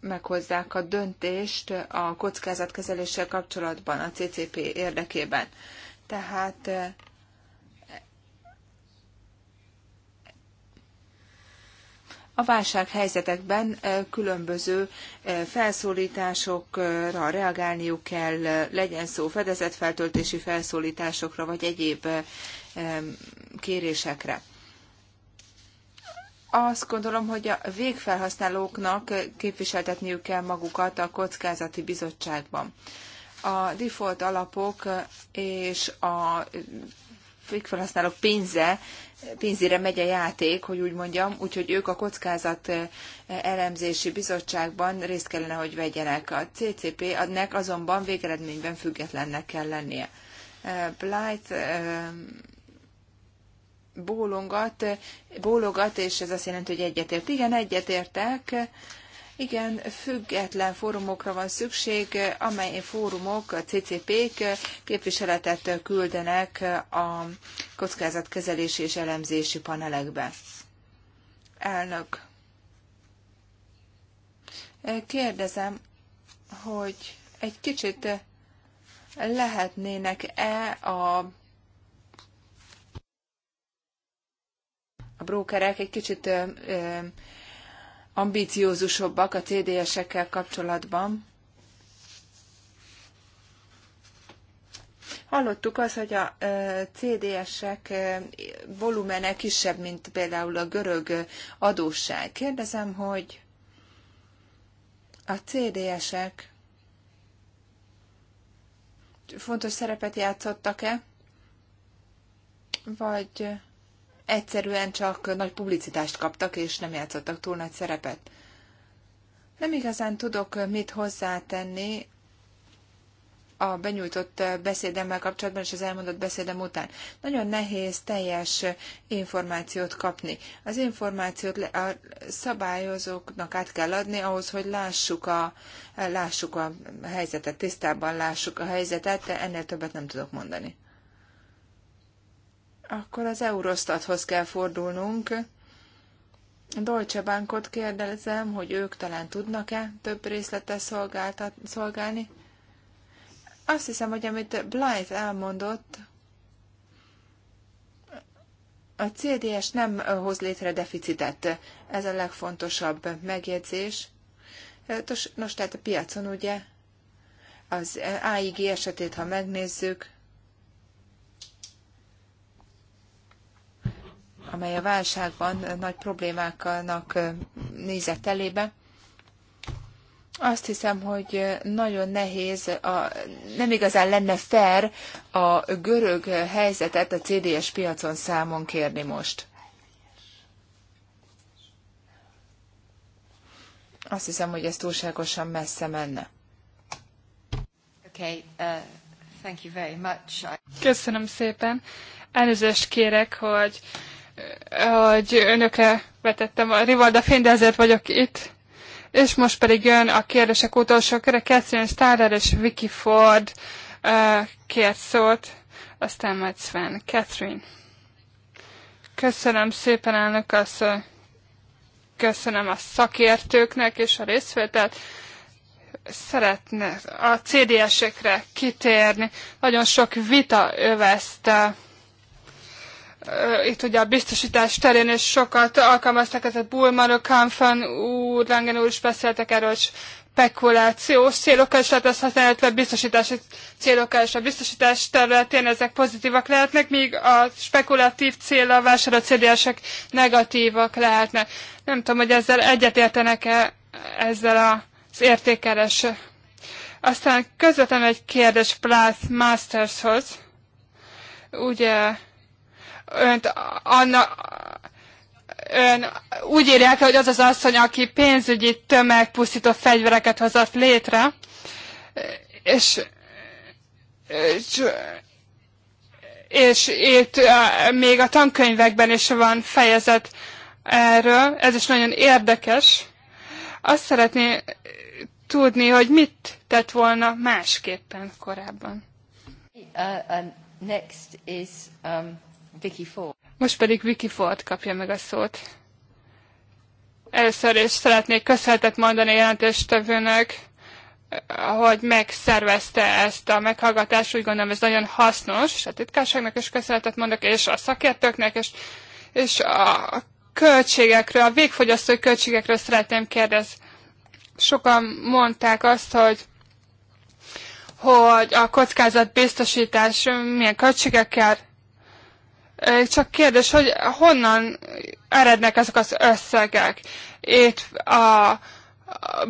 meghozzák a döntést a kockázatkezeléssel kapcsolatban a CCP érdekében. Tehát a válsághelyzetekben különböző felszólításokra reagálniuk kell, legyen szó fedezetfeltöltési felszólításokra, vagy egyéb kérésekre. Azt gondolom, hogy a végfelhasználóknak képviseltetniük kell magukat a kockázati bizottságban. A default alapok és a végfelhasználók pénze, pénzére megy a játék, hogy úgy mondjam, úgyhogy ők a kockázat elemzési bizottságban részt kellene, hogy vegyenek. A CCP-nek azonban végeredményben függetlennek kell lennie. Blight bólogat, bólogat, és ez azt jelenti, hogy egyetért. Igen, egyetértek igen, független fórumokra van szükség, amely fórumok, a CCP-k képviseletet küldenek a kockázatkezelési és elemzési panelekbe. Elnök. Kérdezem, hogy egy kicsit lehetnének-e a a brókerek egy kicsit ambíciózusabbak a CDS-ekkel kapcsolatban. Hallottuk azt, hogy a CDS-ek volumene kisebb, mint például a görög adósság. Kérdezem, hogy a CDS-ek fontos szerepet játszottak-e? Vagy egyszerűen csak nagy publicitást kaptak, és nem játszottak túl nagy szerepet. Nem igazán tudok mit hozzátenni a benyújtott beszédemmel kapcsolatban és az elmondott beszédem után. Nagyon nehéz teljes információt kapni. Az információt a szabályozóknak át kell adni ahhoz, hogy lássuk a, lássuk a helyzetet, tisztában lássuk a helyzetet, de ennél többet nem tudok mondani akkor az Eurostathoz kell fordulnunk. Deutsche Bankot kérdezem, hogy ők talán tudnak-e több részletes szolgálni. Azt hiszem, hogy amit Blight elmondott, a CDS nem hoz létre deficitet. Ez a legfontosabb megjegyzés. Nos, tehát a piacon ugye az AIG esetét, ha megnézzük, amely a válságban nagy problémáknak nézett elébe. Azt hiszem, hogy nagyon nehéz, a, nem igazán lenne fair a görög helyzetet a CDS piacon számon kérni most. Azt hiszem, hogy ez túlságosan messze menne. Okay, uh, thank you very much. Köszönöm szépen. Elnézést kérek, hogy hogy önökre vetettem a Rivalda fény, de ezért vagyok itt. És most pedig jön a kérdések utolsó köre, Catherine Starler és Vicky Ford uh, kért szót, aztán majd Sven. Catherine. Köszönöm szépen, elnök asszony. Köszönöm a szakértőknek és a részvételt szeretne a CDS-ekre kitérni. Nagyon sok vita övezte itt ugye a biztosítás terén is sokat alkalmazták, ez a Bulmanok, Kampfen úr, Langen úr is beszéltek erről, hogy spekulációs célokkal is lehet ezt használni, illetve biztosítási célokkal is. A biztosítás területén ezek pozitívak lehetnek, míg a spekulatív cél, a vásárló negatívak lehetnek. Nem tudom, hogy ezzel egyetértenek-e ezzel az értékeres. Aztán közvetlenül egy kérdés Plath Mastershoz. Ugye önt annak, ön úgy írják, hogy az az asszony, aki pénzügyi tömegpusztító fegyvereket hozott létre, és, és, és itt még a tankönyvekben is van fejezet erről, ez is nagyon érdekes. Azt szeretné tudni, hogy mit tett volna másképpen korábban. Uh, uh, next is um, Vicky Ford. Most pedig Vicky Ford kapja meg a szót. Először is szeretnék köszönetet mondani jelentéstevőnek, hogy megszervezte ezt a meghallgatást. Úgy gondolom, ez nagyon hasznos. A titkárságnak is köszönetet mondok, és a szakértőknek, és, és a költségekről, a végfogyasztói költségekről szeretném kérdezni. Sokan mondták azt, hogy hogy a kockázatbiztosítás milyen költségekkel csak kérdés, hogy honnan erednek ezek az összegek. Itt a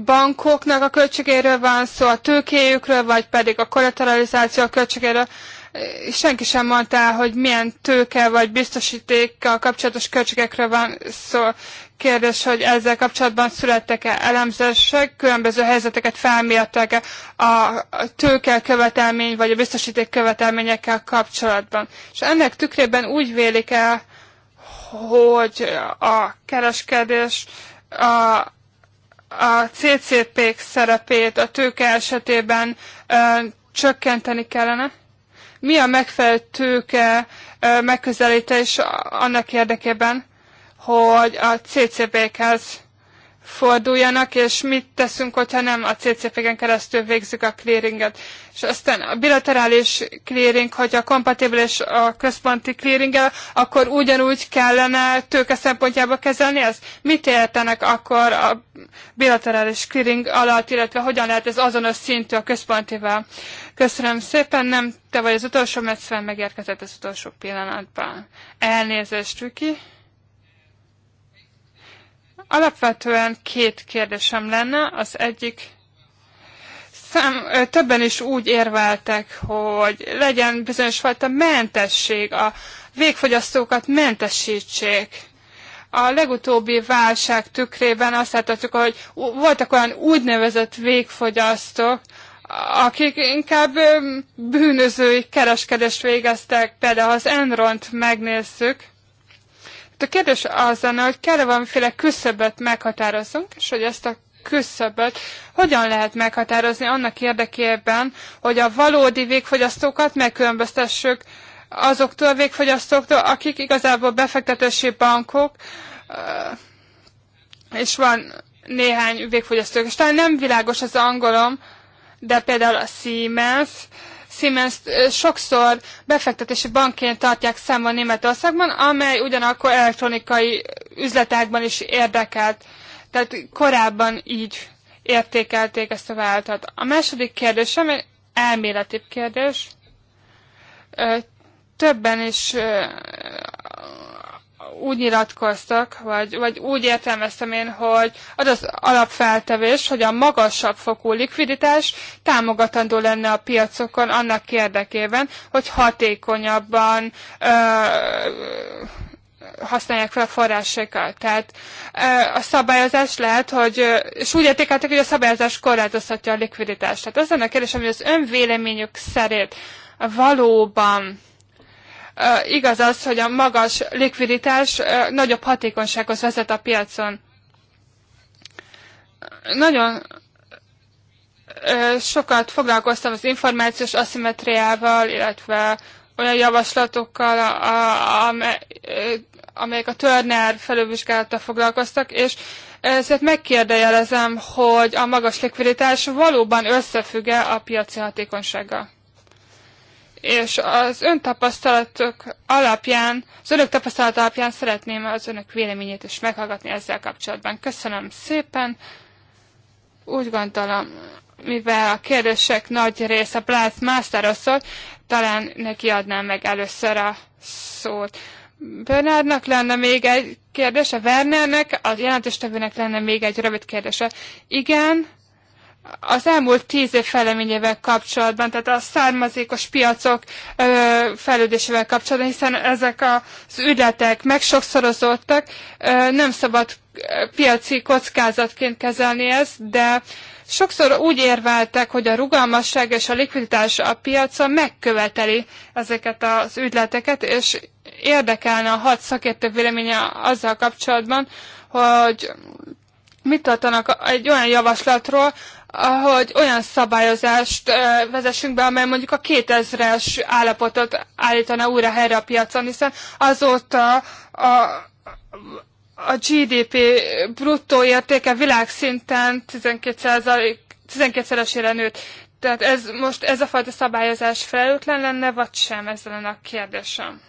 bankoknak a költségéről van szó, a tőkéjükről, vagy pedig a kollateralizáció költségéről. Senki sem mondta, hogy milyen tőke vagy biztosítékkal kapcsolatos költségekről van szó kérdés, hogy ezzel kapcsolatban születtek-e elemzések, különböző helyzeteket felmértek-e a tőke követelmény vagy a biztosíték követelményekkel kapcsolatban. És ennek tükrében úgy vélik el, hogy a kereskedés a, a CCP-k szerepét a tőke esetében ö, csökkenteni kellene. Mi a megfelelő tőke ö, megközelítés annak érdekében, hogy a CCP-khez forduljanak, és mit teszünk, hogyha nem a ccp en keresztül végzik a clearinget. És aztán a bilaterális clearing, hogyha kompatibilis a központi clearinggel, akkor ugyanúgy kellene tőke szempontjába kezelni ezt? Mit értenek akkor a bilaterális clearing alatt, illetve hogyan lehet ez azonos szintű a központival? Köszönöm szépen, nem te vagy az utolsó, mert Sven megérkezett az utolsó pillanatban. Elnézést, Viki. Alapvetően két kérdésem lenne. Az egyik, szám, többen is úgy érveltek, hogy legyen bizonyos fajta mentesség, a végfogyasztókat mentesítsék a legutóbbi válság tükrében azt láthatjuk, hogy voltak olyan úgynevezett végfogyasztók, akik inkább bűnözői kereskedést végeztek, például az Enront megnézzük, a kérdés az lenne, hogy kell-e valamiféle küszöbet meghatározunk, és hogy ezt a küszöböt hogyan lehet meghatározni annak érdekében, hogy a valódi végfogyasztókat megkülönböztessük azoktól a végfogyasztóktól, akik igazából befektetési bankok, és van néhány végfogyasztók. És talán nem világos az angolom, de például a Siemens, Siemens sokszor befektetési bankként tartják számon Németországban, amely ugyanakkor elektronikai üzletekben is érdekelt. Tehát korábban így értékelték ezt a vállalatot. A második kérdésem egy elméleti kérdés. Többen is úgy nyilatkoztak, vagy, vagy úgy értelmeztem én, hogy az az alapfeltevés, hogy a magasabb fokú likviditás támogatandó lenne a piacokon annak érdekében, hogy hatékonyabban ö, használják fel a forrásokat. Tehát a szabályozás lehet, hogy, és úgy értékeltek, hogy a szabályozás korlátozhatja a likviditást. Tehát az lenne a kérdés, hogy az ön véleményük szerint valóban igaz az, hogy a magas likviditás nagyobb hatékonysághoz vezet a piacon. Nagyon sokat foglalkoztam az információs aszimetriával, illetve olyan javaslatokkal, amelyek a Turner felülvizsgálattal foglalkoztak, és ezért megkérdejelezem, hogy a magas likviditás valóban összefügge a piaci hatékonysággal és az ön tapasztalatok alapján, az önök tapasztalat alapján szeretném az önök véleményét is meghallgatni ezzel kapcsolatban. Köszönöm szépen. Úgy gondolom, mivel a kérdések nagy része Blász Másztára szól, talán neki adnám meg először a szót. Bernardnak lenne még egy kérdése, Wernernek, a jelentéstevőnek lenne még egy rövid kérdése. Igen, az elmúlt tíz év fejleményével kapcsolatban, tehát a származékos piacok fejlődésével kapcsolatban, hiszen ezek az ügyletek megsokszorozottak, ö, nem szabad piaci kockázatként kezelni ezt, de sokszor úgy érveltek, hogy a rugalmasság és a likviditás a piaca megköveteli ezeket az ügyleteket, és érdekelne a hat szakértő véleménye azzal kapcsolatban, hogy mit tartanak egy olyan javaslatról, hogy olyan szabályozást vezessünk be, amely mondjuk a 2000-es állapotot állítana újra helyre a piacon, hiszen azóta a, a GDP bruttó értéke világszinten 12%, 12-szeresére nőtt. Tehát ez most ez a fajta szabályozás felelőtlen lenne, vagy sem? Ez lenne a kérdésem.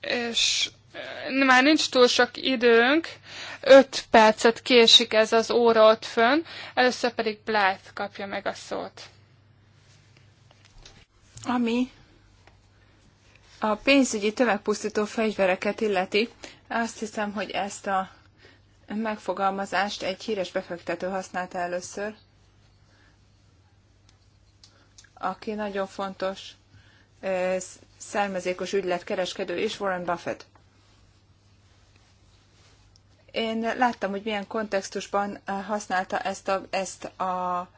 És már nincs túl sok időnk, 5 percet késik ez az óra ott fönn, először pedig Blythe kapja meg a szót. Ami a pénzügyi tömegpusztító fegyvereket illeti, azt hiszem, hogy ezt a megfogalmazást egy híres befektető használta először, aki nagyon fontos eh, szermezékos ügyletkereskedő is, Warren Buffett. Én láttam, hogy milyen kontextusban eh, használta ezt a, ezt a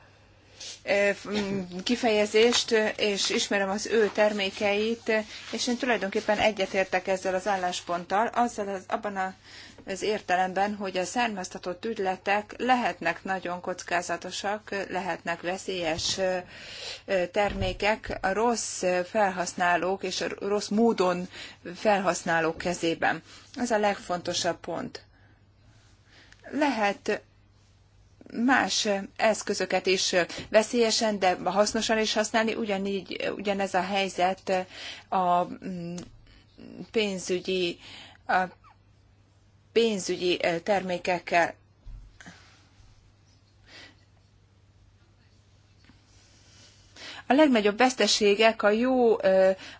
eh, mm, kifejezést, és ismerem az ő termékeit, és én tulajdonképpen egyetértek ezzel az állásponttal, azzal az, abban a, az értelemben, hogy a származtatott ügyletek lehetnek nagyon kockázatosak, lehetnek veszélyes eh, termékek a rossz felhasználók és a rossz módon felhasználók kezében. Ez a legfontosabb pont. Lehet más eszközöket is veszélyesen, de hasznosan is használni. Ugyanígy, ugyanez a helyzet a mm, pénzügyi, a pénzügyi termékekkel. A legnagyobb veszteségek a jó,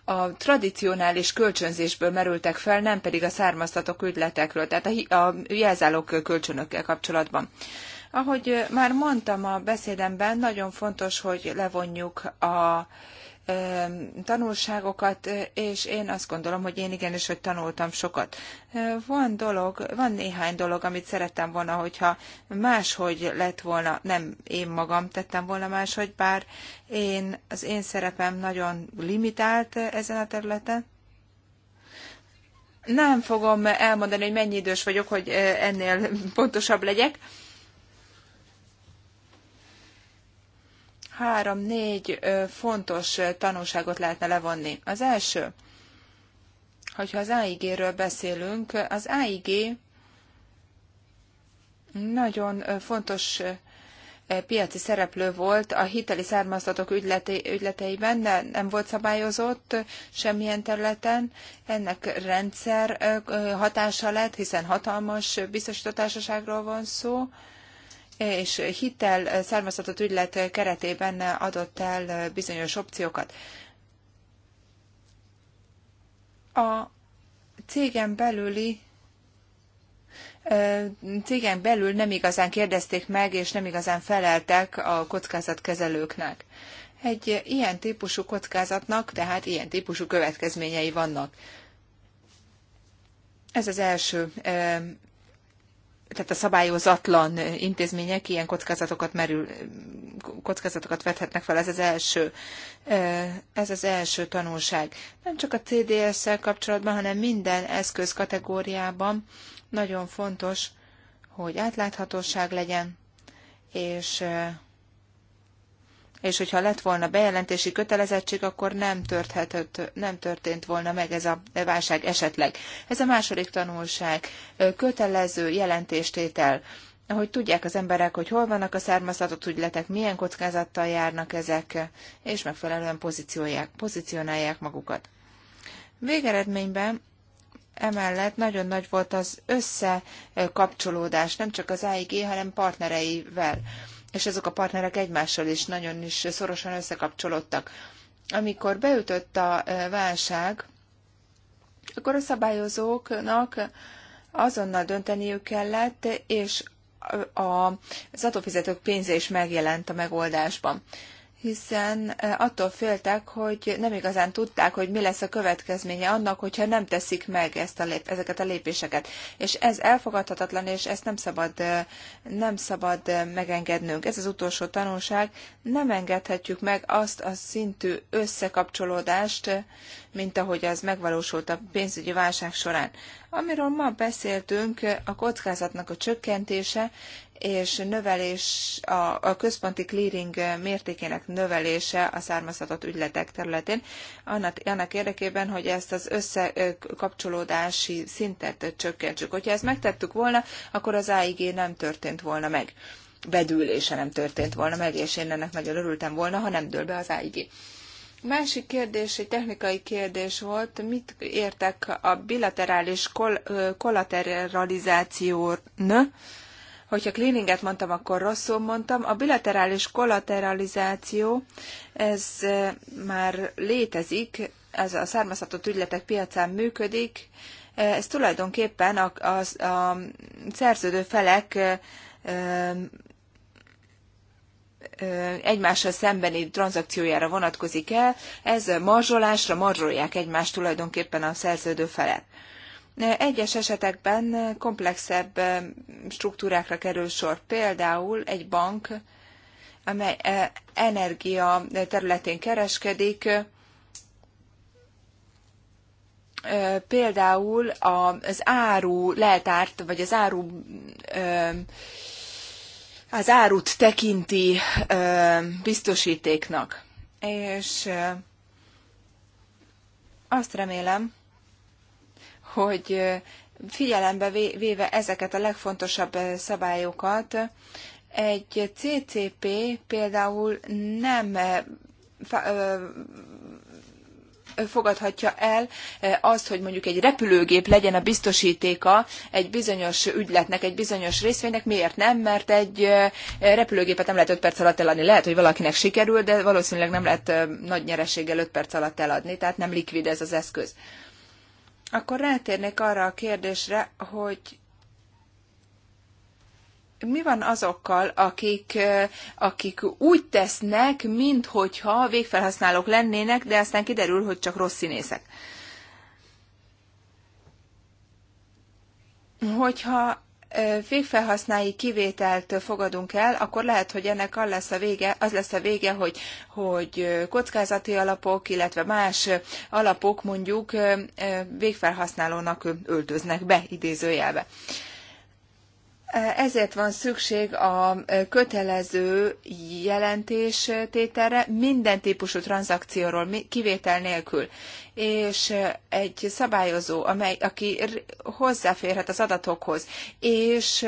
a tradicionális kölcsönzésből merültek fel, nem pedig a származtatók ügyletekről, tehát a jelzálók kölcsönökkel kapcsolatban. Ahogy már mondtam a beszédemben, nagyon fontos, hogy levonjuk a tanulságokat, és én azt gondolom, hogy én igenis, hogy tanultam sokat. Van dolog, van néhány dolog, amit szerettem volna, hogyha máshogy lett volna, nem én magam tettem volna máshogy, bár én, az én szerepem nagyon limitált ezen a területen, nem fogom elmondani, hogy mennyi idős vagyok, hogy ennél pontosabb legyek. három-négy fontos tanulságot lehetne levonni. Az első, hogyha az AIG-ről beszélünk, az AIG nagyon fontos piaci szereplő volt a hiteli származtatók ügyleteiben, de nem volt szabályozott semmilyen területen. Ennek rendszer hatása lett, hiszen hatalmas biztosítótársaságról van szó és hitel származtatott ügylet keretében adott el bizonyos opciókat. A cégen belüli cégen belül nem igazán kérdezték meg, és nem igazán feleltek a kockázatkezelőknek. Egy ilyen típusú kockázatnak, tehát ilyen típusú következményei vannak. Ez az első tehát a szabályozatlan intézmények ilyen kockázatokat merül, kockázatokat vethetnek fel, ez az első, ez az első tanulság. Nem csak a CDS-szel kapcsolatban, hanem minden eszköz kategóriában nagyon fontos, hogy átláthatóság legyen, és és hogyha lett volna bejelentési kötelezettség, akkor nem, nem történt volna meg ez a válság esetleg. Ez a második tanulság, kötelező jelentéstétel, hogy tudják az emberek, hogy hol vannak a származtatott ügyletek, milyen kockázattal járnak ezek, és megfelelően pozícionálják magukat. Végeredményben emellett nagyon nagy volt az összekapcsolódás, nem csak az AIG, hanem partnereivel és ezek a partnerek egymással is nagyon is szorosan összekapcsolódtak. Amikor beütött a e, válság, akkor a szabályozóknak azonnal dönteniük kellett, és az adófizetők pénze is megjelent a megoldásban hiszen eh, attól féltek, hogy nem igazán tudták, hogy mi lesz a következménye annak, hogyha nem teszik meg ezt a lép, ezeket a lépéseket. És ez elfogadhatatlan, és ezt nem szabad, eh, nem szabad eh, megengednünk. Ez az utolsó tanulság. Nem engedhetjük meg azt a szintű összekapcsolódást, mint ahogy az megvalósult a pénzügyi válság során. Amiről ma beszéltünk, a kockázatnak a csökkentése, és növelés, a, a központi clearing mértékének növelése a származhatott ügyletek területén, annak, annak érdekében, hogy ezt az összekapcsolódási szintet csökkentsük. Hogyha ezt megtettük volna, akkor az AIG nem történt volna meg bedülése nem történt volna meg, és én ennek nagyon örültem volna, ha nem dől be az AIG. Másik kérdés, egy technikai kérdés volt, mit értek a bilaterális kol- kollateralizáción, Hogyha cleaninget mondtam, akkor rosszul mondtam. A bilaterális kollateralizáció, ez már létezik, ez a származhatott ügyletek piacán működik. Ez tulajdonképpen a, a, a szerződő felek egymással szembeni tranzakciójára vonatkozik el, ez marzsolásra marzsolják egymást tulajdonképpen a szerződő felek. Egyes esetekben komplexebb struktúrákra kerül sor. Például egy bank, amely energia területén kereskedik, például az áru leltárt, vagy az áru az árut tekinti biztosítéknak. És azt remélem, hogy figyelembe véve ezeket a legfontosabb szabályokat, egy CCP például nem fogadhatja el azt, hogy mondjuk egy repülőgép legyen a biztosítéka egy bizonyos ügyletnek, egy bizonyos részvénynek. Miért nem? Mert egy repülőgépet nem lehet 5 perc alatt eladni. Lehet, hogy valakinek sikerül, de valószínűleg nem lehet nagy nyereséggel 5 perc alatt eladni, tehát nem likvid ez az eszköz akkor rátérnék arra a kérdésre, hogy mi van azokkal, akik, akik úgy tesznek, minthogyha végfelhasználók lennének, de aztán kiderül, hogy csak rossz színészek. Hogyha végfelhasználói kivételt fogadunk el, akkor lehet, hogy ennek az lesz a vége, az lesz a vége hogy, hogy kockázati alapok, illetve más alapok mondjuk végfelhasználónak öltöznek be idézőjelbe. Ezért van szükség a kötelező jelentéstételre minden típusú tranzakcióról, kivétel nélkül. És egy szabályozó, amely, aki hozzáférhet az adatokhoz, és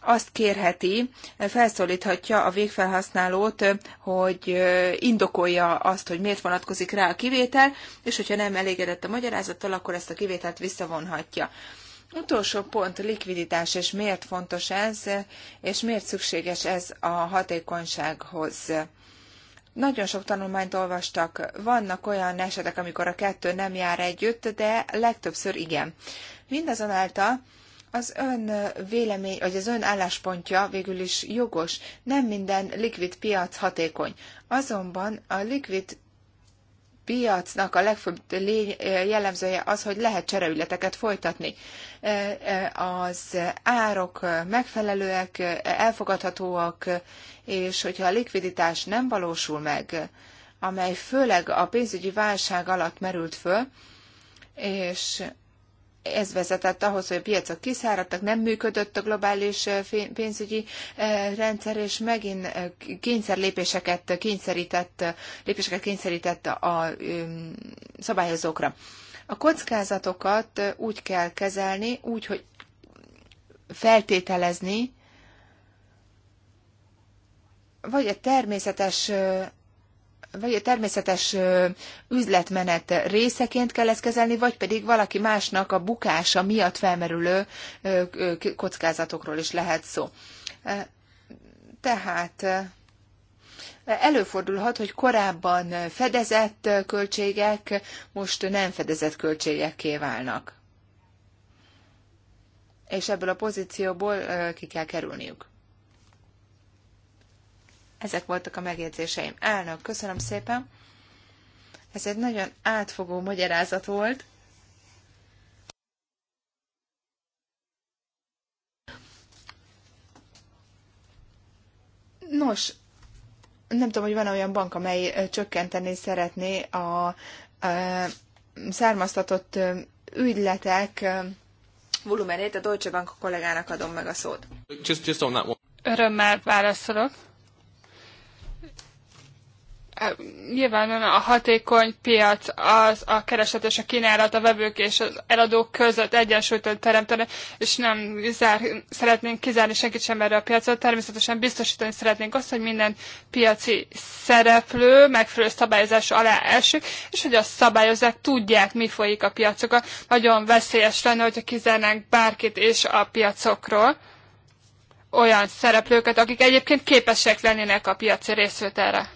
azt kérheti, felszólíthatja a végfelhasználót, hogy indokolja azt, hogy miért vonatkozik rá a kivétel, és hogyha nem elégedett a magyarázattal, akkor ezt a kivételt visszavonhatja. Utolsó pont, likviditás, és miért fontos ez, és miért szükséges ez a hatékonysághoz. Nagyon sok tanulmányt olvastak, vannak olyan esetek, amikor a kettő nem jár együtt, de legtöbbször igen. Mindazonáltal az ön vélemény, vagy az ön álláspontja végül is jogos, nem minden likvid piac hatékony. Azonban a likvid piacnak a legfőbb jellemzője az, hogy lehet csereületeket folytatni. Az árok megfelelőek, elfogadhatóak, és hogyha a likviditás nem valósul meg, amely főleg a pénzügyi válság alatt merült föl, és ez vezetett ahhoz, hogy a piacok kiszáradtak, nem működött a globális pénzügyi rendszer, és megint kényszer lépéseket kényszerített, lépéseket kényszerített a szabályozókra. A kockázatokat úgy kell kezelni, úgy, hogy feltételezni, vagy a természetes vagy a természetes üzletmenet részeként kell ezt kezelni, vagy pedig valaki másnak a bukása miatt felmerülő kockázatokról is lehet szó. Tehát előfordulhat, hogy korábban fedezett költségek most nem fedezett költségekké válnak. És ebből a pozícióból ki kell kerülniük. Ezek voltak a megjegyzéseim. Elnök, köszönöm szépen. Ez egy nagyon átfogó magyarázat volt. Nos, nem tudom, hogy van -e olyan bank, amely csökkenteni szeretné a, származtatott ügyletek volumenét. A Deutsche Bank kollégának adom meg a szót. Just, just on that one. Örömmel válaszolok nyilván a hatékony piac, az a kereslet és a kínálat, a vevők és az eladók között egyensúlyt teremteni, és nem zár, szeretnénk kizárni senkit sem erre a piacot. Természetesen biztosítani szeretnénk azt, hogy minden piaci szereplő megfelelő szabályozás alá esik, és hogy a szabályozók tudják, mi folyik a piacokon. Nagyon veszélyes lenne, hogyha kizárnánk bárkit és a piacokról olyan szereplőket, akik egyébként képesek lennének a piaci részvételre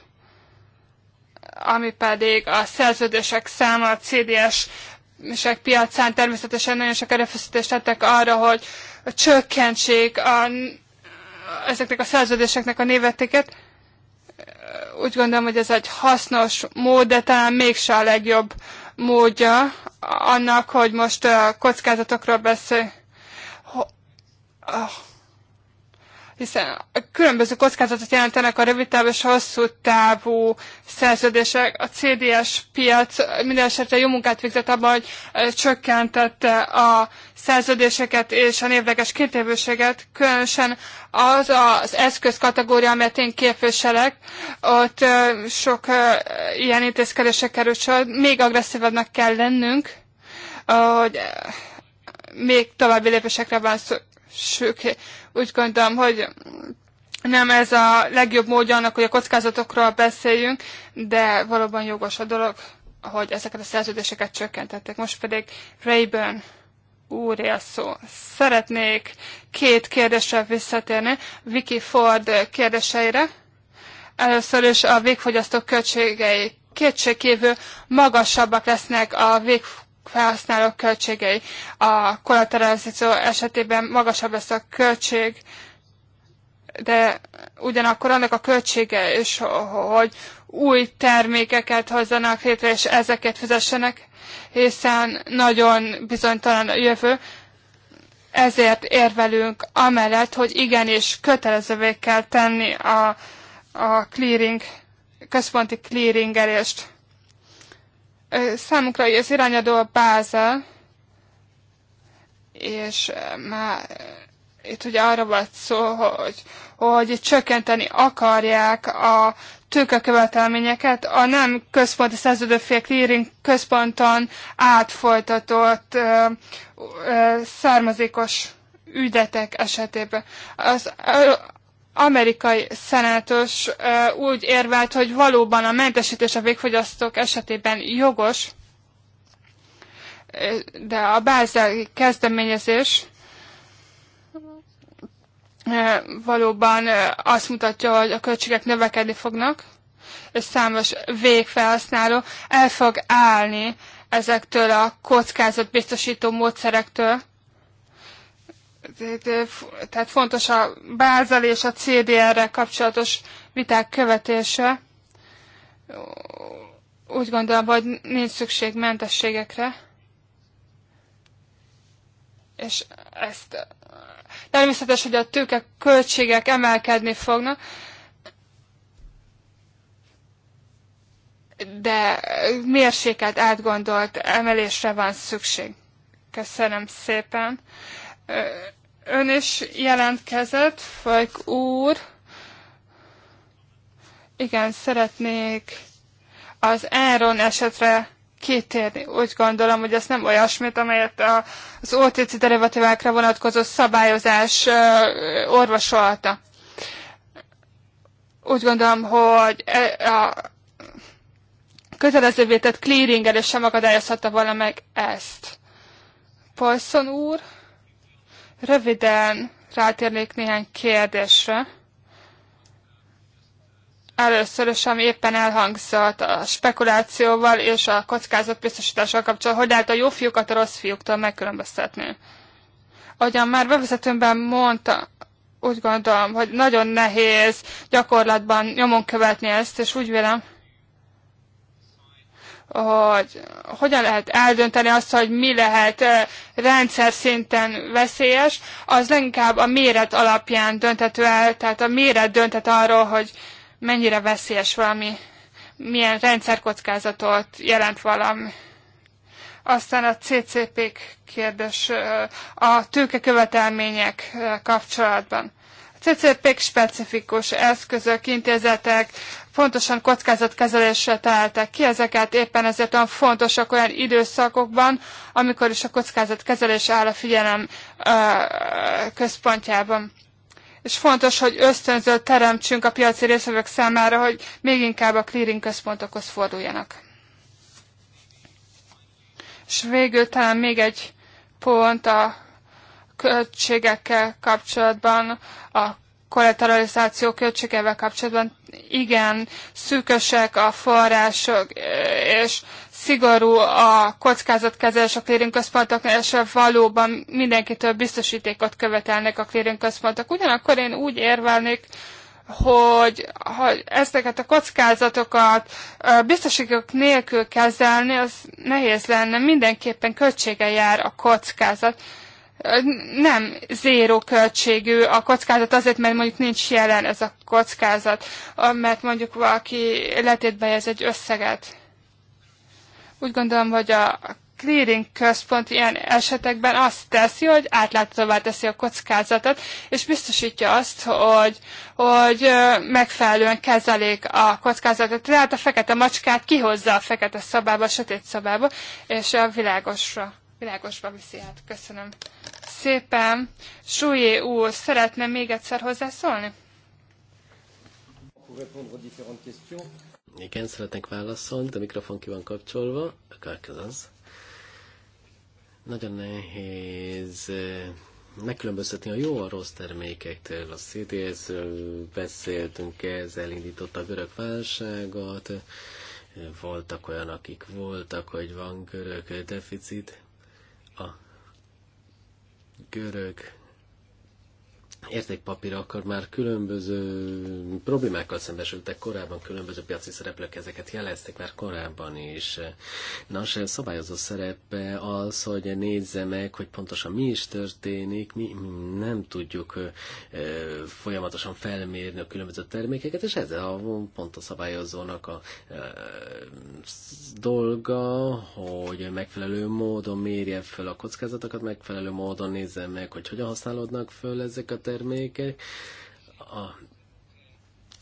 ami pedig a szerződések száma a CDS sek piacán természetesen nagyon sok erőfeszítést tettek arra, hogy csökkentsék a, ezeknek a szerződéseknek a névetéket. Úgy gondolom, hogy ez egy hasznos mód, de talán mégse a legjobb módja annak, hogy most a kockázatokról beszél hiszen a különböző kockázatot jelentenek a rövid távú és hosszú távú szerződések. A CDS piac minden esetre jó munkát végzett abban, hogy csökkentette a szerződéseket és a névleges kétévőséget, különösen az az eszközkategória, amelyet én képviselek, ott sok ilyen intézkedésre került sor. Még agresszívabbnak kell lennünk, hogy még további lépésekre van szükség úgy gondolom, hogy nem ez a legjobb módja annak, hogy a kockázatokról beszéljünk, de valóban jogos a dolog, hogy ezeket a szerződéseket csökkentettek. Most pedig Rayburn úr a szó. Szeretnék két kérdéssel visszatérni Vicky Ford kérdéseire. Először is a végfogyasztók költségei kétségkívül magasabbak lesznek a végfogyasztók felhasználók költségei. A kollateralizáció esetében magasabb lesz a költség, de ugyanakkor annak a költsége is, hogy új termékeket hozzanak létre, és ezeket fizessenek, hiszen nagyon bizonytalan a jövő. Ezért érvelünk amellett, hogy igenis kötelezővé kell tenni a, a clearing, központi elést. Számukra az irányadó a Bázel, és már itt ugye arra volt szó, hogy, hogy csökkenteni akarják a tőkekövetelményeket a nem központi szerződőfél clearing központon átfolytatott ö, ö, származékos ügyetek esetében. Az amerikai szenátus úgy érvelt, hogy valóban a mentesítés a végfogyasztók esetében jogos, de a bázeli kezdeményezés valóban azt mutatja, hogy a költségek növekedni fognak, és számos végfelhasználó el fog állni ezektől a kockázatbiztosító módszerektől, tehát fontos a Bázel és a CDR-re kapcsolatos viták követése. Úgy gondolom, hogy nincs szükség mentességekre. És ezt természetes, hogy a tőke költségek emelkedni fognak, de mérsékelt, átgondolt emelésre van szükség. Köszönöm szépen. Ön is jelentkezett, Fajk úr. Igen, szeretnék az Enron esetre kitérni. Úgy gondolom, hogy ez nem olyasmit, amelyet az OTC derivatívákra vonatkozó szabályozás orvosolta. Úgy gondolom, hogy e, a kötelezővé tett clearing sem akadályozhatta volna meg ezt. Paulson úr? Röviden rátérnék néhány kérdésre. Először is, ami éppen elhangzott a spekulációval és a kockázatbiztosítással kapcsolatban, hogy lehet a jó fiúkat a rossz fiúktól megkülönböztetni. Ahogyan már bevezetőmben mondta, úgy gondolom, hogy nagyon nehéz gyakorlatban nyomon követni ezt, és úgy vélem, hogy hogyan lehet eldönteni azt, hogy mi lehet rendszer szinten veszélyes, az leginkább a méret alapján döntető el, tehát a méret döntet arról, hogy mennyire veszélyes valami, milyen rendszerkockázatot jelent valami. Aztán a CCP kérdés a tőkekövetelmények kapcsolatban. A CCP-k specifikus eszközök, intézetek, fontosan kockázatkezelésre találták ki ezeket, éppen ezért olyan fontosak olyan időszakokban, amikor is a kockázatkezelés áll a figyelem központjában. És fontos, hogy ösztönző teremtsünk a piaci részvevők számára, hogy még inkább a clearing központokhoz forduljanak. És végül talán még egy pont a költségekkel kapcsolatban, a kollateralizáció költségevel kapcsolatban igen szűkösek a források, és szigorú a kockázatkezelés a központok, és valóban mindenkitől biztosítékot követelnek a központok. Ugyanakkor én úgy érvelnék, hogy ha ezeket a kockázatokat biztosítók nélkül kezelni, az nehéz lenne, mindenképpen költsége jár a kockázat nem zéró költségű a kockázat azért, mert mondjuk nincs jelen ez a kockázat, mert mondjuk valaki letétbe jez egy összeget. Úgy gondolom, hogy a clearing központ ilyen esetekben azt teszi, hogy átláthatóvá teszi a kockázatot, és biztosítja azt, hogy, hogy megfelelően kezelik a kockázatot. Tehát a fekete macskát kihozza a fekete szobába, a sötét szobába, és a világosra világosba viszi át. Köszönöm szépen. Súlyé úr, szeretne még egyszer hozzászólni? Igen, szeretnék válaszolni, de a mikrofon ki van kapcsolva. Az. Nagyon nehéz eh, megkülönböztetni a jó a rossz termékektől. A cds beszéltünk, ez elindította a görög válságot, voltak olyan, akik voltak, hogy van görög deficit, görög értékpapír, akkor már különböző problémákkal szembesültek korábban, különböző piaci szereplők ezeket jelezték már korábban is. Nos, a szabályozó szerepe az, hogy nézze meg, hogy pontosan mi is történik, mi, mi nem tudjuk ö, folyamatosan felmérni a különböző termékeket, és ez a pont a szabályozónak a ö, dolga, hogy megfelelő módon mérje fel a kockázatokat, megfelelő módon nézze meg, hogy hogyan használódnak föl ezek a termékek, termékek. A,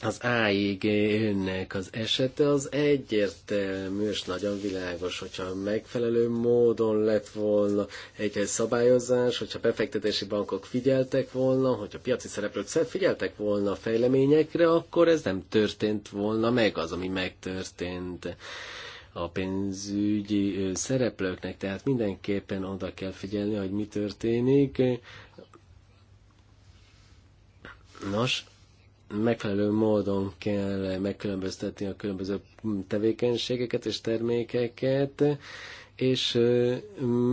az AIG önnek az esete az egyértelmű és nagyon világos, hogyha megfelelő módon lett volna egy, egy szabályozás, hogyha befektetési bankok figyeltek volna, hogyha piaci szereplők figyeltek volna a fejleményekre, akkor ez nem történt volna meg az, ami megtörtént a pénzügyi szereplőknek, tehát mindenképpen oda kell figyelni, hogy mi történik, Nos, megfelelő módon kell megkülönböztetni a különböző tevékenységeket és termékeket, és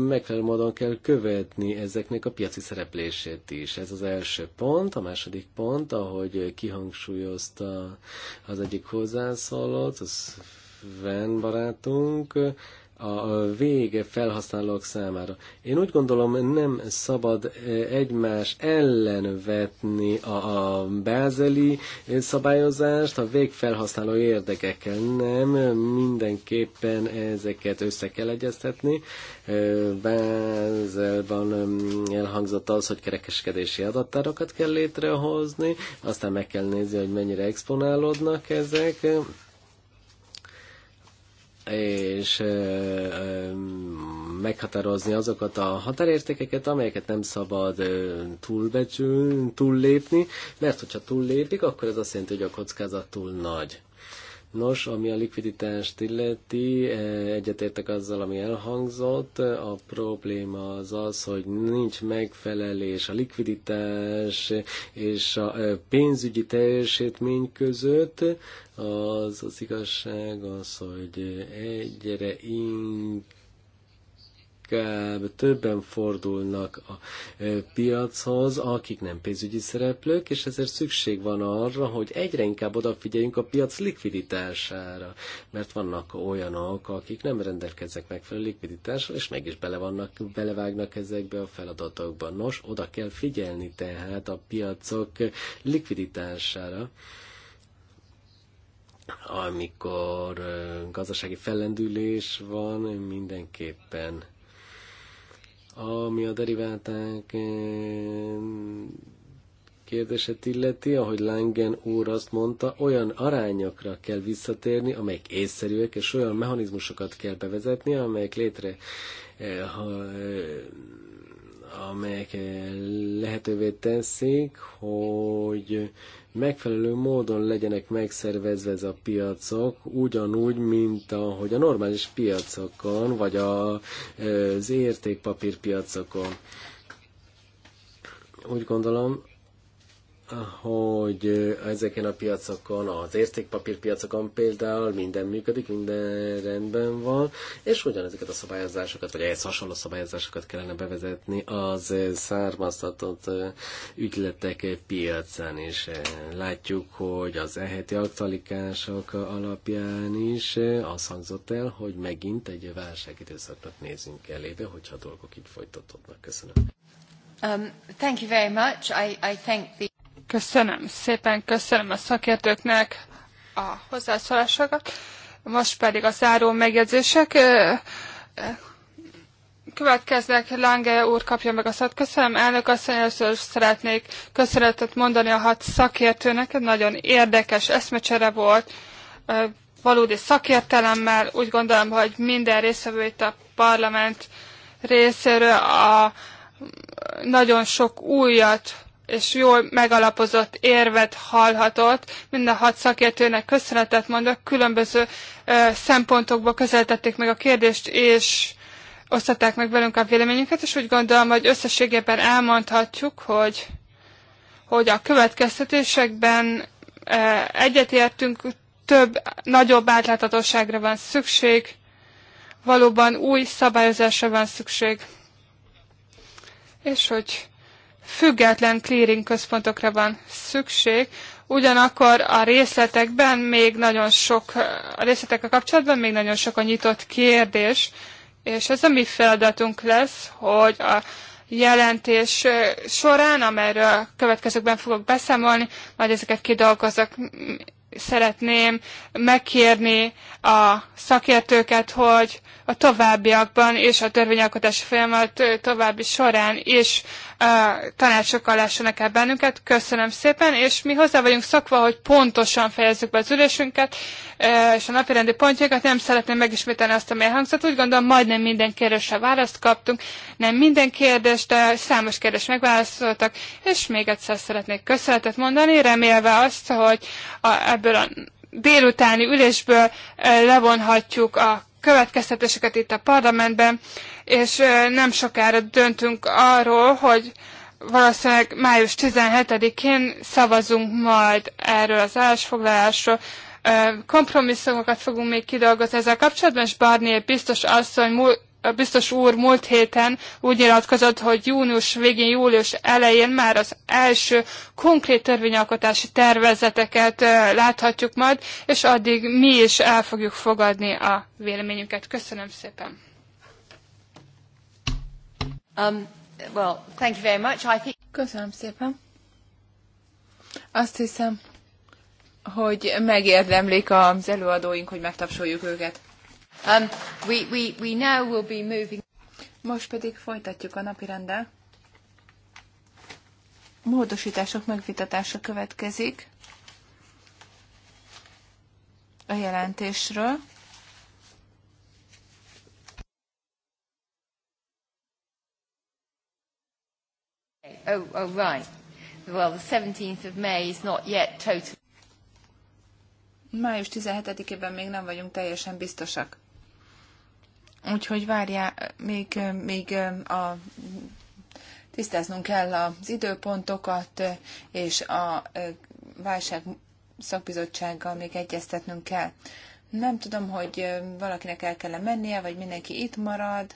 megfelelő módon kell követni ezeknek a piaci szereplését is. Ez az első pont. A második pont, ahogy kihangsúlyozta az egyik hozzászólót, az Sven barátunk, a vége felhasználók számára. Én úgy gondolom, nem szabad eh, egymás ellen vetni a, a bázeli eh, szabályozást a végfelhasználó érdekekkel. Nem, mindenképpen ezeket össze kell egyeztetni. Eh, Bázelban mm, elhangzott az, hogy kerekeskedési adattárokat kell létrehozni, aztán meg kell nézni, hogy mennyire exponálódnak ezek, és meghatározni azokat a határértékeket, amelyeket nem szabad túlbecsülni, túllépni, mert hogyha túllépik, akkor ez azt jelenti, hogy a kockázat túl nagy. Nos, ami a likviditást illeti, eh, egyetértek azzal, ami elhangzott. A probléma az az, hogy nincs megfelelés a likviditás és a eh, pénzügyi teljesítmény között. Az az igazság az, hogy egyre inkább inkább többen fordulnak a piachoz, akik nem pénzügyi szereplők, és ezért szükség van arra, hogy egyre inkább odafigyeljünk a piac likviditására, mert vannak olyanok, akik nem rendelkeznek megfelelő likviditással, és meg is bele vannak, belevágnak ezekbe a feladatokba. Nos, oda kell figyelni tehát a piacok likviditására amikor gazdasági fellendülés van, mindenképpen ami a deriválták kérdését illeti, ahogy Langen úr azt mondta, olyan arányokra kell visszatérni, amelyek észszerűek, és olyan mechanizmusokat kell bevezetni, amelyek létre eh, eh, amelyek eh, lehetővé teszik, hogy megfelelő módon legyenek megszervezve ez a piacok, ugyanúgy, mint ahogy a normális piacokon, vagy a, az értékpapírpiacokon. Úgy gondolom, hogy ezeken a piacokon, az értékpapírpiacokon például minden működik, minden rendben van, és ugyanezeket a szabályozásokat, vagy ehhez hasonló szabályozásokat kellene bevezetni az származtatott ügyletek piacán is. Látjuk, hogy az eheti aktualikások alapján is az hangzott el, hogy megint egy válságidőszaknak nézünk elébe, hogyha a dolgok így folytatódnak. Köszönöm. Um, thank you very much. I, I thank the Köszönöm szépen, köszönöm a szakértőknek a hozzászólásokat. Most pedig a záró megjegyzések. Következnek, Lange úr kapja meg a szót. Köszönöm, elnök asszony, először szeretnék köszönetet mondani a hat szakértőnek. Nagyon érdekes eszmecsere volt, valódi szakértelemmel. Úgy gondolom, hogy minden részvevő itt a parlament részéről a nagyon sok újat és jól megalapozott érvet hallhatott. Mind a hat szakértőnek köszönetet mondok. Különböző ö, szempontokból közeltették meg a kérdést, és osztották meg velünk a véleményüket, és úgy gondolom, hogy összességében elmondhatjuk, hogy, hogy a következtetésekben ö, egyetértünk, több, nagyobb átláthatóságra van szükség, valóban új szabályozásra van szükség. És hogy független clearing központokra van szükség, ugyanakkor a részletekben még nagyon sok, a részletekkel kapcsolatban még nagyon sok a nyitott kérdés, és ez a mi feladatunk lesz, hogy a jelentés során, amelyről a következőkben fogok beszámolni, majd ezeket kidolgozok, szeretném megkérni a szakértőket, hogy a továbbiakban és a törvényalkotási folyamat további során is tanácsokkal lássanak el bennünket. Köszönöm szépen, és mi hozzá vagyunk szokva, hogy pontosan fejezzük be az ülésünket, és a napirendi pontjaikat nem szeretném megismételni azt, ami elhangzott. Úgy gondolom, majdnem minden kérdésre választ kaptunk, nem minden kérdés, de számos kérdést megválaszoltak, és még egyszer szeretnék köszönetet mondani, remélve azt, hogy a, ebből a délutáni ülésből levonhatjuk a következtetéseket itt a parlamentben, és nem sokára döntünk arról, hogy valószínűleg május 17-én szavazunk majd erről az állásfoglalásról. Kompromisszumokat fogunk még kidolgozni ezzel kapcsolatban, és Barnier biztos asszony múlt biztos úr múlt héten úgy nyilatkozott, hogy június végén, július elején már az első konkrét törvényalkotási tervezeteket láthatjuk majd, és addig mi is el fogjuk fogadni a véleményünket. Köszönöm szépen. Um, well, thank you very much. I think... Köszönöm szépen. Azt hiszem, hogy megérdemlik az előadóink, hogy megtapsoljuk őket. Um, we, we, we now will be moving. Most pedig folytatjuk a napi rendel. Módosítások megvitatása következik a jelentésről. Oh, oh, right. Well, the 17th of May is not yet totally... Május 17-ében még nem vagyunk teljesen biztosak. Úgyhogy várjál, még, még a tisztáznunk kell az időpontokat, és a válság szakbizottsággal még egyeztetnünk kell. Nem tudom, hogy valakinek el kell -e mennie, vagy mindenki itt marad.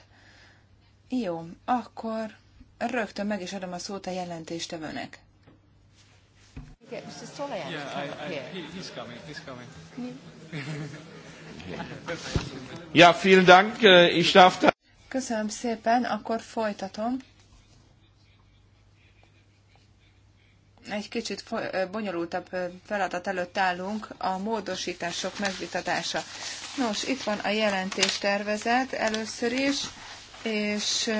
Jó, akkor rögtön meg is adom a szót a jelentéstevőnek. Yeah, I, I, he, he's coming, he's coming. Ja, vielen Dank. Äh, ich darf da... Köszönöm szépen, akkor folytatom. Egy kicsit bonyolultabb feladat előtt állunk, a módosítások megvitatása. Nos, itt van a jelentés tervezet először is, és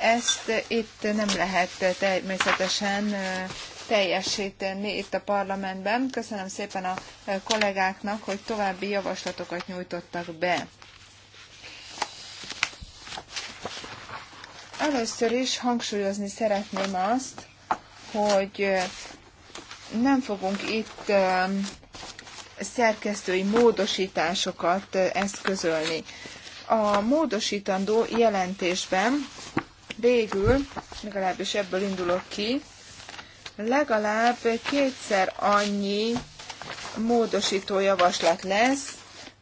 ezt itt nem lehet természetesen teljesíteni itt a parlamentben. Köszönöm szépen a eh, kollégáknak, hogy további javaslatokat nyújtottak be. Először is hangsúlyozni szeretném azt, hogy eh, nem fogunk itt eh, szerkesztői módosításokat eszközölni. A módosítandó jelentésben végül, legalábbis ebből indulok ki, legalább kétszer annyi módosító javaslat lesz,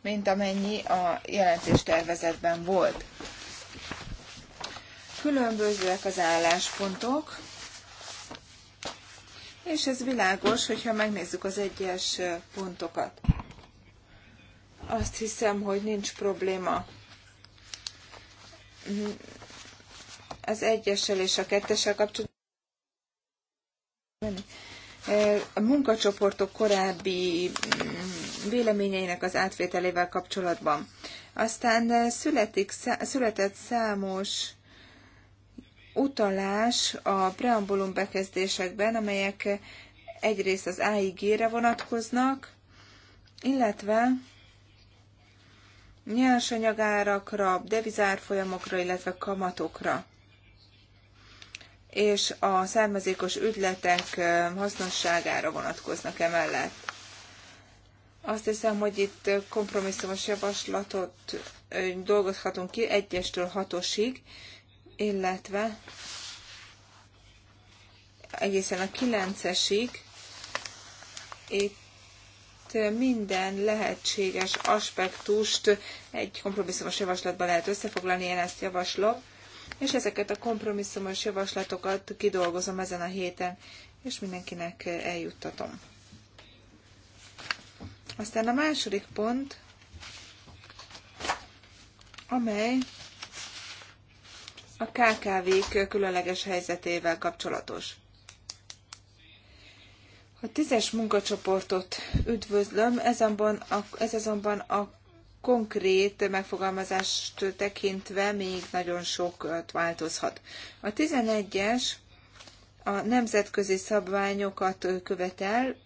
mint amennyi a jelentéstervezetben volt. Különbözőek az álláspontok, és ez világos, hogyha megnézzük az egyes pontokat. Azt hiszem, hogy nincs probléma az egyessel és a kettessel kapcsolatban. A munkacsoportok korábbi mm, véleményeinek az átvételével kapcsolatban. Aztán születik, született számos utalás a preambulum bekezdésekben, amelyek egyrészt az AIG-re vonatkoznak, illetve nyersanyagárakra, devizárfolyamokra, illetve kamatokra és a származékos ügyletek hasznosságára vonatkoznak emellett. Azt hiszem, hogy itt kompromisszumos javaslatot dolgozhatunk ki egyestől hatosig, illetve egészen a kilencesig. Itt minden lehetséges aspektust egy kompromisszumos javaslatban lehet összefoglalni, én ezt javaslom és ezeket a kompromisszumos javaslatokat kidolgozom ezen a héten, és mindenkinek eljuttatom. Aztán a második pont, amely a KKV-k különleges helyzetével kapcsolatos. A tízes munkacsoportot üdvözlöm, ez azonban, a, ez azonban a konkrét megfogalmazást tekintve még nagyon sokat változhat. A 11-es a nemzetközi szabványokat követel,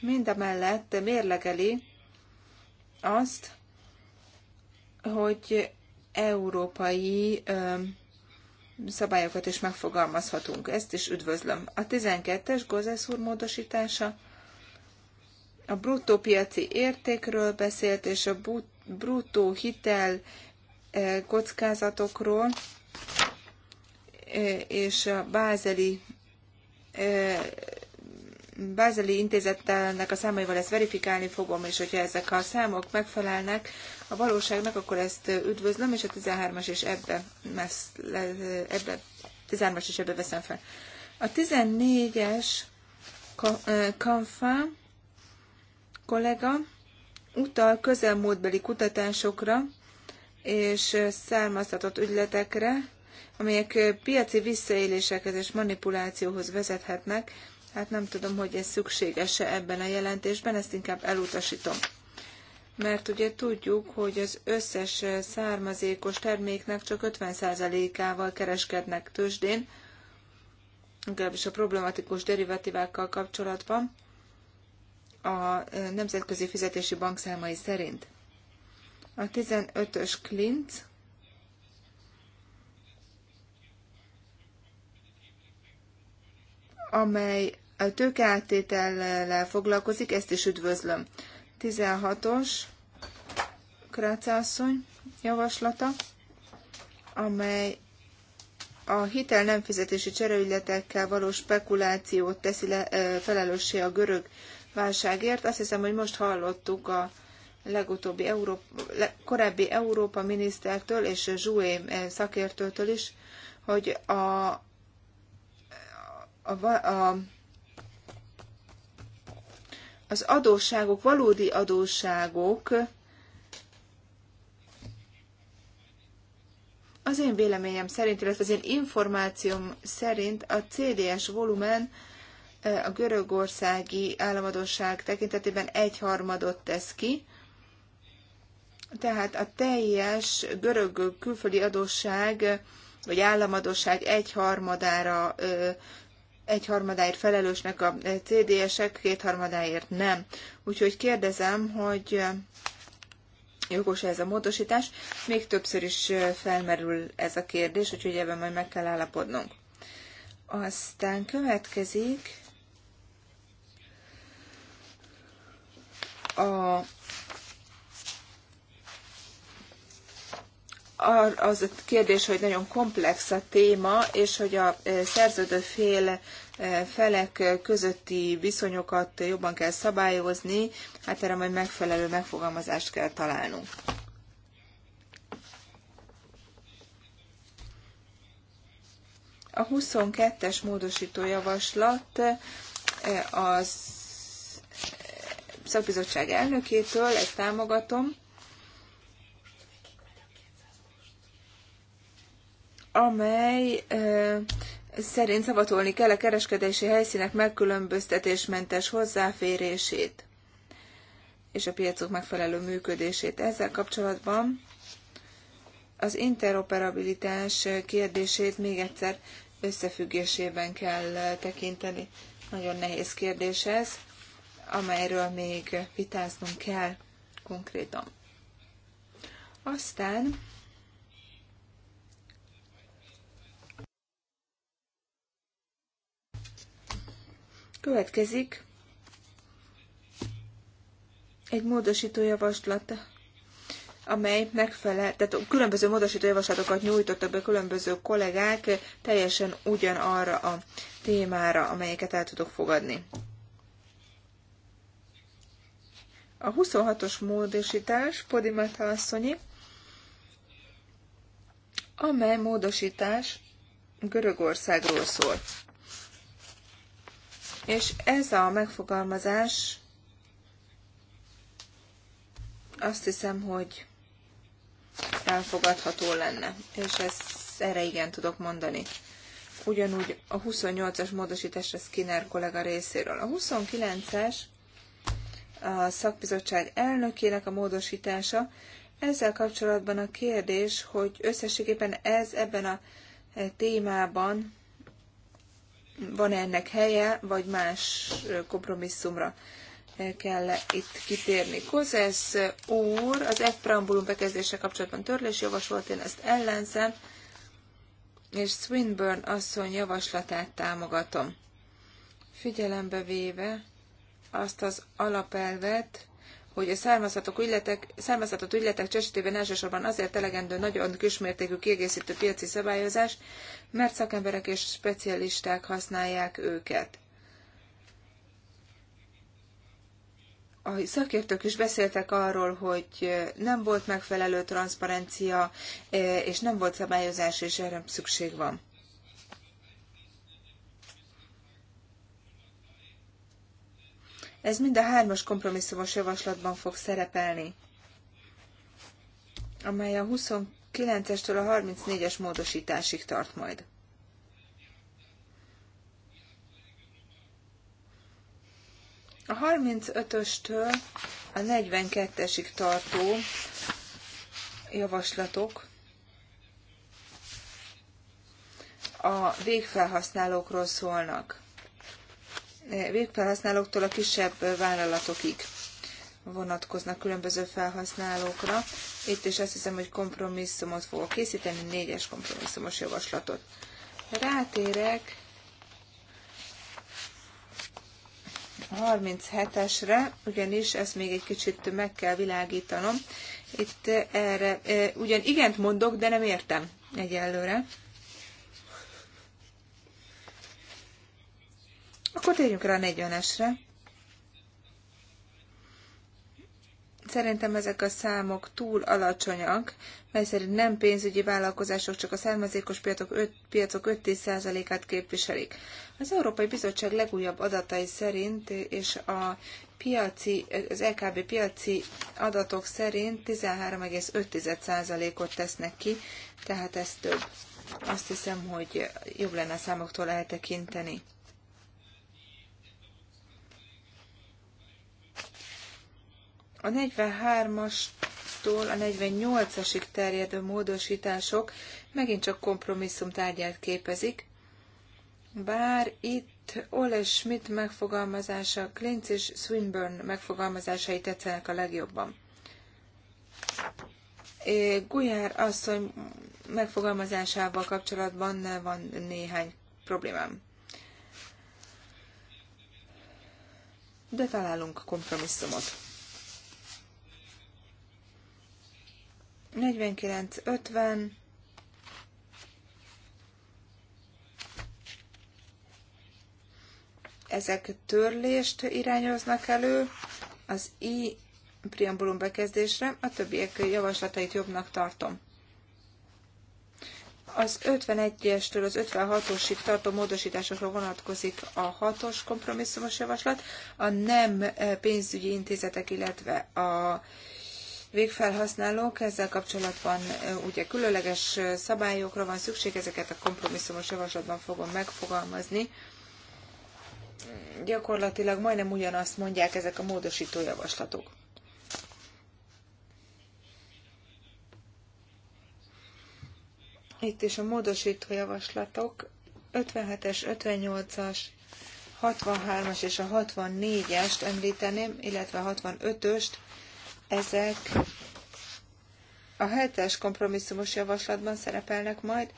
mind a mellett mérlegeli azt, hogy európai szabályokat is megfogalmazhatunk. Ezt is üdvözlöm. A 12-es gozeszúr módosítása a bruttó piaci értékről beszélt, és a bruttó hitel e, kockázatokról, e, és a bázeli e, Bázeli intézettelnek a számaival ezt verifikálni fogom, és hogyha ezek a számok megfelelnek a valóságnak, akkor ezt üdvözlöm, és a 13-as és ebbe, ebbe 13-as és ebbe veszem fel. A 14-es kanfa, kollega utal közelmúltbeli kutatásokra és származtatott ügyletekre, amelyek piaci visszaélésekhez és manipulációhoz vezethetnek. Hát nem tudom, hogy ez szükséges-e ebben a jelentésben, ezt inkább elutasítom. Mert ugye tudjuk, hogy az összes származékos terméknek csak 50%-ával kereskednek tőzsdén, legalábbis a problematikus derivatívákkal kapcsolatban a Nemzetközi Fizetési Bank számai szerint. A 15-ös Klinc amely a tőkeáttétellel foglalkozik, ezt is üdvözlöm. 16-os Krácászony javaslata, amely a hitel nem fizetési csereügyletekkel való spekulációt teszi le, felelőssé a görög válságért. Azt hiszem, hogy most hallottuk a legutóbbi Európa, korábbi Európa minisztertől és Zsué eh, szakértőtől is, hogy a, a, a, a az adósságok, valódi adósságok az én véleményem szerint, illetve az én információm szerint a CDS volumen a görögországi államadóság tekintetében egyharmadot tesz ki, tehát a teljes görög külföldi adósság vagy államadóság egyharmadára egyharmadáért felelősnek a CDS-ek, kétharmadáért nem. Úgyhogy kérdezem, hogy jogos ez a módosítás. Még többször is felmerül ez a kérdés, úgyhogy ebben majd meg kell állapodnunk. Aztán következik a az a kérdés, hogy nagyon komplex a téma, és hogy a e, szerződő fél e, felek közötti viszonyokat jobban kell szabályozni, hát erre majd megfelelő megfogalmazást kell találnunk. A 22-es módosító javaslat e, az szakbizottság elnökétől, ezt támogatom, amely szerint szavatolni kell a kereskedési helyszínek megkülönböztetésmentes hozzáférését és a piacok megfelelő működését. Ezzel kapcsolatban az interoperabilitás kérdését még egyszer összefüggésében kell tekinteni. Nagyon nehéz kérdés ez amelyről még vitáznunk kell konkrétan. Aztán következik egy módosító javaslat, amely megfelel, tehát különböző módosító javaslatokat nyújtottak be különböző kollégák teljesen ugyanarra a témára, amelyeket el tudok fogadni. A 26-os módosítás Podimata asszonyi, amely módosítás Görögországról szól. És ez a megfogalmazás azt hiszem, hogy elfogadható lenne, és ezt erre igen tudok mondani. Ugyanúgy a 28-as a Skinner kollega részéről. A 29-es a szakbizottság elnökének a módosítása. Ezzel kapcsolatban a kérdés, hogy összességében ez ebben a eh, témában van -e ennek helye, vagy más eh, kompromisszumra eh, kell -e itt kitérni. Kozesz úr az F preambulum bekezdése kapcsolatban törlés javasolt, én ezt ellenzem, és Swinburne asszony javaslatát támogatom. Figyelembe véve, azt az alapelvet, hogy a származhatók ügyletek, származhatott ügyletek csesetében elsősorban azért elegendő nagyon kismértékű kiegészítő piaci szabályozás, mert szakemberek és specialisták használják őket. A szakértők is beszéltek arról, hogy nem volt megfelelő transzparencia, eh, és nem volt szabályozás, és erre szükség van. Ez mind a hármas kompromisszumos javaslatban fog szerepelni, amely a 29-estől a 34-es módosításig tart majd. A 35-östől a 42-esig tartó javaslatok a végfelhasználókról szólnak végfelhasználóktól a kisebb vállalatokig vonatkoznak különböző felhasználókra. Itt is azt hiszem, hogy kompromisszumot fogok készíteni, négyes kompromisszumos javaslatot. Rátérek 37-esre, ugyanis ezt még egy kicsit meg kell világítanom. Itt erre eh, ugyan igent mondok, de nem értem egyelőre. Akkor térjünk rá a 40-esre. Szerintem ezek a számok túl alacsonyak, mely szerint nem pénzügyi vállalkozások, csak a származékos piacok, 5, piacok 5-10%-át képviselik. Az Európai Bizottság legújabb adatai szerint és a piaci, az LKB piaci adatok szerint 13,5%-ot tesznek ki, tehát ez több. Azt hiszem, hogy jobb lenne a számoktól eltekinteni. A 43-astól a 48-asig terjedő módosítások megint csak kompromisszum tárgyát képezik, bár itt Ole Schmidt megfogalmazása, Klinc és Swinburne megfogalmazásai tetszenek a legjobban. Gujár asszony megfogalmazásával kapcsolatban van néhány problémám. De találunk kompromisszumot. 49-50. Ezek törlést irányoznak elő az I preambulum bekezdésre, a többiek javaslatait jobbnak tartom. Az 51-estől az 56-osig tartó módosításokra vonatkozik a 6-os kompromisszumos javaslat, a nem eh, pénzügyi intézetek, illetve a végfelhasználók. Ezzel kapcsolatban ugye különleges szabályokra van szükség, ezeket a kompromisszumos javaslatban fogom megfogalmazni. Gyakorlatilag majdnem ugyanazt mondják ezek a módosító javaslatok. Itt is a módosító javaslatok 57-es, 58-as, 63-as és a 64-est említeném, illetve 65-öst, ezek a hetes kompromisszumos javaslatban szerepelnek majd,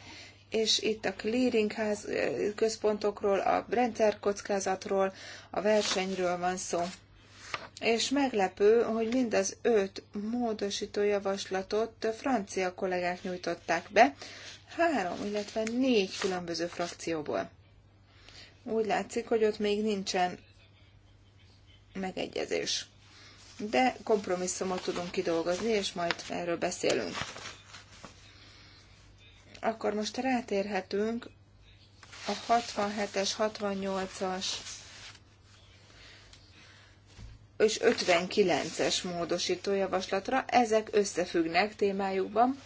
és itt a clearingház központokról, a rendszerkockázatról, a versenyről van szó. És meglepő, hogy mind az öt módosító javaslatot francia kollégák nyújtották be, három, illetve négy különböző frakcióból. Úgy látszik, hogy ott még nincsen megegyezés de kompromisszumot tudunk kidolgozni, és majd erről beszélünk. Akkor most rátérhetünk a 67-es, 68-as és 59-es módosítójavaslatra. javaslatra. Ezek összefüggnek témájukban.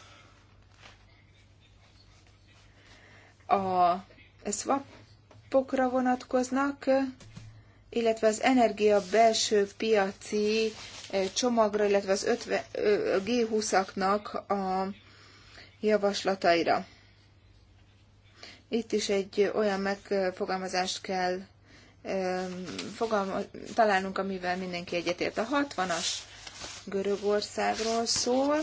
A swapokra vonatkoznak, illetve az energia belső piaci eh, csomagra, illetve az 50, G20-aknak a javaslataira. Itt is egy olyan megfogalmazást kell fogalma, találnunk, amivel mindenki egyetért. A 60-as Görögországról szól.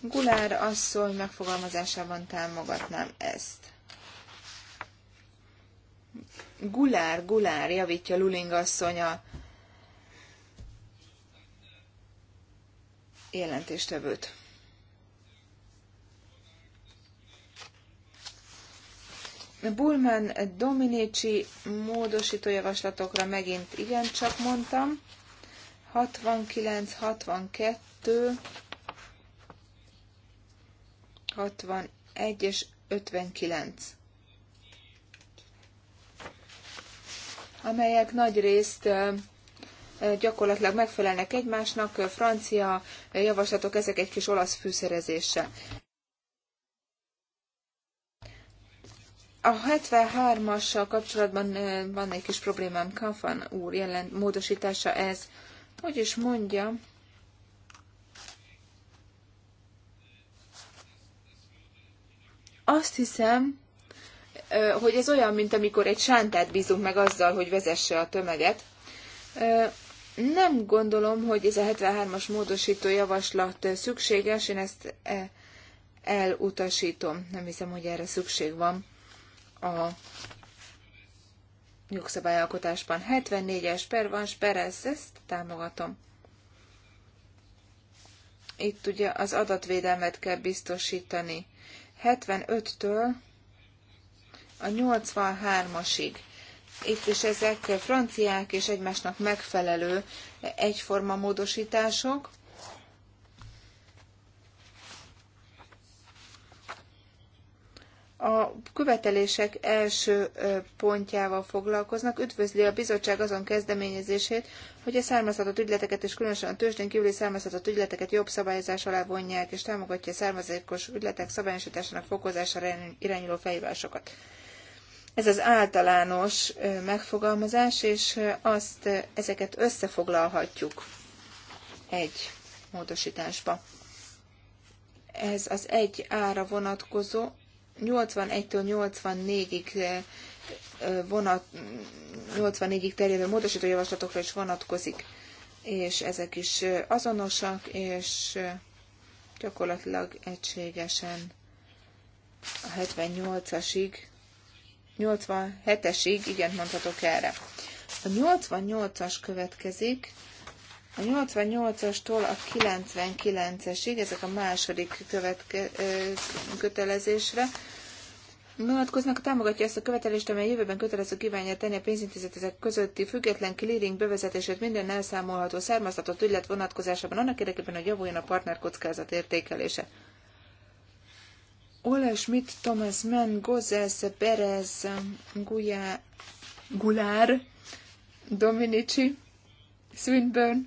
Gulár asszony megfogalmazásában támogatnám ezt. Gulár, Gulár, javítja Luling asszony a jelentéstevőt. Bulman Dominici módosító javaslatokra megint igen csak mondtam. 69, 62, 61 és 59. amelyek nagy részt gyakorlatilag megfelelnek egymásnak, francia javaslatok, ezek egy kis olasz fűszerezéssel. A 73-assal kapcsolatban van egy kis problémám, Kafan úr jelent módosítása ez. Hogy is mondjam, azt hiszem, hogy ez olyan, mint amikor egy sántát bízunk meg azzal, hogy vezesse a tömeget. Nem gondolom, hogy ez a 73-as módosító javaslat szükséges, én ezt e, elutasítom. Nem hiszem, hogy erre szükség van a jogszabályalkotásban. 74-es van, sperez, ezt támogatom. Itt ugye az adatvédelmet kell biztosítani. 75-től a 83-asig. Itt is ezek franciák és egymásnak megfelelő egyforma módosítások. A követelések első pontjával foglalkoznak. Üdvözli a bizottság azon kezdeményezését, hogy a származhatott ügyleteket és különösen a tőzsdén kívüli származhatott ügyleteket jobb szabályozás alá vonják, és támogatja a származékos ügyletek szabályosításának fokozására irányuló felhívásokat. Ez az általános megfogalmazás, és azt, ezeket összefoglalhatjuk egy módosításba. Ez az egy ára vonatkozó 81-től 84-ig vonat, 84-ig terjedő módosító javaslatokra is vonatkozik, és ezek is azonosak, és gyakorlatilag egységesen a 78-asig 87-esig igen mondhatok erre. A 88-as következik, a 88-astól a 99-esig, ezek a második követke, kötelezésre, vonatkoznak, támogatja ezt a követelést, amely jövőben kötelező kívánja tenni a pénzintézetek közötti független clearing bevezetését minden elszámolható származtatott ügylet vonatkozásában, annak érdekében, hogy javuljon a partner kockázat értékelése. Ole Schmidt, Thomas Mann, Gozes, Perez, Guya, Gulár, Dominici, Swinburne,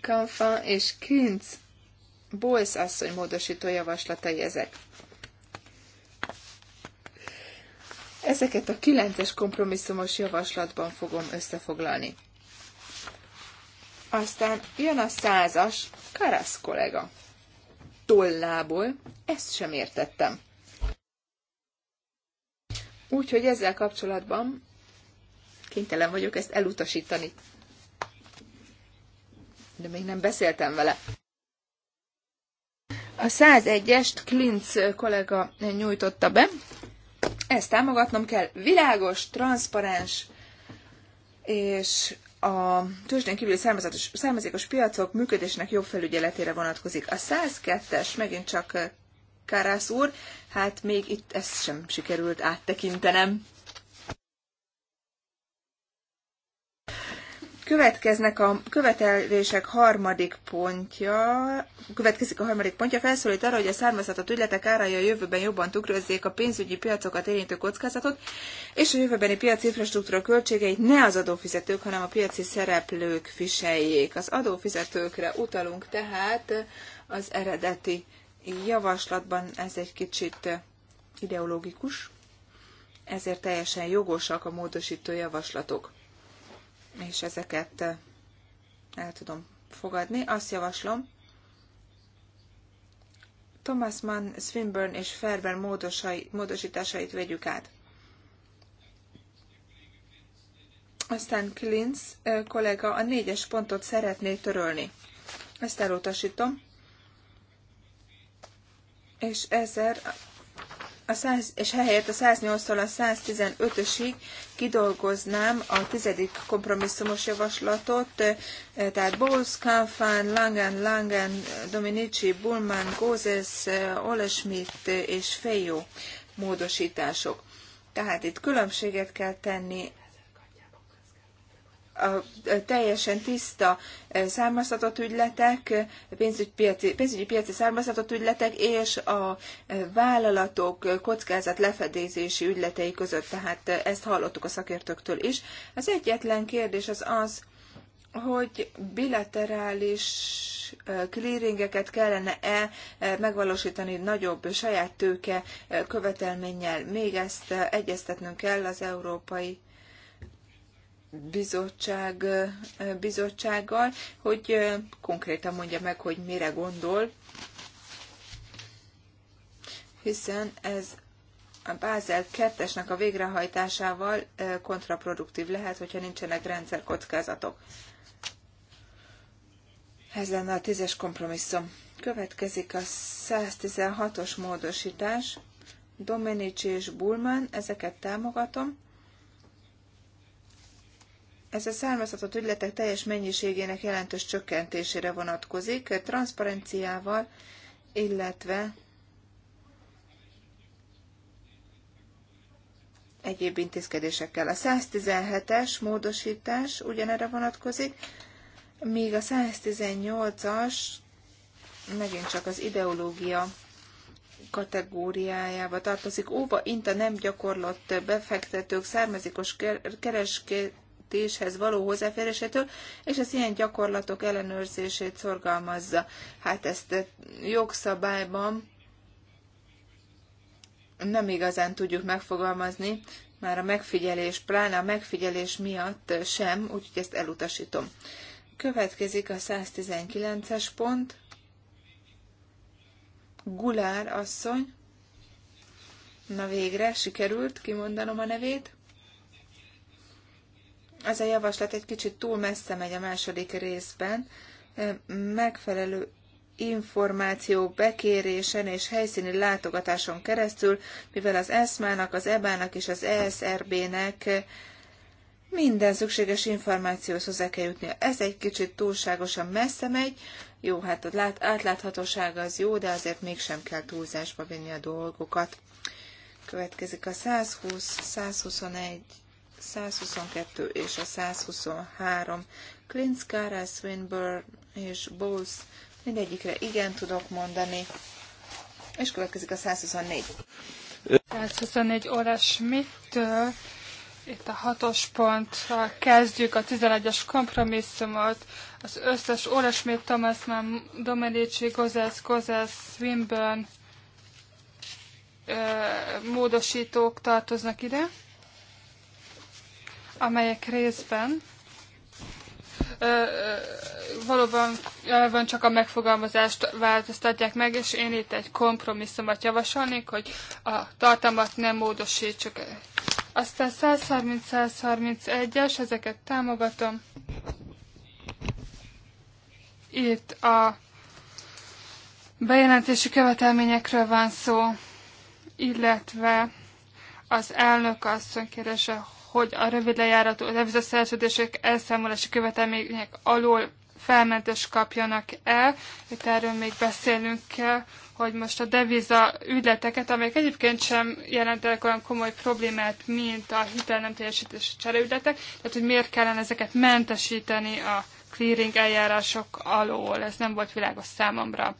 Kalfa és Kinz Bowles asszony módosító javaslatai ezek. Ezeket a kilences kompromisszumos javaslatban fogom összefoglalni. Aztán jön a százas, Karasz kollega tollából, ezt sem értettem. Úgyhogy ezzel kapcsolatban kénytelen vagyok ezt elutasítani. De még nem beszéltem vele. A 101-est Klinc kollega nyújtotta be. Ezt támogatnom kell. Világos, transzparens és a tőzsdén kívüli származékos piacok működésnek jobb felügyeletére vonatkozik. A 102-es megint csak Kárász úr, hát még itt ezt sem sikerült áttekintenem. Következnek a követelések harmadik pontja, következik a harmadik pontja, felszólít arra, hogy a származhatott ügyletek árai a jövőben jobban tükrözzék a pénzügyi piacokat érintő kockázatot, és a jövőbeni piaci infrastruktúra költségeit ne az adófizetők, hanem a piaci szereplők viseljék. Az adófizetőkre utalunk tehát az eredeti javaslatban ez egy kicsit ideológikus, ezért teljesen jogosak a módosító javaslatok és ezeket eh, el tudom fogadni. Azt javaslom, Thomas Mann, Swinburne és Ferber módosai, módosításait vegyük át. Aztán Klintz eh, kollega a négyes pontot szeretné törölni. Ezt elutasítom. És ezzel a 100, és helyett a 108-tól a 115-ösig kidolgoznám a tizedik kompromisszumos javaslatot, tehát Bosz, Kanfán, Langen, Langen, Dominici, Bulman, Gózes, Olesmit és Fejó módosítások. Tehát itt különbséget kell tenni a teljesen tiszta e, származtatott ügyletek, pénzügypiaci, pénzügyi piaci származtatott ügyletek és a e, vállalatok kockázat lefedézési ügyletei között. Tehát e, ezt hallottuk a szakértőktől is. Az egyetlen kérdés az az, hogy bilaterális clearingeket kellene-e megvalósítani nagyobb saját tőke követelménnyel. Még ezt egyeztetnünk kell az európai bizottság, bizottsággal, hogy konkrétan mondja meg, hogy mire gondol, hiszen ez a Bázel 2-esnek a végrehajtásával kontraproduktív lehet, hogyha nincsenek rendszerkockázatok. Ez lenne a tízes kompromisszum. Következik a 116-os módosítás. Domenici és Bulman, ezeket támogatom. Ez a származhatott ügyletek teljes mennyiségének jelentős csökkentésére vonatkozik, transzparenciával, illetve egyéb intézkedésekkel. A 117-es módosítás ugyanerre vonatkozik, míg a 118-as megint csak az ideológia kategóriájába tartozik. Óva Inta nem gyakorlott befektetők, származikos kereske, jelentéshez való hozzáférésétől, és az ilyen gyakorlatok ellenőrzését szorgalmazza. Hát ezt jogszabályban nem igazán tudjuk megfogalmazni, már a megfigyelés, pláne a megfigyelés miatt sem, úgyhogy ezt elutasítom. Következik a 119-es pont. Gulár asszony. Na végre, sikerült kimondanom a nevét ez a javaslat egy kicsit túl messze megy a második részben. Megfelelő információ bekérésen és helyszíni látogatáson keresztül, mivel az ESMA-nak, az EBA-nak és az ESRB-nek minden szükséges információhoz hozzá kell jutnia. Ez egy kicsit túlságosan messze megy. Jó, hát az átláthatóság az jó, de azért mégsem kell túlzásba vinni a dolgokat. Következik a 120, 121, 122 és a 123. Klinz, Kárály, Swinburne és Bowles mindegyikre igen tudok mondani. És következik a 124. 124 órás mittől itt a hatos Ha kezdjük a 11-es kompromisszumot. Az összes Oresmét, Thomas Mann, Domenici, Gozes, Gozes, Swinburne módosítók tartoznak ide amelyek részben ö, valóban van csak a megfogalmazást változtatják meg, és én itt egy kompromisszumot javasolnék, hogy a tartalmat nem módosítsuk. Aztán 130-131-es, ezeket támogatom. Itt a bejelentési követelményekről van szó, illetve az elnök asszony kérdése, hogy a rövid lejáratú szerződések elszámolási követelmények alól felmentes kapjanak el. Itt erről még beszélünk kell, hogy most a deviza ügyleteket, amelyek egyébként sem jelentenek olyan komoly problémát, mint a hitel nem teljesítési csereügyletek, tehát hogy miért kellene ezeket mentesíteni a clearing eljárások alól, ez nem volt világos számomra.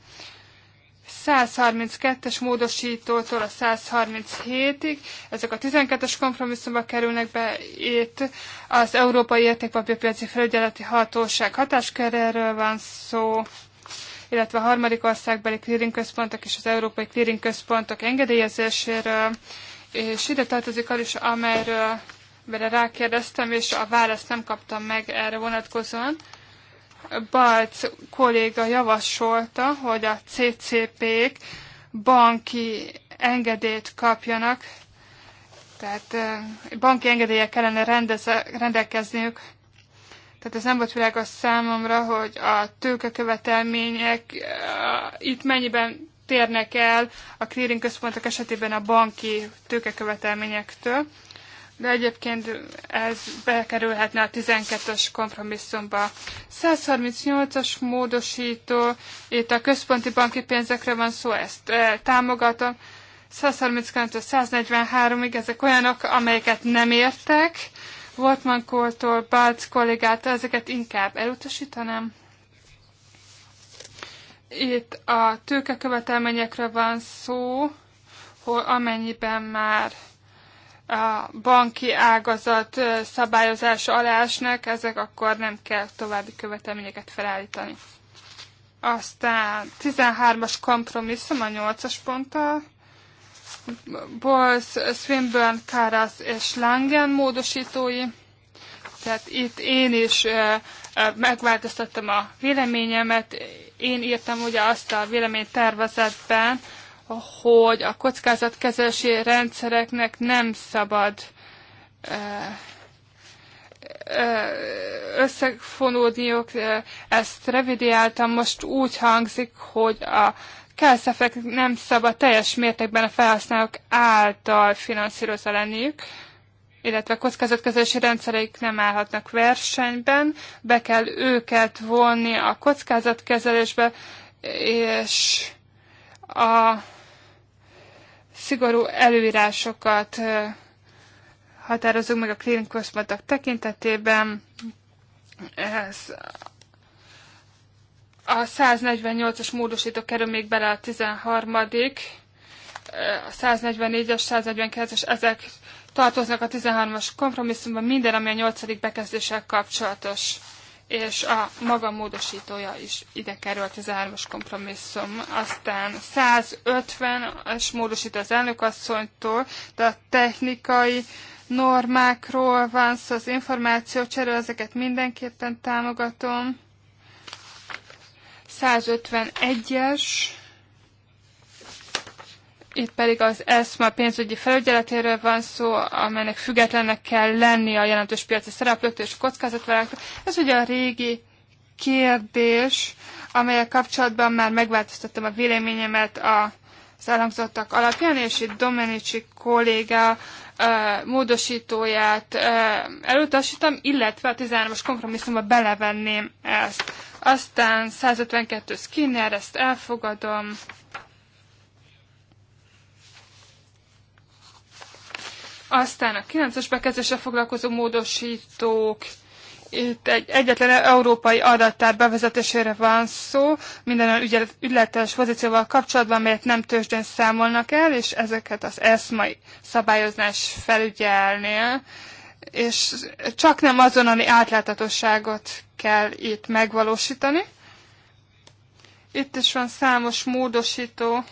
132-es módosítótól a 137-ig, ezek a 12-es kompromisszumba kerülnek be, itt az Európai Értékpapírpiaci Felügyeleti Hatóság hatásköréről van szó, illetve a harmadik országbeli központok és az európai központok engedélyezéséről, és ide tartozik az is, amelyről bele rákérdeztem, és a választ nem kaptam meg erre vonatkozóan. Balc kolléga javasolta, hogy a CCP-k banki engedélyt kapjanak, tehát banki engedélye kellene rendelkezniük. Tehát ez nem volt világos számomra, hogy a tőkekövetelmények itt mennyiben térnek el a clearing központok esetében a banki tőkekövetelményektől de egyébként ez bekerülhetne a 12-es kompromisszumba. 138-as módosító, itt a központi banki pénzekre van szó, ezt e, támogatom. 139-143-ig ezek olyanok, amelyeket nem értek. Wortman Koltól, Balc kollégától ezeket inkább elutasítanám. Itt a tőkekövetelményekről van szó, hol amennyiben már a banki ágazat szabályozása alá esnek, ezek akkor nem kell további követelményeket felállítani. Aztán 13-as kompromisszum a 8-as ponttal. Bolz, Swinburne, Karas és Langen módosítói. Tehát itt én is megváltoztattam a véleményemet. Én írtam ugye azt a véleménytervezetben, hogy a kockázatkezelési rendszereknek nem szabad összefonódniuk, ezt revidiáltam, most úgy hangzik, hogy a kelszefek nem szabad teljes mértékben a felhasználók által finanszírozva lenniük, illetve kockázatkezelési rendszereik nem állhatnak versenyben, be kell őket vonni a kockázatkezelésbe, és a szigorú előírásokat határozunk meg a klinikus központok tekintetében. Ez a 148-as módosító kerül még bele a 13 a 144-es, 149-es, ezek tartoznak a 13-as kompromisszumban, minden, ami a 8. bekezdéssel kapcsolatos és a maga módosítója is ide került az ármas kompromisszum. Aztán 150-es módosít az elnökasszonytól, de a technikai normákról van szó, az információcserő, ezeket mindenképpen támogatom. 151-es itt pedig az ESMA pénzügyi felügyeletéről van szó, amelynek függetlennek kell lenni a jelentős piaci szereplőktől és kockázatvállalatokról. Ez ugye a régi kérdés, amelyek kapcsolatban már megváltoztattam a véleményemet a az elhangzottak alapján, és itt Domenici kolléga e, módosítóját e, elutasítom, illetve a 13-as kompromisszumba belevenném ezt. Aztán 152 Skinner, ezt elfogadom. Aztán a 9-es bekezdésre foglalkozó módosítók, itt egy egyetlen európai adattár bevezetésére van szó, minden ügyletes pozícióval kapcsolatban, melyet nem tőzsdén számolnak el, és ezeket az eszmai szabályozás felügyelnél, és csak nem ami átláthatóságot kell itt megvalósítani. Itt is van számos módosító,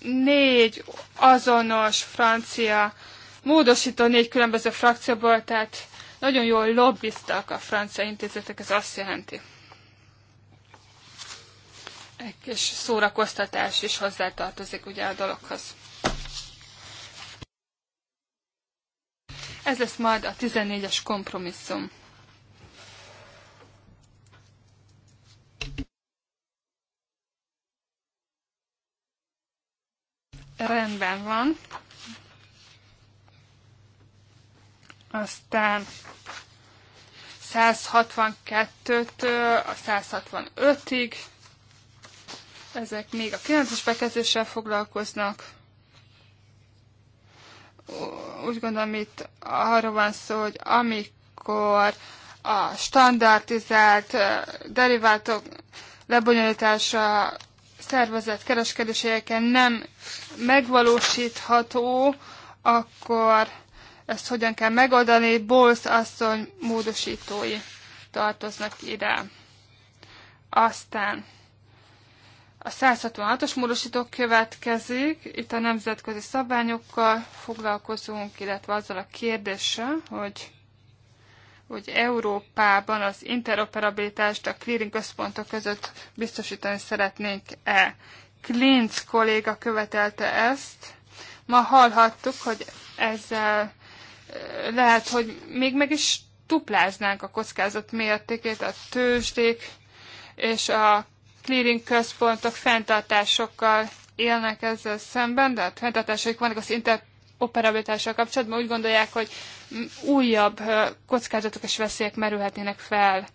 négy azonos francia módosító négy különböző frakcióból, tehát nagyon jól lobbiztak a francia intézetek, ez azt jelenti. És szórakoztatás is hozzátartozik ugye a dologhoz. Ez lesz majd a 14-es kompromisszum. rendben van. Aztán 162-től a 165-ig. Ezek még a 9-es bekezdéssel foglalkoznak. Úgy gondolom, itt arra van szó, hogy amikor a standardizált derivátok lebonyolítása szervezett kereskedési helyeken nem megvalósítható, akkor ezt hogyan kell megoldani, Bolsz asszony módosítói tartoznak ide. Aztán a 166-os módosító következik, itt a nemzetközi szabványokkal foglalkozunk, illetve azzal a kérdéssel, hogy hogy Európában az interoperabilitást a clearing központok között biztosítani szeretnénk-e. Klinc kolléga követelte ezt. Ma hallhattuk, hogy ezzel lehet, hogy még meg is tupláznánk a kockázat mértékét, a tőzsdék és a clearing központok fenntartásokkal élnek ezzel szemben, de a hát fenntartásaik vannak az inter operabilitással kapcsolatban úgy gondolják, hogy újabb kockázatok és veszélyek merülhetnének fel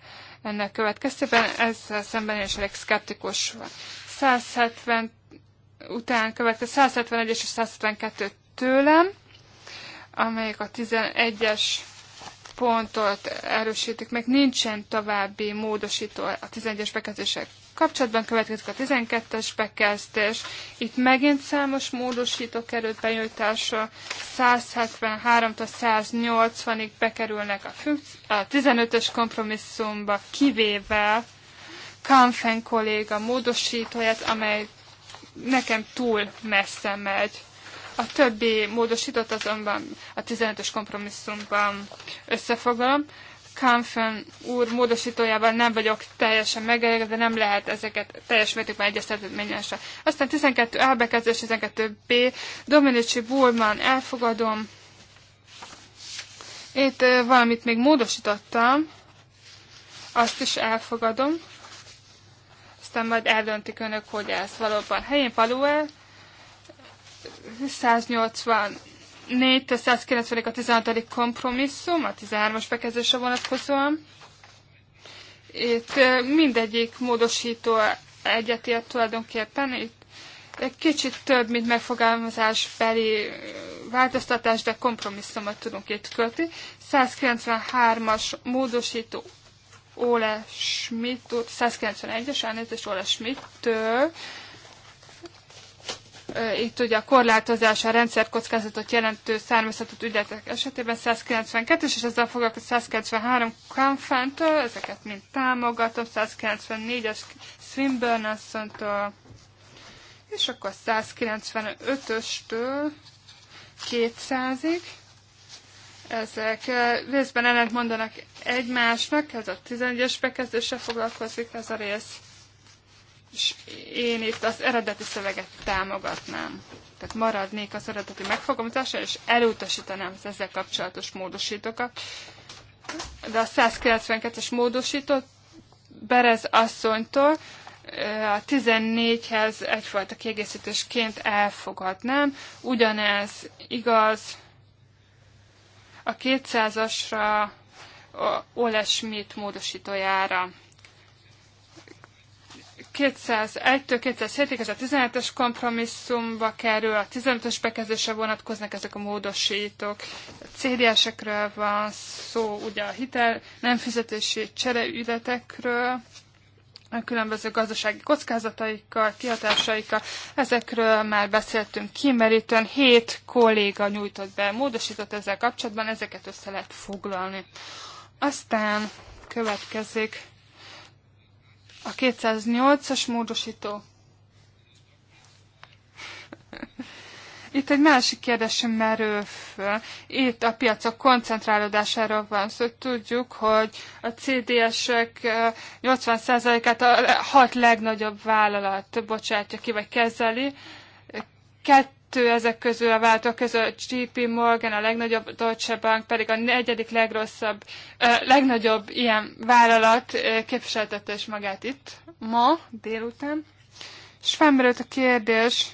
ennek következtében. Ez szemben is elég szkeptikus 170 után következő 171 és 172 tőlem, amelyik a 11-es pontot erősítik, meg nincsen további módosító a 11-es bekezdések kapcsolatban következik a 12-es bekezdés. Itt megint számos módosító került benyújtásra, 173-től 180-ig bekerülnek a 15-ös kompromisszumba, kivéve Kamfen kolléga módosítóját, amely nekem túl messze megy. A többi módosított azonban a 15-ös kompromisszumban összefoglalom. Kánfen úr módosítójával nem vagyok teljesen megelégedve, de nem lehet ezeket teljes mértékben egyeztetményesre. Aztán 12 A bekezdés, 12 B, Dominici Bullman, elfogadom. Itt valamit még módosítottam, azt is elfogadom. Aztán majd eldöntik önök, hogy ez valóban helyén való 180 490 a 16. kompromisszum, a 13-as bekezdésre vonatkozóan. Itt mindegyik módosító egyetért tulajdonképpen, itt egy kicsit több, mint megfogalmazásbeli változtatás, de kompromisszumot tudunk itt kötni. 193-as módosító Ole Schmidt, 191-es elnézést Ole Schmidt-től, itt ugye a korlátozás a rendszerkockázatot jelentő származhatott ügyletek esetében 192 es és ezzel foglalkozik 193 Kampfentől, ezeket mind támogatom, 194-es Swinburne asszonytól, és akkor 195-östől 200-ig. Ezek részben ellent mondanak egymásnak, ez a 11-es bekezdése foglalkozik ez a rész és én itt az eredeti szöveget támogatnám. Tehát maradnék az eredeti megfogalmazásra, és elutasítanám az ezzel kapcsolatos módosítókat. De a 192-es módosított Berez asszonytól a 14-hez egyfajta kiegészítésként elfogadnám. Ugyanez igaz a 200-asra Ole Schmidt módosítójára. 201-től 207-ig ez a 17-es kompromisszumba kerül, a 15-ös bekezdése vonatkoznak ezek a módosítók. A CDS-ekről van szó, ugye a hitel nem fizetési csereületekről, a különböző gazdasági kockázataikkal, kihatásaikkal. Ezekről már beszéltünk kimerítően. Hét kolléga nyújtott be módosított ezzel kapcsolatban, ezeket össze lehet foglalni. Aztán következik a 208-as módosító. Itt egy másik kérdésem merül föl. Itt a piacok koncentrálódásáról van szó. Szóval tudjuk, hogy a CDS-ek 80%-át eh, a hat legnagyobb vállalat bocsátja ki, vagy kezeli kettő ezek közül a váltók közül a JP Morgan, a legnagyobb Deutsche Bank, pedig a negyedik legrosszabb, legnagyobb ilyen vállalat képviseltette is magát itt ma délután. És felmerült a kérdés,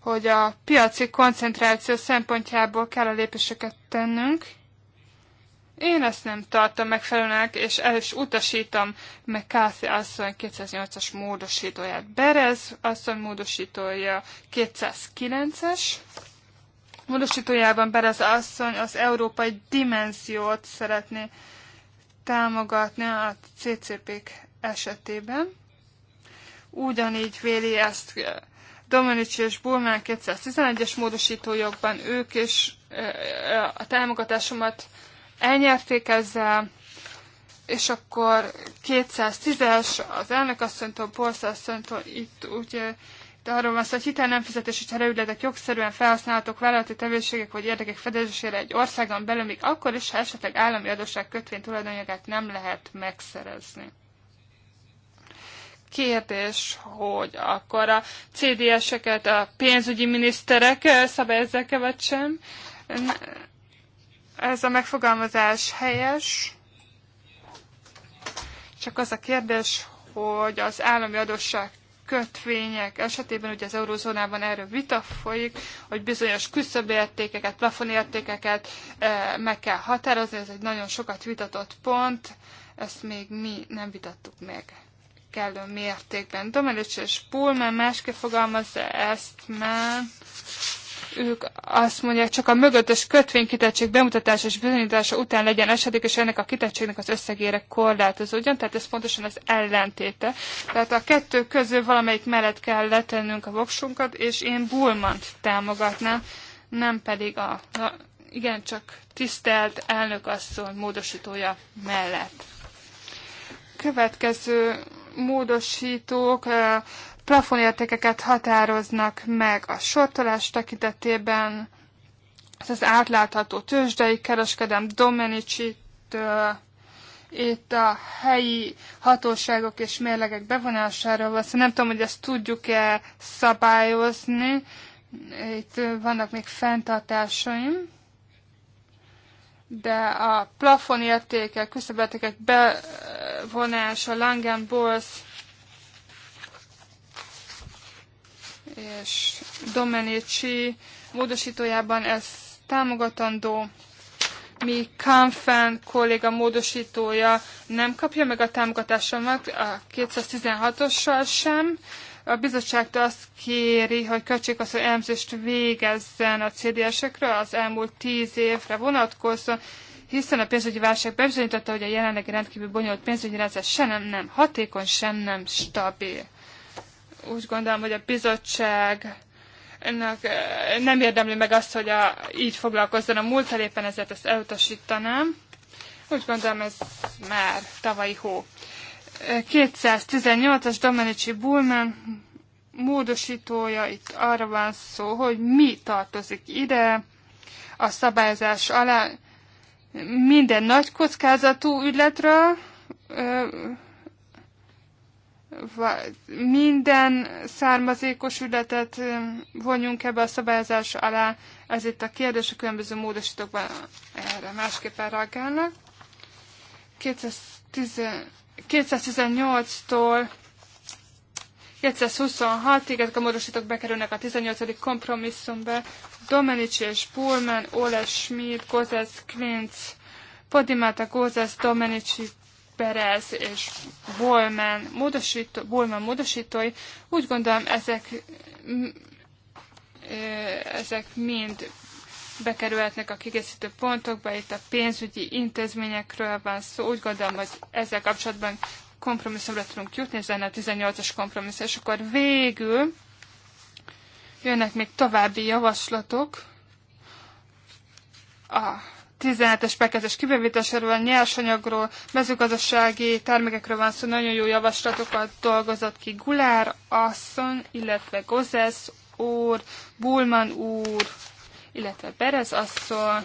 hogy a piaci koncentráció szempontjából kell a lépéseket tennünk, én ezt nem tartom megfelelőnek, és el is utasítom McCarthy asszony 208-as módosítóját. Berez asszony módosítója 209-es. Módosítójában Berez asszony az európai dimenziót szeretné támogatni a ccp esetében. Ugyanígy véli ezt Dominici és Bulmán 211-es módosítójogban ők is a támogatásomat elnyerték ezzel, és akkor 210-es az elnökasszonytól, borszaszonytól itt úgy, de arról van szó, hogy hitel nem fizetési csereügyletek jogszerűen felhasználhatók vállalati tevékenységek vagy érdekek fedezésére egy országon belül, még akkor is, ha esetleg állami adósság kötvény tulajdonjogát nem lehet megszerezni. Kérdés, hogy akkor a CDS-eket a pénzügyi miniszterek eh, szabályozzák-e vagy sem? Ez a megfogalmazás helyes, csak az a kérdés, hogy az állami adósság kötvények esetében, ugye az eurózónában erről vita folyik, hogy bizonyos küszöbértékeket, plafonértékeket e, meg kell határozni, ez egy nagyon sokat vitatott pont, ezt még mi nem vitattuk meg kellő mértékben. Domenics és Pullman másképp fogalmazza ezt mert ők azt mondják, csak a mögöttes kötvénykitettség bemutatása és bizonyítása után legyen esedék, és ennek a kitettségnek az összegére korlátozódjon, tehát ez pontosan az ellentéte. Tehát a kettő közül valamelyik mellett kell letennünk a voksunkat, és én Bulmant támogatnám, nem pedig a, a igen, csak tisztelt elnök asszony módosítója mellett. Következő módosítók eh, plafonértékeket határoznak meg a sortolás tekintetében, ez az átlátható tőzsdei kereskedem Domenicsit, itt a helyi hatóságok és mérlegek bevonásáról van, szóval nem tudom, hogy ezt tudjuk-e szabályozni, itt vannak még fenntartásaim, de a plafonértékek értékek, küszöbértékek bevonása Langen és Domenici módosítójában ez támogatandó, Mi Kánfen kolléga módosítója nem kapja meg a támogatásomat, a 216-ossal sem. A bizottságtól azt kéri, hogy költség az, hogy elemzést végezzen a CDS-ekről az elmúlt tíz évre vonatkozóan, hiszen a pénzügyi válság bebizonyította, hogy a jelenlegi rendkívül bonyolult pénzügyi rendszer se nem, nem hatékony, sem nem stabil úgy gondolom, hogy a bizottság ennek nem érdemli meg azt, hogy a, így foglalkozzon a múlt éppen ezért ezt elutasítanám. Úgy gondolom, ez már tavalyi hó. 218-as Domenici Bullman módosítója, itt arra van szó, hogy mi tartozik ide a szabályozás alá minden nagy kockázatú ügyletről, minden származékos ületet vonjunk ebbe a szabályozás alá, ez itt a kérdés a különböző módosítókban erre másképpen reagálnak. 218-tól 226-ig ezek a módosítók bekerülnek a 18. kompromisszumba Domenici és Pullman, Ole Schmidt, Gozes Klintz, Podimata Gozes, Domenici, Perez és Bolman, módosító, Bolman módosítói, úgy gondolom ezek, ezek mind bekerülhetnek a kiegészítő pontokba, itt a pénzügyi intézményekről van szó, úgy gondolom, hogy ezzel kapcsolatban kompromisszumra tudunk jutni, ez lenne a 18-as kompromisszum, és akkor végül jönnek még további javaslatok a 17-es bekezdés kibevételéséről, nyersanyagról, mezőgazdasági termékekről van szó, nagyon jó javaslatokat dolgozott ki Gulár asszony, illetve Gozesz úr, Bulman úr, illetve Berez asszony,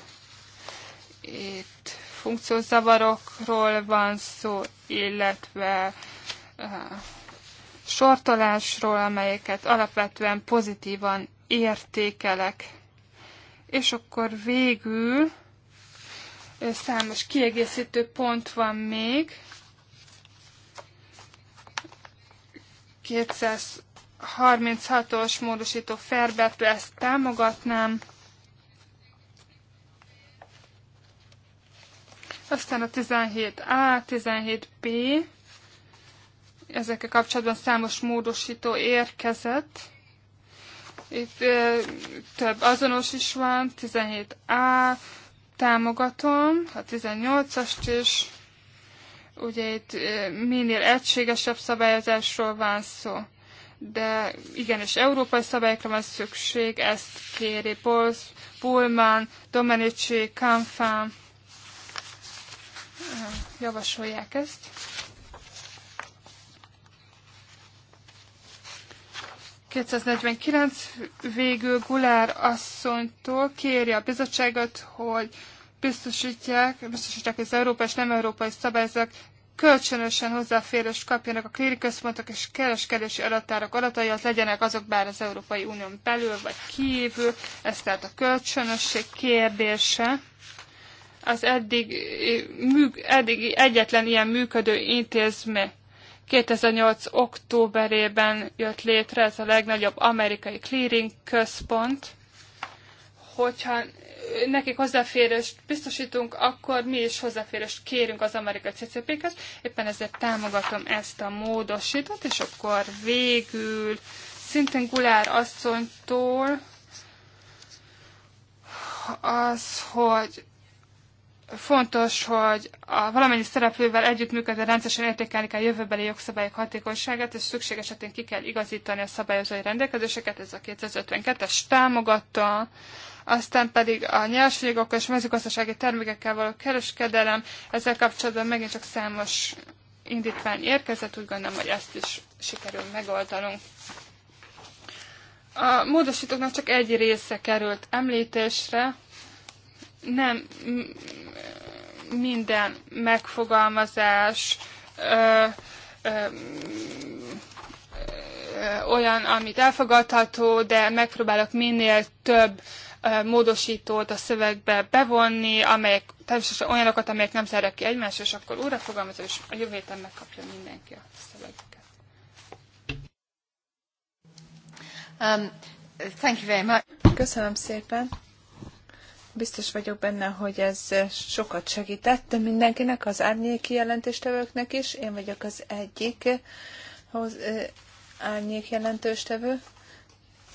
itt funkciózavarokról van szó, illetve uh, sortolásról, amelyeket alapvetően pozitívan értékelek. És akkor végül számos kiegészítő pont van még. 236-os módosító Ferbert ezt támogatnám. Aztán a 17A, 17B, ezekkel kapcsolatban számos módosító érkezett. Itt ö, több azonos is van, 17A, támogatom, a 18-ast is. Ugye itt minél egységesebb szabályozásról van szó, de igenis európai szabályokra van szükség, ezt kéri Bolz, Pullman, Domenici, Kanfán javasolják ezt. 249 végül Gulár asszonytól kéri a bizottságot, hogy biztosítják, biztosítják, hogy az európai és nem európai szabályzók kölcsönösen hozzáférést kapjanak a központok és kereskedési adattárak adatai, az legyenek azok bár az Európai Unión belül vagy kívül, ez tehát a kölcsönösség kérdése. Az eddig, eddig egyetlen ilyen működő intézmény 2008. októberében jött létre ez a legnagyobb amerikai clearing központ. Hogyha nekik hozzáférést biztosítunk, akkor mi is hozzáférést kérünk az amerikai CCP-hez. Éppen ezért támogatom ezt a módosítót, és akkor végül szintén Gulár asszonytól az, hogy fontos, hogy a valamennyi szereplővel együttműködve rendszeresen értékelni kell jövőbeli jogszabályok hatékonyságát, és szükség esetén ki kell igazítani a szabályozói rendelkezéseket, ez a 2052-es támogatta, aztán pedig a nyersanyagokkal és mezőgazdasági termékekkel való kereskedelem, ezzel kapcsolatban megint csak számos indítvány érkezett, úgy gondolom, hogy ezt is sikerül megoldanunk. A módosítóknak csak egy része került említésre, nem minden megfogalmazás ö, ö, ö, olyan, amit elfogadható, de megpróbálok minél több ö, módosítót a szövegbe bevonni, amelyek természetesen olyanokat, amelyek nem szerek ki egymást, és akkor újra fogalmazom, és a jövő héten megkapja mindenki a szövegeket. Um, thank you very much. Köszönöm szépen. Biztos vagyok benne, hogy ez sokat segített mindenkinek, az árnyéki jelentéstevőknek is. Én vagyok az egyik hoz, árnyék jelentőstevő.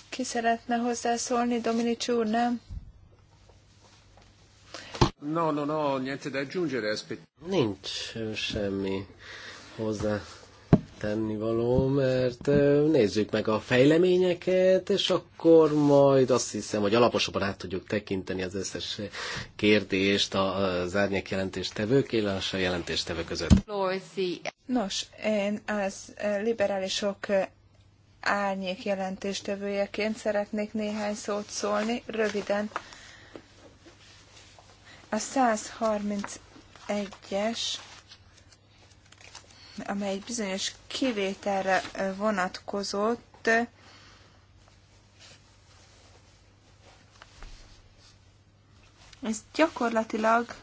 Ki szeretne hozzászólni? Dominics úr, nem? No, no, no, niente da aggiungere. Nincs semmi hozzá tenni való, mert nézzük meg a fejleményeket, és akkor majd azt hiszem, hogy alaposabban át tudjuk tekinteni az összes kérdést az árnyék jelentéstevők, illetve a jelentéstevő között. Nos, én az liberálisok árnyék jelentéstevőjeként szeretnék néhány szót szólni, röviden. A 131-es amely egy bizonyos kivételre vonatkozott, ez gyakorlatilag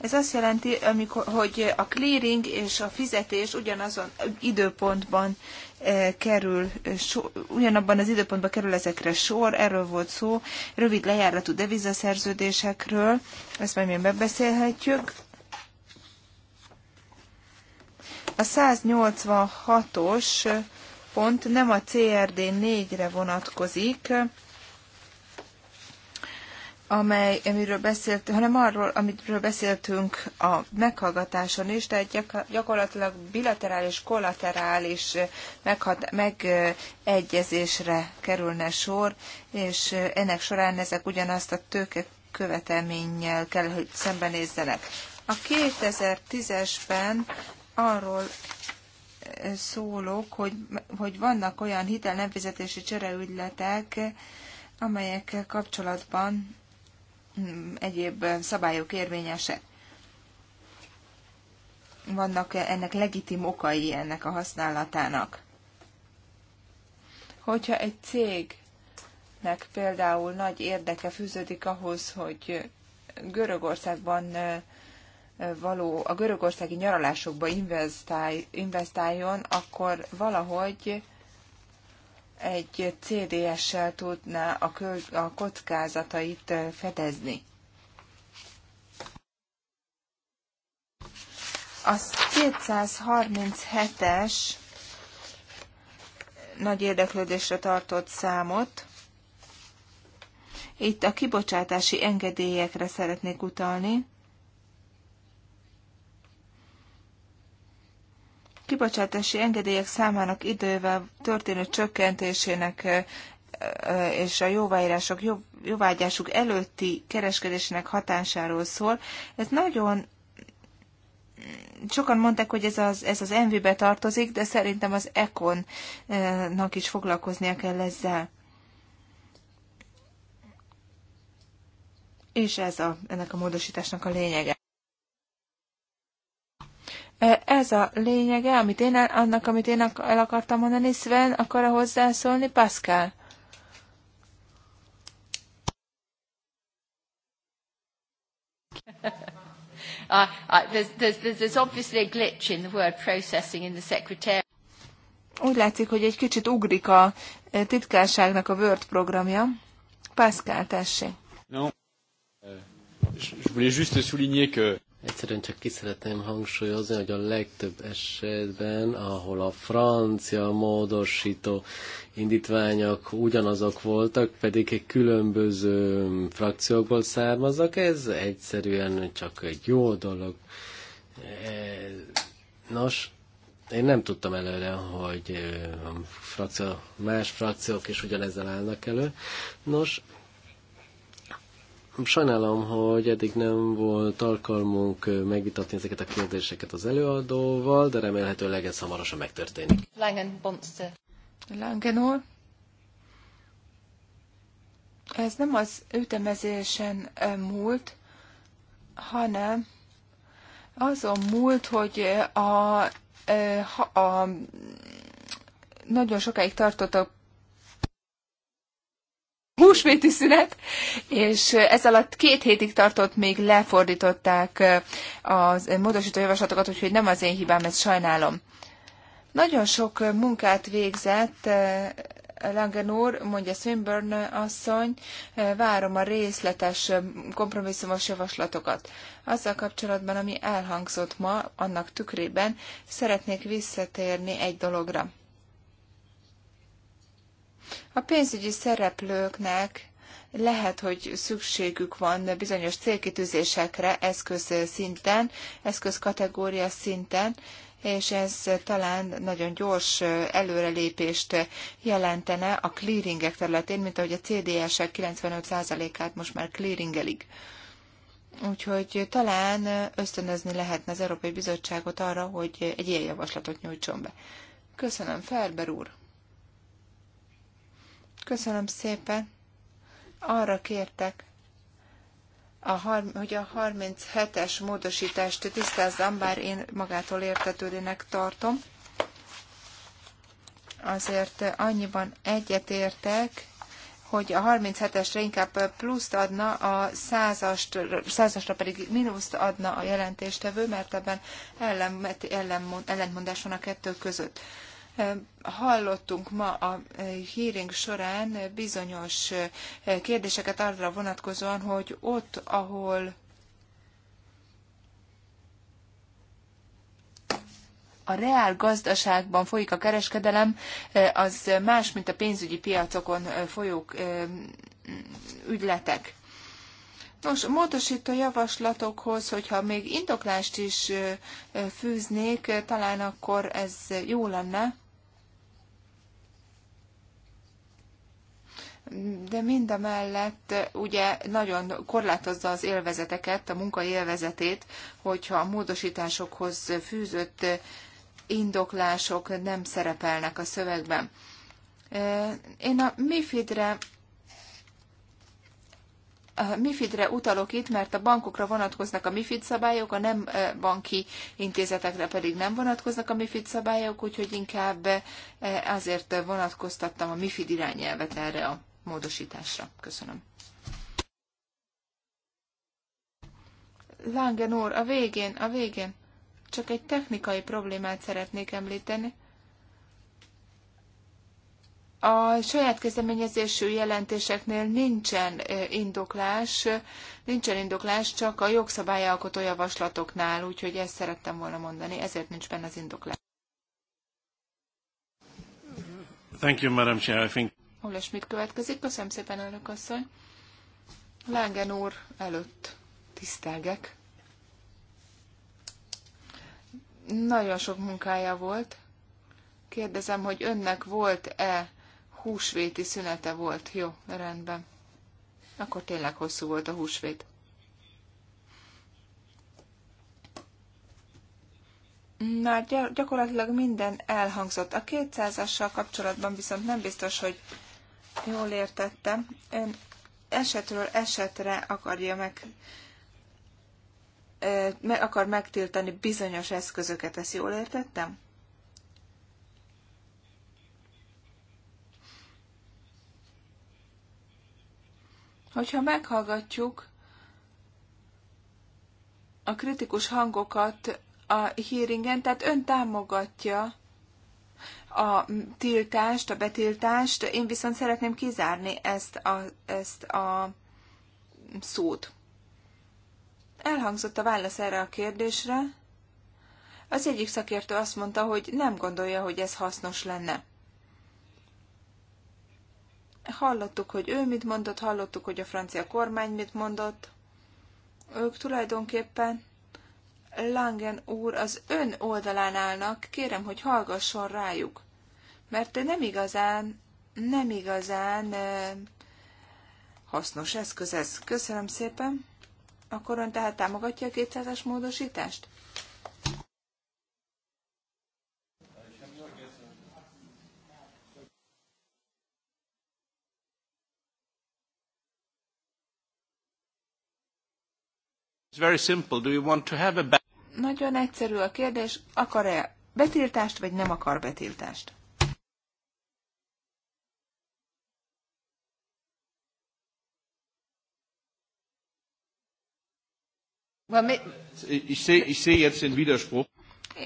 ez azt jelenti, amikor, hogy a clearing és a fizetés ugyanazon időpontban e, kerül, so, ugyanabban az időpontban kerül ezekre sor, erről volt szó, rövid lejáratú devizaszerződésekről, ezt majd még megbeszélhetjük. A 186-os pont nem a CRD 4-re vonatkozik, amely, amiről beszéltünk, hanem arról, amiről beszéltünk a meghallgatáson is, tehát gyakorlatilag bilaterális, kollaterális megegyezésre kerülne sor, és ennek során ezek ugyanazt a tőke követelménnyel kell, hogy szembenézzenek. A 2010-esben arról eh, szólok, hogy, hogy vannak olyan hitel, nem fizetési csereügyletek, amelyekkel kapcsolatban hmm, egyéb szabályok érvényesek. Vannak ennek legitim okai ennek a használatának. Hogyha egy cégnek például nagy érdeke fűződik ahhoz, hogy Görögországban eh, való, a görögországi nyaralásokba investálj, investáljon, akkor valahogy egy CDS-sel tudná a, köl, a kockázatait fedezni. A 237-es nagy érdeklődésre tartott számot. Itt a kibocsátási engedélyekre szeretnék utalni. kibocsátási engedélyek számának idővel történő csökkentésének és a jóváírások, jóvágyásuk előtti kereskedésének hatásáról szól. Ez nagyon sokan mondták, hogy ez az, ez az envi-be tartozik, de szerintem az Econ-nak is foglalkoznia kell ezzel. És ez a, ennek a módosításnak a lényege. Ez a lényege, amit én el, annak, amit én el akartam mondani, Sven, akar -e hozzászólni, Pascal? Uh, uh, there's, there's, there's obviously a glitch in the word processing in the secretary. Úgy látszik, hogy egy kicsit ugrik a titkárságnak a Word programja. Pascal, tessék. Non. Euh, je voulais juste souligner que Egyszerűen csak ki szeretném hangsúlyozni, hogy a legtöbb esetben, ahol a francia módosító indítványok ugyanazok voltak, pedig különböző frakciókból származak, ez egyszerűen csak egy jó dolog. E, nos, én nem tudtam előre, hogy a frakció, más frakciók is ugyanezzel állnak elő. Nos, Sajnálom, hogy eddig nem volt alkalmunk megvitatni ezeket a kérdéseket az előadóval, de remélhetőleg ez hamarosan megtörténik. Langen Bonster. Langen úr. Ez nem az ütemezésen eh, múlt, hanem azon múlt, hogy eh, a, eh, a, a nagyon sokáig tartott a húsvéti szünet, és ez alatt két hétig tartott, még lefordították eh, az módosító javaslatokat, úgyhogy nem az én hibám, ezt sajnálom. Nagyon sok munkát végzett eh, Langen úr, mondja Swinburne asszony, eh, várom a részletes kompromisszumos javaslatokat. Azzal kapcsolatban, ami elhangzott ma, annak tükrében szeretnék visszatérni egy dologra. A pénzügyi szereplőknek lehet, hogy szükségük van bizonyos célkitűzésekre eszköz szinten, eszközkategória szinten, és ez talán nagyon gyors előrelépést jelentene a clearingek területén, mint ahogy a CDS-ek 95%-át most már clearingelik. Úgyhogy talán ösztönözni lehetne az Európai Bizottságot arra, hogy egy ilyen javaslatot nyújtson be. Köszönöm, Ferber úr! Köszönöm szépen. Arra kértek, a har, hogy a 37-es módosítást tisztázzam, bár én magától értetődőnek tartom. Azért annyiban egyetértek, hogy a 37-esre inkább pluszt adna, a 100-asra, 100-asra pedig mínuszt adna a jelentéstevő, mert ebben ellen, ellen, ellentmondás van a kettő között. Hallottunk ma a eh, hearing során bizonyos eh, kérdéseket arra vonatkozóan, hogy ott, ahol a reál gazdaságban folyik a kereskedelem, eh, az más, mint a pénzügyi piacokon folyók ügyletek. Nos, módosító javaslatokhoz, hogyha még indoklást is fűznék, talán akkor ez jó lenne. de mind a mellett ugye nagyon korlátozza az élvezeteket, a munka élvezetét, hogyha a módosításokhoz fűzött indoklások nem szerepelnek a szövegben. Én a MIFID-re a MIFID-re utalok itt, mert a bankokra vonatkoznak a MIFID szabályok, a nem banki intézetekre pedig nem vonatkoznak a MIFID szabályok, úgyhogy inkább azért vonatkoztattam a MIFID irányelvet erre a módosításra. Köszönöm. Langen úr, a végén, a végén. Csak egy technikai problémát szeretnék említeni. A saját kezdeményezésű jelentéseknél nincsen indoklás, nincsen indoklás csak a jogszabályalkotó javaslatoknál, úgyhogy ezt szerettem volna mondani, ezért nincs benne az indoklás. Thank you, Madam Chair. I think... Ulla mit következik. Köszönöm szépen, elnök asszony. Lángen úr előtt tisztelgek. Nagyon sok munkája volt. Kérdezem, hogy önnek volt-e húsvéti szünete volt? Jó, rendben. Akkor tényleg hosszú volt a húsvét. Na, hát gyakorlatilag minden elhangzott. A 200-assal kapcsolatban viszont nem biztos, hogy jól értettem, ön esetről esetre akarja meg meg akar megtiltani bizonyos eszközöket, ezt jól értettem? Hogyha meghallgatjuk a kritikus hangokat a hearingen, tehát ön támogatja a tiltást, a betiltást, én viszont szeretném kizárni ezt a, ezt a szót. Elhangzott a válasz erre a kérdésre. Az egyik szakértő azt mondta, hogy nem gondolja, hogy ez hasznos lenne. Hallottuk, hogy ő mit mondott, hallottuk, hogy a francia kormány mit mondott. Ők tulajdonképpen Langen úr az ön oldalán állnak, kérem, hogy hallgasson rájuk. Mert nem igazán, nem igazán hasznos eszköz ez. Köszönöm szépen. Akkor ön tehát támogatja a 200-as módosítást? It's very simple. Do you want to have a Nagyon egyszerű a kérdés, akar-e betiltást, vagy nem akar betiltást? Ich sehe, ich sehe jetzt den Widerspruch.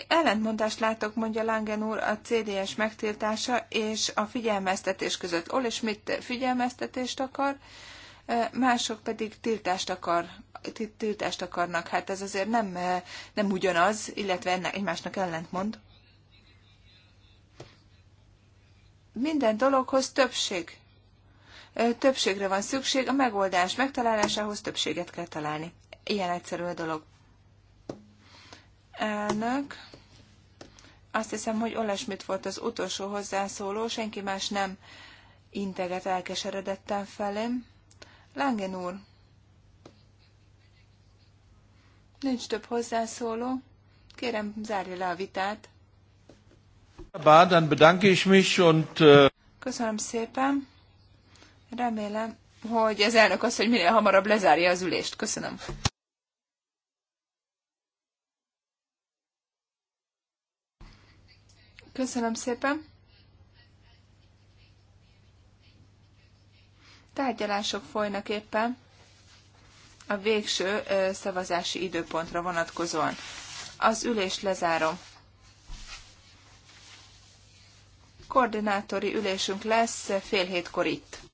Ellentmondást látok, mondja Langen úr, a CDS megtiltása és a figyelmeztetés között. Ol és mit figyelmeztetést akar, Uh, mások pedig tiltást, akar, tiltást akarnak. Hát ez azért nem, nem ugyanaz, illetve ennek egymásnak ellentmond. Minden dologhoz többség. Többségre van szükség, a megoldás megtalálásához többséget kell találni. Ilyen egyszerű a dolog. Elnök. Azt hiszem, hogy olyasmit volt az utolsó hozzászóló, senki más nem integet elkeseredetten felém. Langen úr, nincs több hozzászóló. Kérem, zárja le a vitát. Äh, Köszönöm szépen. Remélem, hogy az elnök az, hogy minél hamarabb lezárja az ülést. Köszönöm. Köszönöm szépen. Tárgyalások folynak éppen a végső szavazási időpontra vonatkozóan. Az ülést lezárom. Koordinátori ülésünk lesz fél hétkor itt.